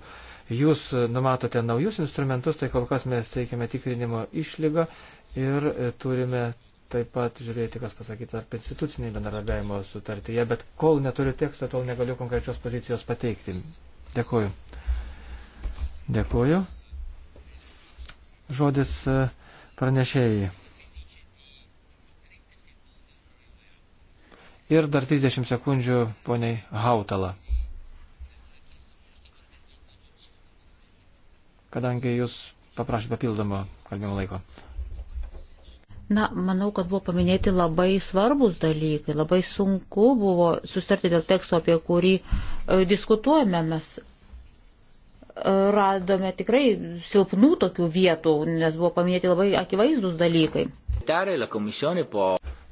jūs numatote naujus instrumentus, tai kol kas mes teikiame tikrinimo išlygą ir turime taip pat žiūrėti, kas pasakyta ar instituciniai bendradarbiavimo sutartyje, bet kol neturiu teksto, tol negaliu konkrečios pozicijos pateikti. Dėkuoju. Dėkuoju. Žodis e, pranešėjai. Ir dar 30 sekundžių poniai Hautala. Kadangi jūs paprašėt papildomo kalbimo laiko. Na, manau, kad buvo paminėti labai svarbus dalykai. Labai sunku buvo sustarti dėl teksto, apie kurį e, diskutuojame. Mes e, radome tikrai silpnų tokių vietų, nes buvo paminėti labai akivaizdus dalykai.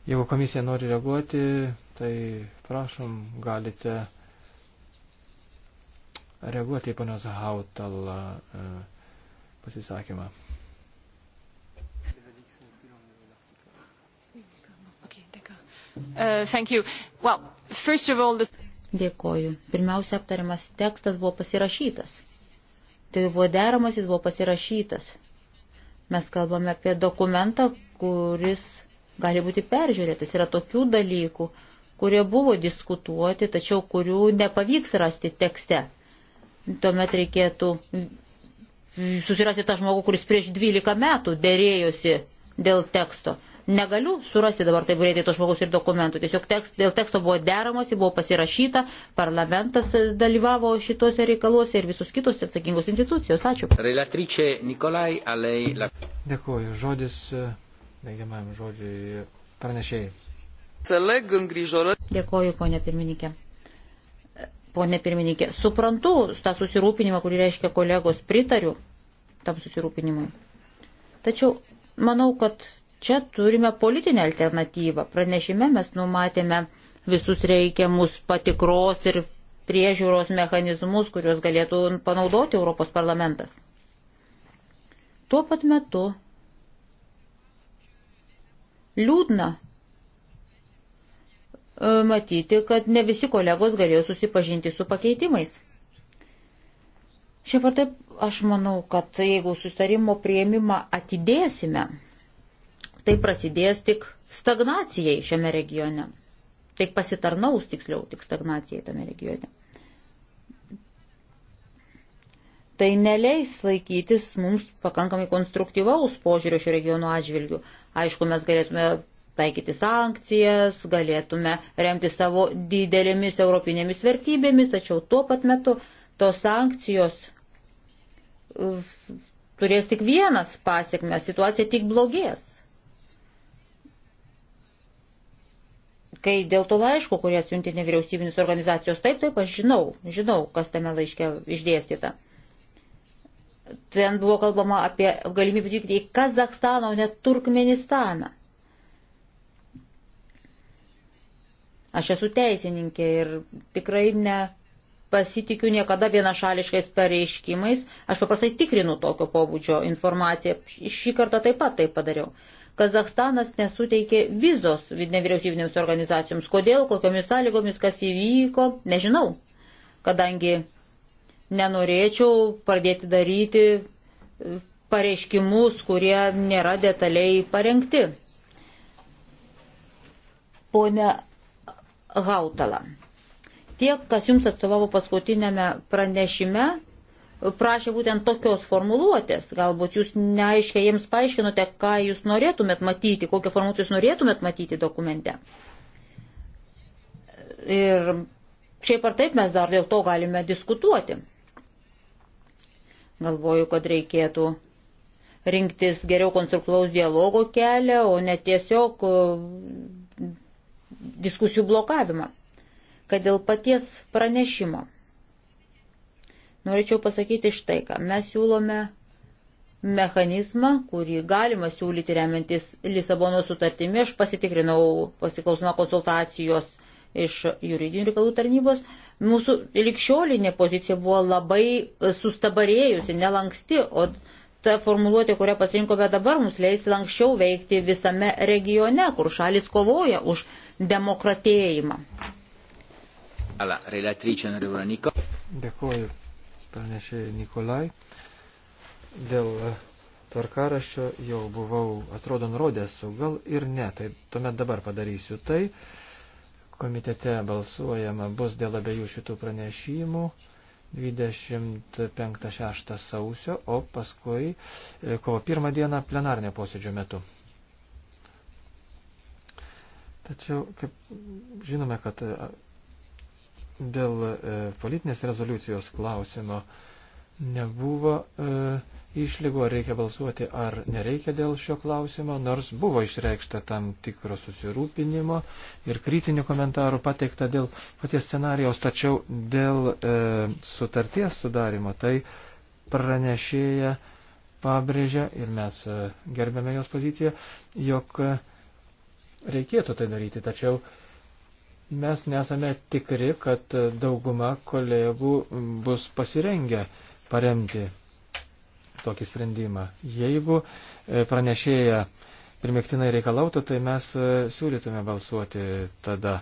Jeigu komisija nori reaguoti, tai prašom, galite reaguoti į ponios Hautal e, pasisakymą. Uh, well, all, the... Dėkoju. Pirmiausia, aptariamas tekstas buvo pasirašytas. Tai buvo deramas, jis buvo pasirašytas. Mes kalbame apie dokumentą, kuris gali būti peržiūrėtas. Yra tokių dalykų, kurie buvo diskutuoti, tačiau kurių nepavyks rasti tekste. Tuomet reikėtų susirasti tą žmogų, kuris prieš 12 metų dėrėjosi dėl teksto negaliu surasti dabar taip greitai to žmogaus ir dokumentų. Tiesiog tekst, dėl teksto buvo deramasi, buvo pasirašyta, parlamentas dalyvavo šituose reikaluose ir visus kitos atsakingos institucijos. Ačiū. Relatrice Nikolai, alei. La... Dėkuoju. Žodis, baigiamajam e, žodžiui, pranešėjai. Dėkuoju, ponė pirmininkė. Pone pirmininkė, suprantu tą susirūpinimą, kurį reiškia kolegos, pritariu tam susirūpinimui. Tačiau manau, kad Čia turime politinę alternatyvą. Pranešime mes numatėme visus reikiamus patikros ir priežiūros mechanizmus, kuriuos galėtų panaudoti Europos parlamentas. Tuo pat metu liūdna e, matyti, kad ne visi kolegos galėjo susipažinti su pakeitimais. Šiaip ar taip, aš manau, kad jeigu sustarimo prieimimą atidėsime, tai prasidės tik stagnacijai šiame regione. Tik pasitarnaus tiksliau tik stagnacijai tame regione. Tai neleis laikytis mums pakankamai konstruktyvaus požiūrio šio regiono atžvilgių. Aišku, mes galėtume taikyti sankcijas, galėtume remti savo didelėmis europinėmis vertybėmis, tačiau tuo pat metu tos sankcijos uh, turės tik vienas pasiekmes, situacija tik blogės. Kai dėl to laiško, kurį atsiuntė nevyriausybinis organizacijos, taip, taip, aš žinau, žinau, kas tame laiške išdėstyta. Ten buvo kalbama apie galimybę vykti į Kazakstaną, o ne Turkmenistaną. Aš esu teisininkė ir tikrai ne pasitikiu niekada vienašališkais pareiškimais. Aš paprastai tikrinu tokio pobūdžio informaciją. Šį kartą taip pat tai padariau. Kazahstanas nesuteikė vizos nevyriausybinėms organizacijoms. Kodėl, kokiomis sąlygomis, kas įvyko, nežinau. Kadangi nenorėčiau pradėti daryti e, pareiškimus, kurie nėra detaliai parengti. Pone Hautala, tie, kas jums atstovavo paskutinėme pranešime, prašė būtent tokios formuluotės. Galbūt jūs neaiškiai jiems paaiškinote, ką jūs norėtumėt matyti, kokią formuluotę jūs norėtumėt matyti dokumente. Ir šiaip ar taip mes dar dėl to galime diskutuoti. Galvoju, kad reikėtų rinktis geriau konstruktualaus dialogo kelią, o ne tiesiog e, diskusijų blokavimą. Kad dėl paties pranešimo Norėčiau pasakyti štai ką. Mes siūlome mechanizmą, kurį galima siūlyti remiantis Lisabono sutartimi. Aš pasitikrinau pasiklausimą konsultacijos iš juridinių reikalų tarnybos. Mūsų likščiolinė pozicija buvo labai sustabarėjusi, nelanksti, o ta formuluotė, kurią pasirinkome dabar, mums leis lankščiau veikti visame regione, kur šalis kovoja už demokratėjimą. Dėkuoju pranešė Nikolai. Dėl tvarkaraščio jau buvau, atrodo, nurodęs su gal ir ne, tai tuomet dabar padarysiu tai. Komitete balsuojama bus dėl abiejų šitų pranešimų 25-6 sausio, o paskui e, kovo pirmą dieną plenarnė posėdžio metu. Tačiau, kaip žinome, kad dėl e, politinės rezoliucijos klausimo nebuvo e, išlygų, ar reikia balsuoti ar nereikia dėl šio klausimo, nors buvo išreikšta tam tikro susirūpinimo ir kritinių komentarų pateikta dėl paties scenarijaus, tačiau dėl e, sutarties sudarimo tai pranešėja pabrėžia ir mes e, gerbėme jos poziciją, jog e, reikėtų tai daryti, tačiau e, mes nesame tikri, kad dauguma kolegų bus pasirengę paremti tokį sprendimą. Jeigu e, pranešėja primiktinai reikalautų, tai mes e, siūlytume balsuoti tada.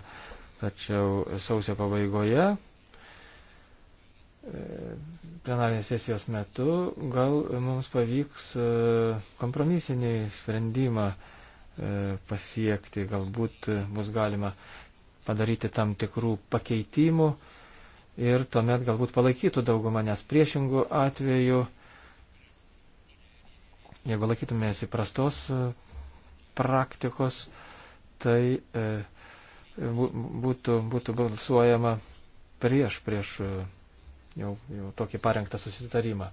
Tačiau sausio pabaigoje, e, plenarinės sesijos metu, gal mums pavyks kompromisinį sprendimą pasiekti, galbūt bus galima uh, padaryti tam tikrų pakeitimų ir tuomet galbūt palaikytų daugumą, nes priešingų atveju, jeigu laikytumės įprastos e, praktikos, tai e, būtų, būtų balsuojama prieš, prieš e, jau, jau tokį parengtą susitarimą.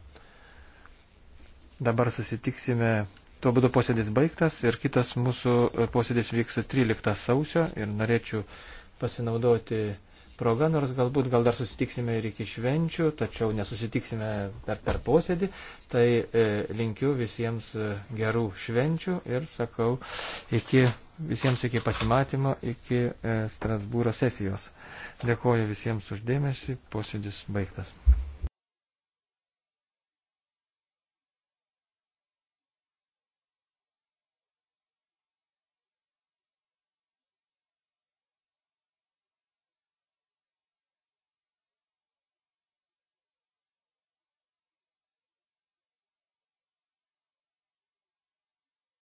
Dabar susitiksime, tuo būdu posėdis baigtas ir kitas mūsų posėdis vyks 13 sausio ir norėčiau pasinaudoti proga, nors galbūt gal dar susitiksime ir iki švenčių, tačiau nesusitiksime dar per posėdį, tai e, linkiu visiems e, gerų švenčių ir sakau iki, visiems iki pasimatymo, iki e, Strasbūro sesijos. Dėkuoju visiems uždėmesi, posėdis baigtas.